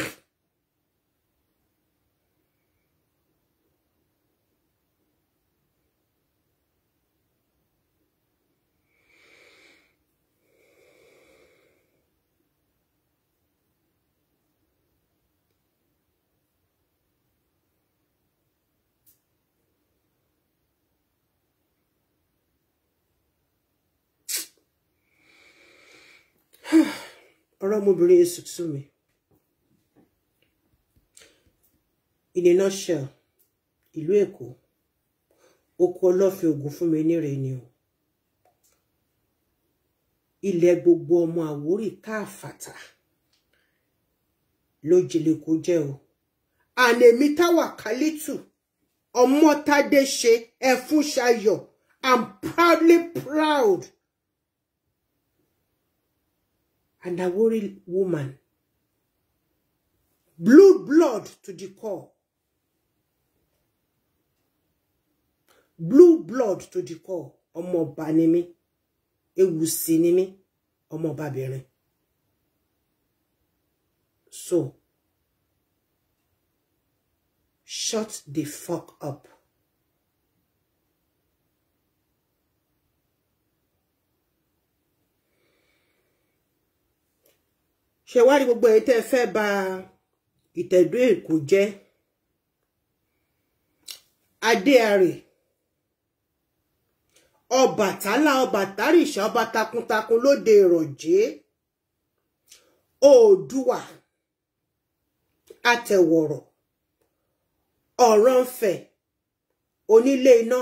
ọmọbìnrin yìí sùtù mi in a nutshell ìlú èkó oko ọlọ́fin ògùn fún mi ní rẹ̀ ni o ilẹ̀ gbogbo ọmọ àwórì káàfàtà ló jìlẹ̀kọ jẹ́ o ànèmí táwà kálítù ọmọ tádé ṣe ẹ̀fún ṣayọ̀ I'm proudly proud And a worried woman. Blue blood to the core. Blue blood to the core. Omo ọba ni mí. Ewusi ni mí. So, shut the fuck up. ṣe wá rí gbogbo èyí tẹ́ fẹ́ bà Ìtẹ̀dó Èkó jẹ́ adéarè Ọbàtálá ọba tárìṣà ọba takuntakun lóde ìrọ̀jẹ́ oòdùwà àtẹ̀wọ̀rọ̀ ọ̀rànfẹ̀ onílé iná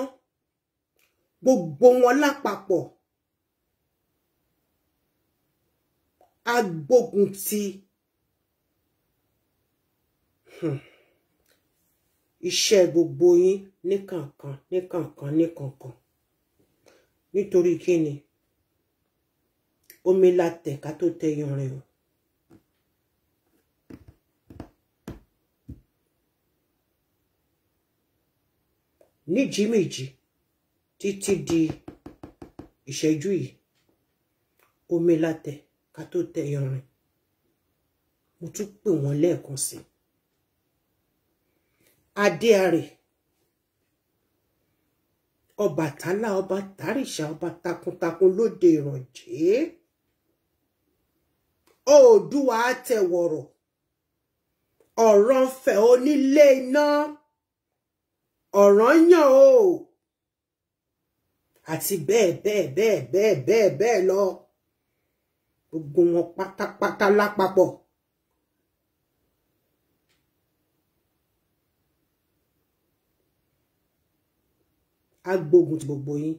gbogbo wọn lápapọ̀ agbógun ti hmm, iṣẹ́ gbogbo yín níkànkan níkànkan níkànkan nítorí kí ni omi la tẹ̀ ká tó tẹ yanrìn o. níjì méjì títí di ìṣẹ́jú yìí omi la ká tó tẹ yanrìn mo tún pè wọ́n lẹ́ẹ̀kan sí adéarè ọbàtálá ọba tàrìṣà ọba takuntakun lóde ìrànjẹ́ oòdùwà àtẹwọ̀rọ̀ ọ̀rànfẹ̀ onílé iná ọ̀rànyàn o àti bẹ́ẹ̀ bẹ́ẹ̀ bẹ́ẹ̀ bẹ́ẹ̀ bẹ́ẹ̀ bẹ́ẹ̀ lọ gbogbo wọn pátápátá lápapọ̀. a gbógun ti gbogbo yín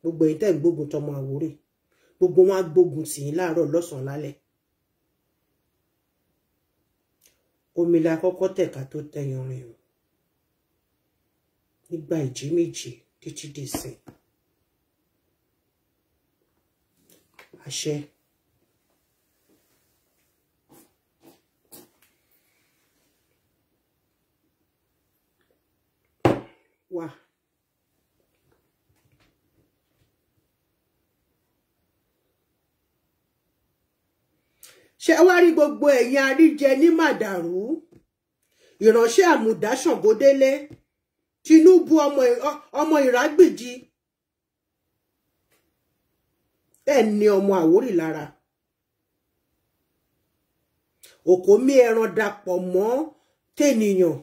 gbogbo yín tẹ́ ń gbógun tọmọ Àwórì gbogbo wọn á gbógun tì yín láàárọ̀ lọ́sàn-án lálẹ́. omi la kọ́kọ́ tẹ̀ka tó tẹ̀yàn rìn o nígbà ìjì méjì títí dèsìn àṣẹ. wà. ṣé wá rí gbogbo ẹ̀yin àríjẹ ní màdàrú ìránṣẹ́ àmùdáṣàngódélé Tinubu ọmọ ìrágbìjí ẹ̀ ní ọmọ àwórì lára òkò mí ẹran dapọ̀ mọ́ tènìyàn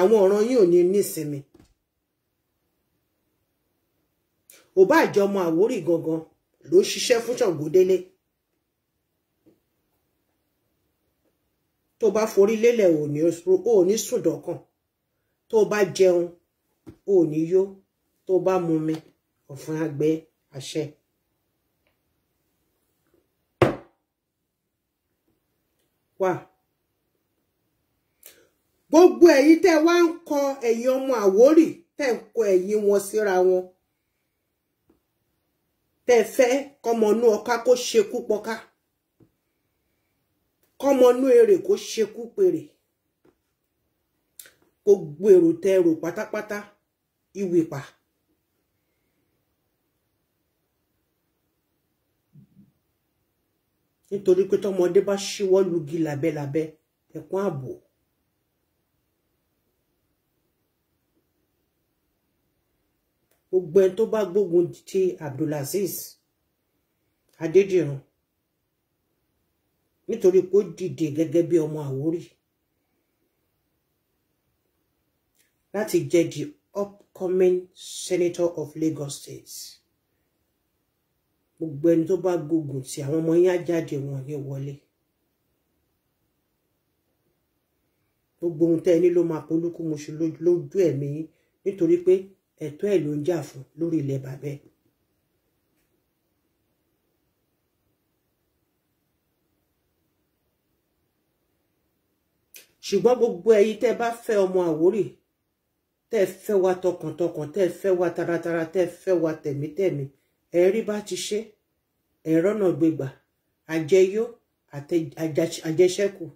àwọn ọ̀ràn yín ò ní nísinmi ò bá jẹ́ ọmọ Àwórì gangan ló ṣiṣẹ́ fún Ṣàngódélé tó bá forí lélẹ̀ ò ní sùn dọ́kàn tó bá jẹun ò ní yó tó bá mumi ọ̀fun àgbẹ̀ àṣẹ. Wow gbogbo ẹ̀yin tẹ́ wá ń kọ ẹ̀yin ọmọ Àwórì tẹ́ ń kọ ẹ̀yìn wọn síra wọn tẹ́ fẹ́ kọmọnú ọká kó ṣekú pọká kọmọnú èrè kó ṣekú pèrè gbogbo èrò tẹ́ rò pátápátá ìwé pa. nítorí pé tọmọdé bá ṣíwọ́ lugi làbẹ́làbẹ́ ẹ̀kún ààbò gbogbo ẹni tó bá gbógun ti Abdulaziz Adédìran nítorí pé ó dìde gẹ́gẹ́ bí ọmọ Àwórì láti jẹ the upcoming senator of Lagos State gbogbo ẹni tó bá gbógun ti àwọn ọmọ yín á jáde wọn ní wọlé gbogbo ohun tẹ́ ẹ ní ló máa polúkúmuṣu lójú ẹ̀mí nítorí pé ẹ̀tọ́ ẹ̀ ló ń jà fún lórí ilẹ̀ bàbá ẹ̀. ṣùgbọ́n gbogbo ẹ̀yin tẹ́ bá fẹ́ ọmọ Àwórì tẹ́ fẹ́ wa tọkàntọkàn tẹ́ fẹ́ wa taratara tẹ́ fẹ́ wa tẹ̀mítẹ̀mí ẹ̀rí bá ti ṣe ẹ̀rọ náà gbégbà àjẹyó àjẹṣẹ́kù.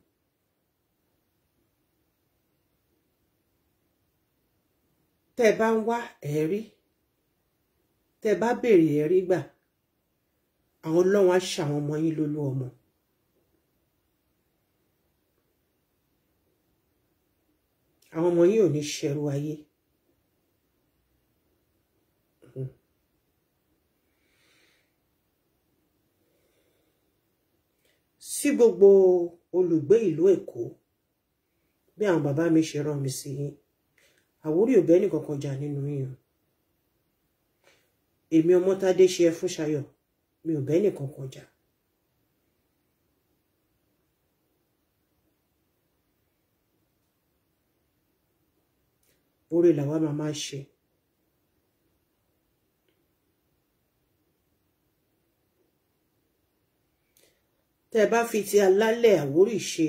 tẹ́ ẹ bá ń wá ẹ̀rí tẹ́ ẹ bá béèrè ẹ̀rí gbà àwọn ọlọ́run á ṣàwọn ọmọ yín lólú ọmọ. àwọn ọmọ yín ò ní ṣẹrú ayé. Hmm. sí gbogbo olùgbé ìlú Èkó bí àwọn bàbá mi ṣe rán mi sí yín. Àwórì ò bẹ́ẹ̀ nìkan kan jà nínú yín èmi ọmọ tádé ṣe ẹ fún ṣayọ̀ mi ò bẹ́ẹ̀ nìkan kan jà. oore làwa máa máa ṣe. tẹ́ bá fi ti alálẹ̀ Àwórì ṣe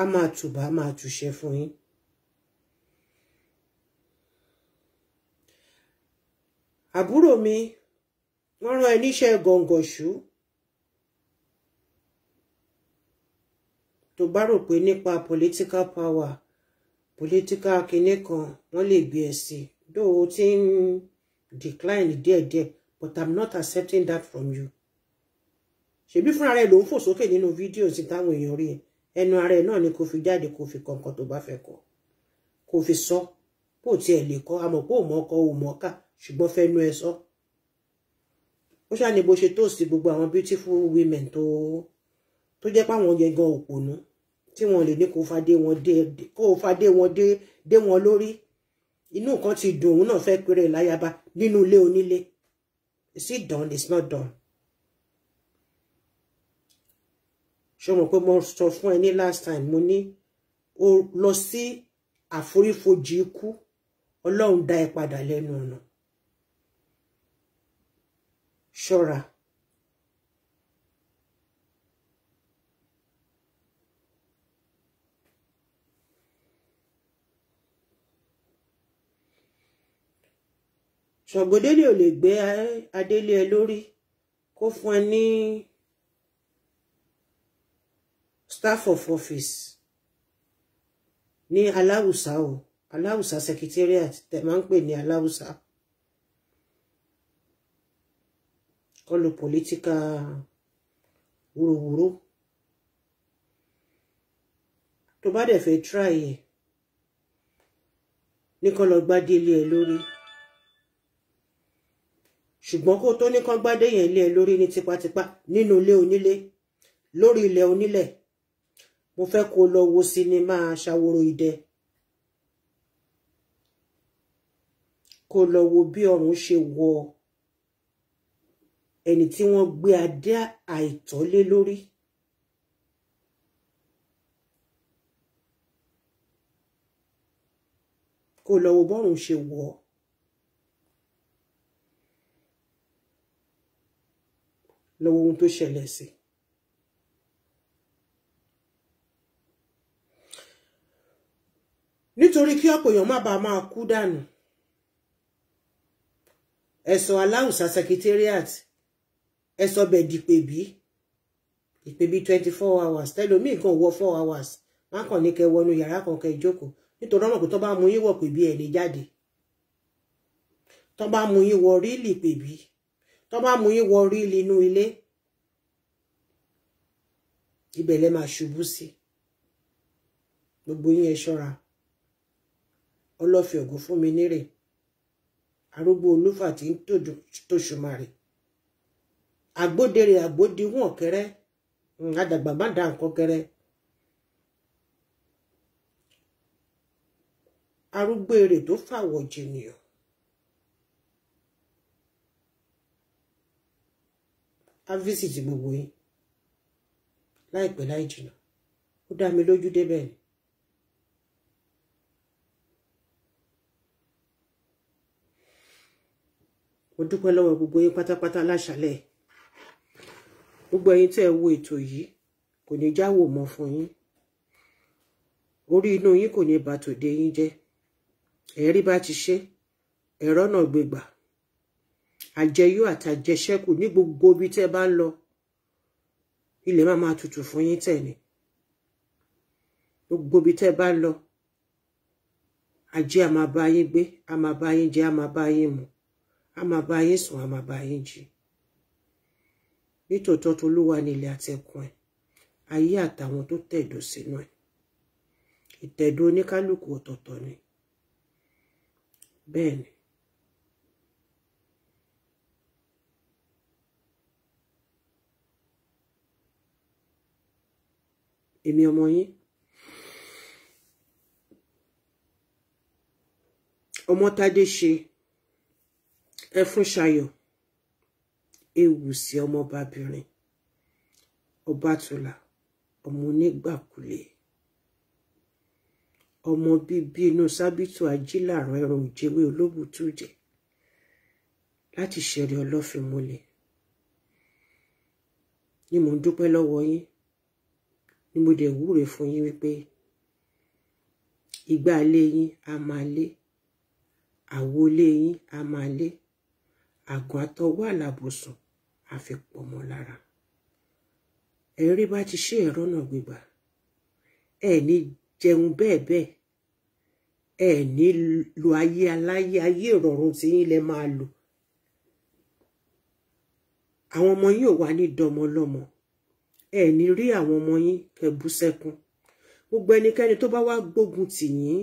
a máa tùbà a máa tùṣẹ fún yín àbúrò mi wọ́n rán ẹ níṣẹ́ gọ̀ǹgọ̀ṣú tó bá rò pé nípa political power political kinní kan wọ́n lè gbé ẹ sí though o ti ń decline díẹ̀díẹ̀ but i'm not accepting that from you ṣebí fúnra rẹ ló ń fò sókè nínú fídíò sí táwọn èèyàn rí ẹ ẹnu ara ẹ̀ náà ni kò fi jáde kò fi kọ nǹkan tó bá fẹ́ kọ kò fi sọ bó tiẹ̀ lè kọ àmọ́ pé òun ọkọ òun ọkà ṣùgbọ́n fẹnu ẹ sọ ó ṣáà ní bó ṣe tóòsì gbogbo àwọn beautiful women tó tó jẹ́ pé àwọn yẹn gan òpònú tí wọ́n lè ní kó fadé wọn dé kó fadé wọn dé dé wọn lórí inú nǹkan ti dùn òun náà fẹ́ péré láyaba nínú ilé onílé is it done is not done ṣé mo pé mo sọ fún ẹ last time mo ní o lọ sí àforífojì ikú ọlọ́run dá ẹ padà lẹ́nu ọ̀nà ṣọ́ra ṣọ̀gbọ́délé ò lè gbé adélé ẹ lórí kó fún ẹ Ni staff of office ní aláwùsá o aláwùsá secretariat tẹ̀ máa ń ni ní aláwùsá kọlu political wúrowúro tó bá dẹ̀ try ẹ̀ ní kọ́ lọ gbádé ilé ẹ lórí ṣùgbọ́n kó tó ní kán gbádé yẹn ilé ẹ lórí ní tipátipá nínú ilé onílé lórí ilẹ̀ onílẹ̀ mo fẹ́ kó lọ wo sinimá ṣàwòrò idẹ kó lọ wo bí ọ̀run ṣe wọ ẹni tí wọ́n gbé adé àìtọ́ lé lórí. kó lọ wo bọ́run ṣe wọ̀ lọ wo ohun tó ṣẹlẹ̀ sí i. nítorí kí ọ̀pọ̀ èèyàn má bàa máa kú dànù ẹ̀sọ́ aláùsá secretariat ẹ̀sọ́ bẹ̀dìpèbí ìpèbí twenty four hours tẹ́lómi nǹkan wọ four hours má kàn ní kẹ wọnú yàrá kan kẹ nítorí ọmọ pé tó bá mú wọ ríìlì pèbí tó bá mú wọ ríìlì inú ilé ibẹ̀ lẹ́ máa ṣubú sí gbogbo yín ẹ ọlọ́fẹ́ ògùn fún mi nírè arúgbó olúfà tí ń tòṣùmarè àgbódèrè àgbódiwọ̀n kẹrẹ hmm, àdàgbà má da nǹkan kẹrẹ arúgbó èrè tó fàwọ̀ jènìyàn á fíìsì ti gbogbo yín láìpẹ́ láì jìnnà ó dá mi lójú débẹ̀ ni. mo dúpẹ́ lọ́wọ́ gbogbo yín pátápátá láṣálẹ́ gbogbo ẹ̀yin tẹ́ ẹ wo ètò yìí kò ní jáwò mọ́ fún yín orí inú yín kò ní bà tòde yín jẹ́ ẹ̀rí bá ti ṣe ẹ̀rọ náà gbégbà àjẹyó àtàjẹṣẹ́kù ní gbogbo ibi tẹ́ bá ń lọ ilẹ̀ máa máa tutù fún yín tẹ̀ ni gbogbo ibi tẹ́ bá ń lọ ajé a gbé a jẹ a mu a máa bá yín sùn a máa bá yín jí nítòótọ́ tó ló wà nílẹ̀ àtẹ̀kùn ẹ̀ ayé àtàwọn tó tẹ̀dó sínú ẹ̀ ìtẹ̀dó oníkálukú ọ̀tọ̀ọ̀tọ̀ ni bẹ́ẹ̀ ni èmi ọmọ yín ọmọ tádé ṣe ẹfun ṣayọ ewùsì ọmọbabìnrin ọbátúlà ọmọ onígbàkulè ọmọ bíbí inú sábìtù ajílàrán ẹran òjèwé olóbùtújẹ láti ṣẹrí ọlọ́fin múlẹ̀ ni mò ń dúpẹ́ lọ́wọ́ yín ni mo dẹ̀ wúre fún yín wípé ìgbà ilé yín a máa lé àwo ilé yín a máa lé àgọ́ àtọwọ́ àlàbòsùn àfipọ̀ mọ́ lára ẹ̀rí bá ti ṣe ẹ̀rọ náà gbígbà ẹ̀ ní jẹun bẹ́ẹ̀ bẹ́ẹ̀ ẹ̀ ní lo ayé aláyé ayé ìrọ̀rùn tí yín lẹ máa lò àwọn ọmọ yín ò wá ní dọmọ ẹ̀ ní rí àwọn ọmọ yín kẹ bú sẹ́kún gbogbo ẹnikẹ́ni tó bá wá gbógun tì yín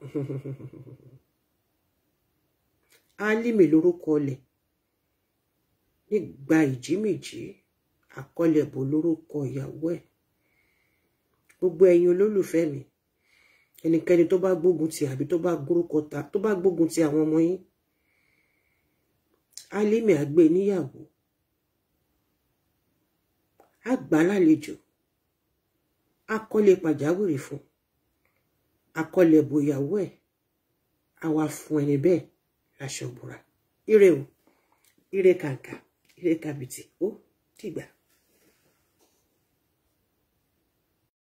[laughs] Álímì lórúkọ lẹ̀ nígbà ìjímìjí àkọlẹ̀bọ̀ lórúkọ ìyàwó ẹ̀ gbogbo ẹ̀yin olólùfẹ́ mi ẹnikẹ́ni tó bá gbógun ti àbí tó bá gbórúkọ ta tó bá gbógun ti àwọn ọmọ yín Álímì àgbé e níyàwó àgbà lálejò akọ́lé pàjáwìrì fún akọ́lẹ̀bọ̀ ìyàwó ẹ̀ àwa fún ẹni bẹ́ẹ̀ aṣọ ìbora ire o ire kàǹkà ire kàbìtì ó dìgbà.